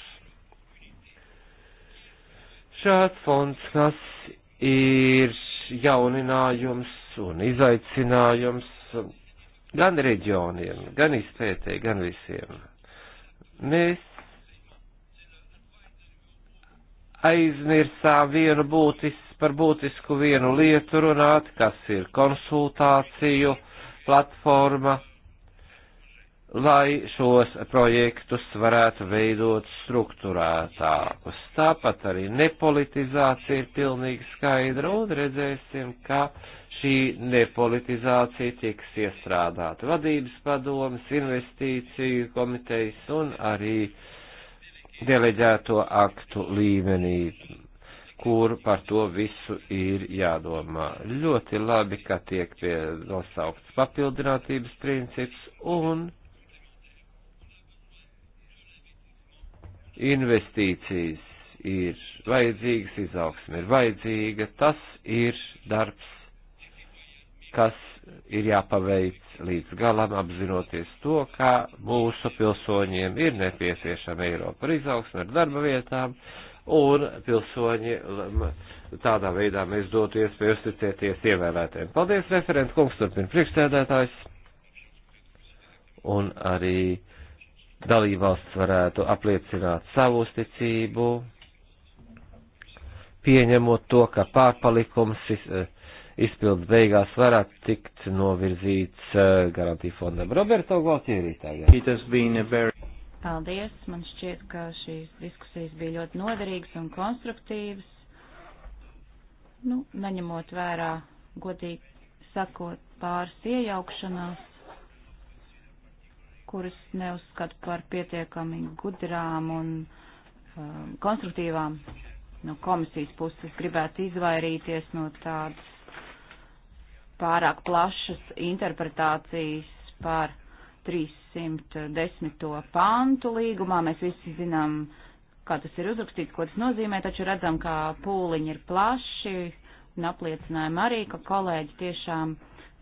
šāds fonds, kas ir jauninājums un izaicinājums gan reģioniem, gan izpētē, gan visiem. Mēs aizmirsām vienu būtis, par būtisku vienu lietu runāt, kas ir konsultāciju platforma lai šos projektus varētu veidot struktūrētākus. Tāpat arī nepolitizācija ir pilnīgi skaidra un redzēsim, ka šī nepolitizācija tiks iestrādāta vadības padomas, investīciju komitejas un arī deleģēto aktu līmenī kur par to visu ir jādomā. Ļoti labi, ka tiek pie nosaukts papildinātības princips un investīcijas ir vajadzīgas, izaugsme ir vajadzīga, tas ir darbs, kas ir jāpaveic līdz galam, apzinoties to, ka mūsu pilsoņiem ir nepieciešama Eiropa ar izaugsmu, ar darba vietām, un pilsoņi tādā veidā mēs dotu iespēju uzticēties ievēlētiem. Paldies, referents kungs, turpin priekšsēdētājs, un arī dalībvalsts varētu apliecināt savu uzticību, pieņemot to, ka pārpalikums e, izpildu beigās varētu tikt novirzīts e, garantija fondam. Roberto Gautieri tagad. Paldies, man šķiet, ka šīs diskusijas bija ļoti noderīgas un konstruktīvas. Nu, neņemot vērā, godīgi sakot, pāris iejaukšanās kuras neuzskatu par pietiekami gudrām un um, konstruktīvām no komisijas puses. Gribētu izvairīties no tādas pārāk plašas interpretācijas par 310. pantu līgumā. Mēs visi zinām, kā tas ir uzrakstīts, ko tas nozīmē, taču redzam, ka pūliņi ir plaši un apliecinājumi arī, ka kolēģi tiešām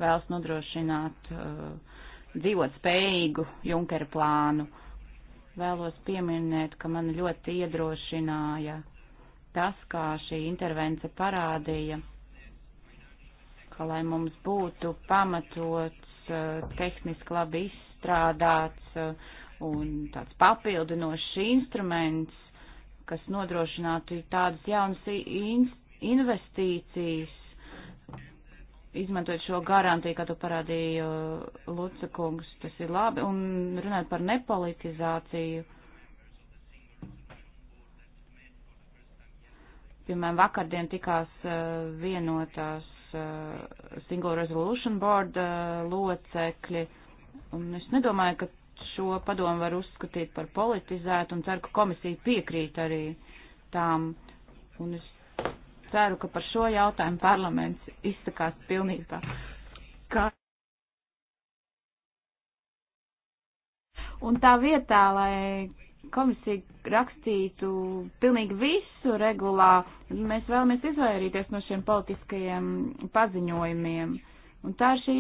vēlas nodrošināt uh, dzīvot spējīgu Junkera plānu. Vēlos pieminēt, ka man ļoti iedrošināja tas, kā šī intervence parādīja, ka lai mums būtu pamatots, eh, tehniski labi izstrādāts eh, un tāds papildinošs instruments, kas nodrošinātu tādas jaunas investīcijas izmantojot šo garantiju, kā tu parādīji, uh, Luca kungs, tas ir labi. Un runājot par nepolitizāciju, piemēram, vakardien tikās uh, vienotās uh, Single Resolution Board locekļi, un es nedomāju, ka šo padomu var uzskatīt par politizētu, un ceru, ka komisija piekrīt arī tām. Un es ceru, ka par šo jautājumu parlaments izsakās pilnīgā. Ka... Un tā vietā, lai komisija rakstītu pilnīgi visu regulā, mēs vēlamies izvairīties no šiem politiskajiem paziņojumiem. Un tā ir šī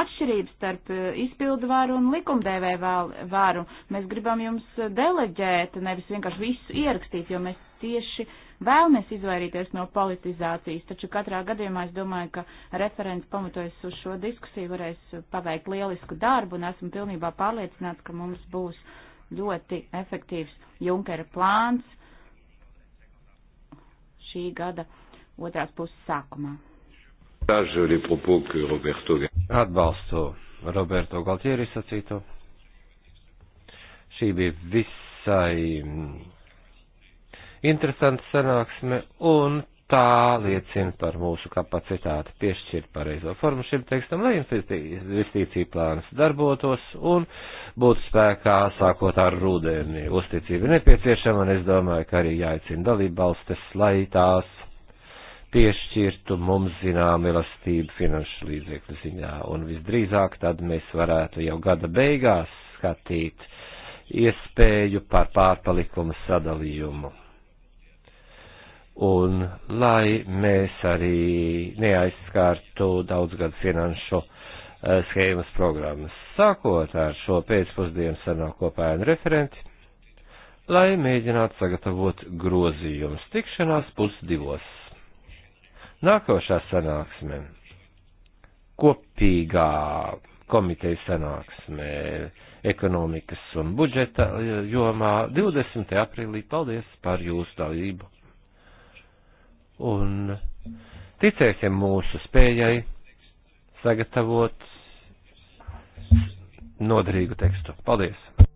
atšķirība starp izpildu varu un likumdevēju varu. Mēs gribam jums deleģēt, nevis vienkārši visu ierakstīt, jo mēs tieši uh, vēlamies izvairīties no politizācijas, taču katrā gadījumā es domāju, ka referents pamatojas uz šo diskusiju varēs paveikt lielisku darbu un esmu pilnībā pārliecināts, ka mums būs ļoti efektīvs Junkera plāns šī gada otrās puses sākumā. Atbalstu Roberto Galtieri sacīto. Šī bija visai interesanta sanāksme, un tā liecina par mūsu kapacitāti piešķirt pareizo formu šim tekstam, lai investīcija plāns darbotos un būtu spēkā sākot ar rudēni. Uzticība nepieciešama, un es domāju, ka arī jāicina dalība valstis, lai tās piešķirtu mums zinām elastību finanšu līdzekļu ziņā, un visdrīzāk tad mēs varētu jau gada beigās skatīt iespēju par pārpalikumu sadalījumu un lai mēs arī neaizskārtu daudzgadu finanšu uh, schēmas programmas. Sākot ar šo pēcpusdienu sanāk kopā ar referenti, lai mēģinātu sagatavot grozījumus tikšanās pusdivos. Nākošā sanāksme - kopīgā komiteja sanāksme ekonomikas un budžeta eh, jomā 20. aprīlī. Paldies par jūsu dalību! un ticēsim mūsu spējai sagatavot noderīgu tekstu. Paldies!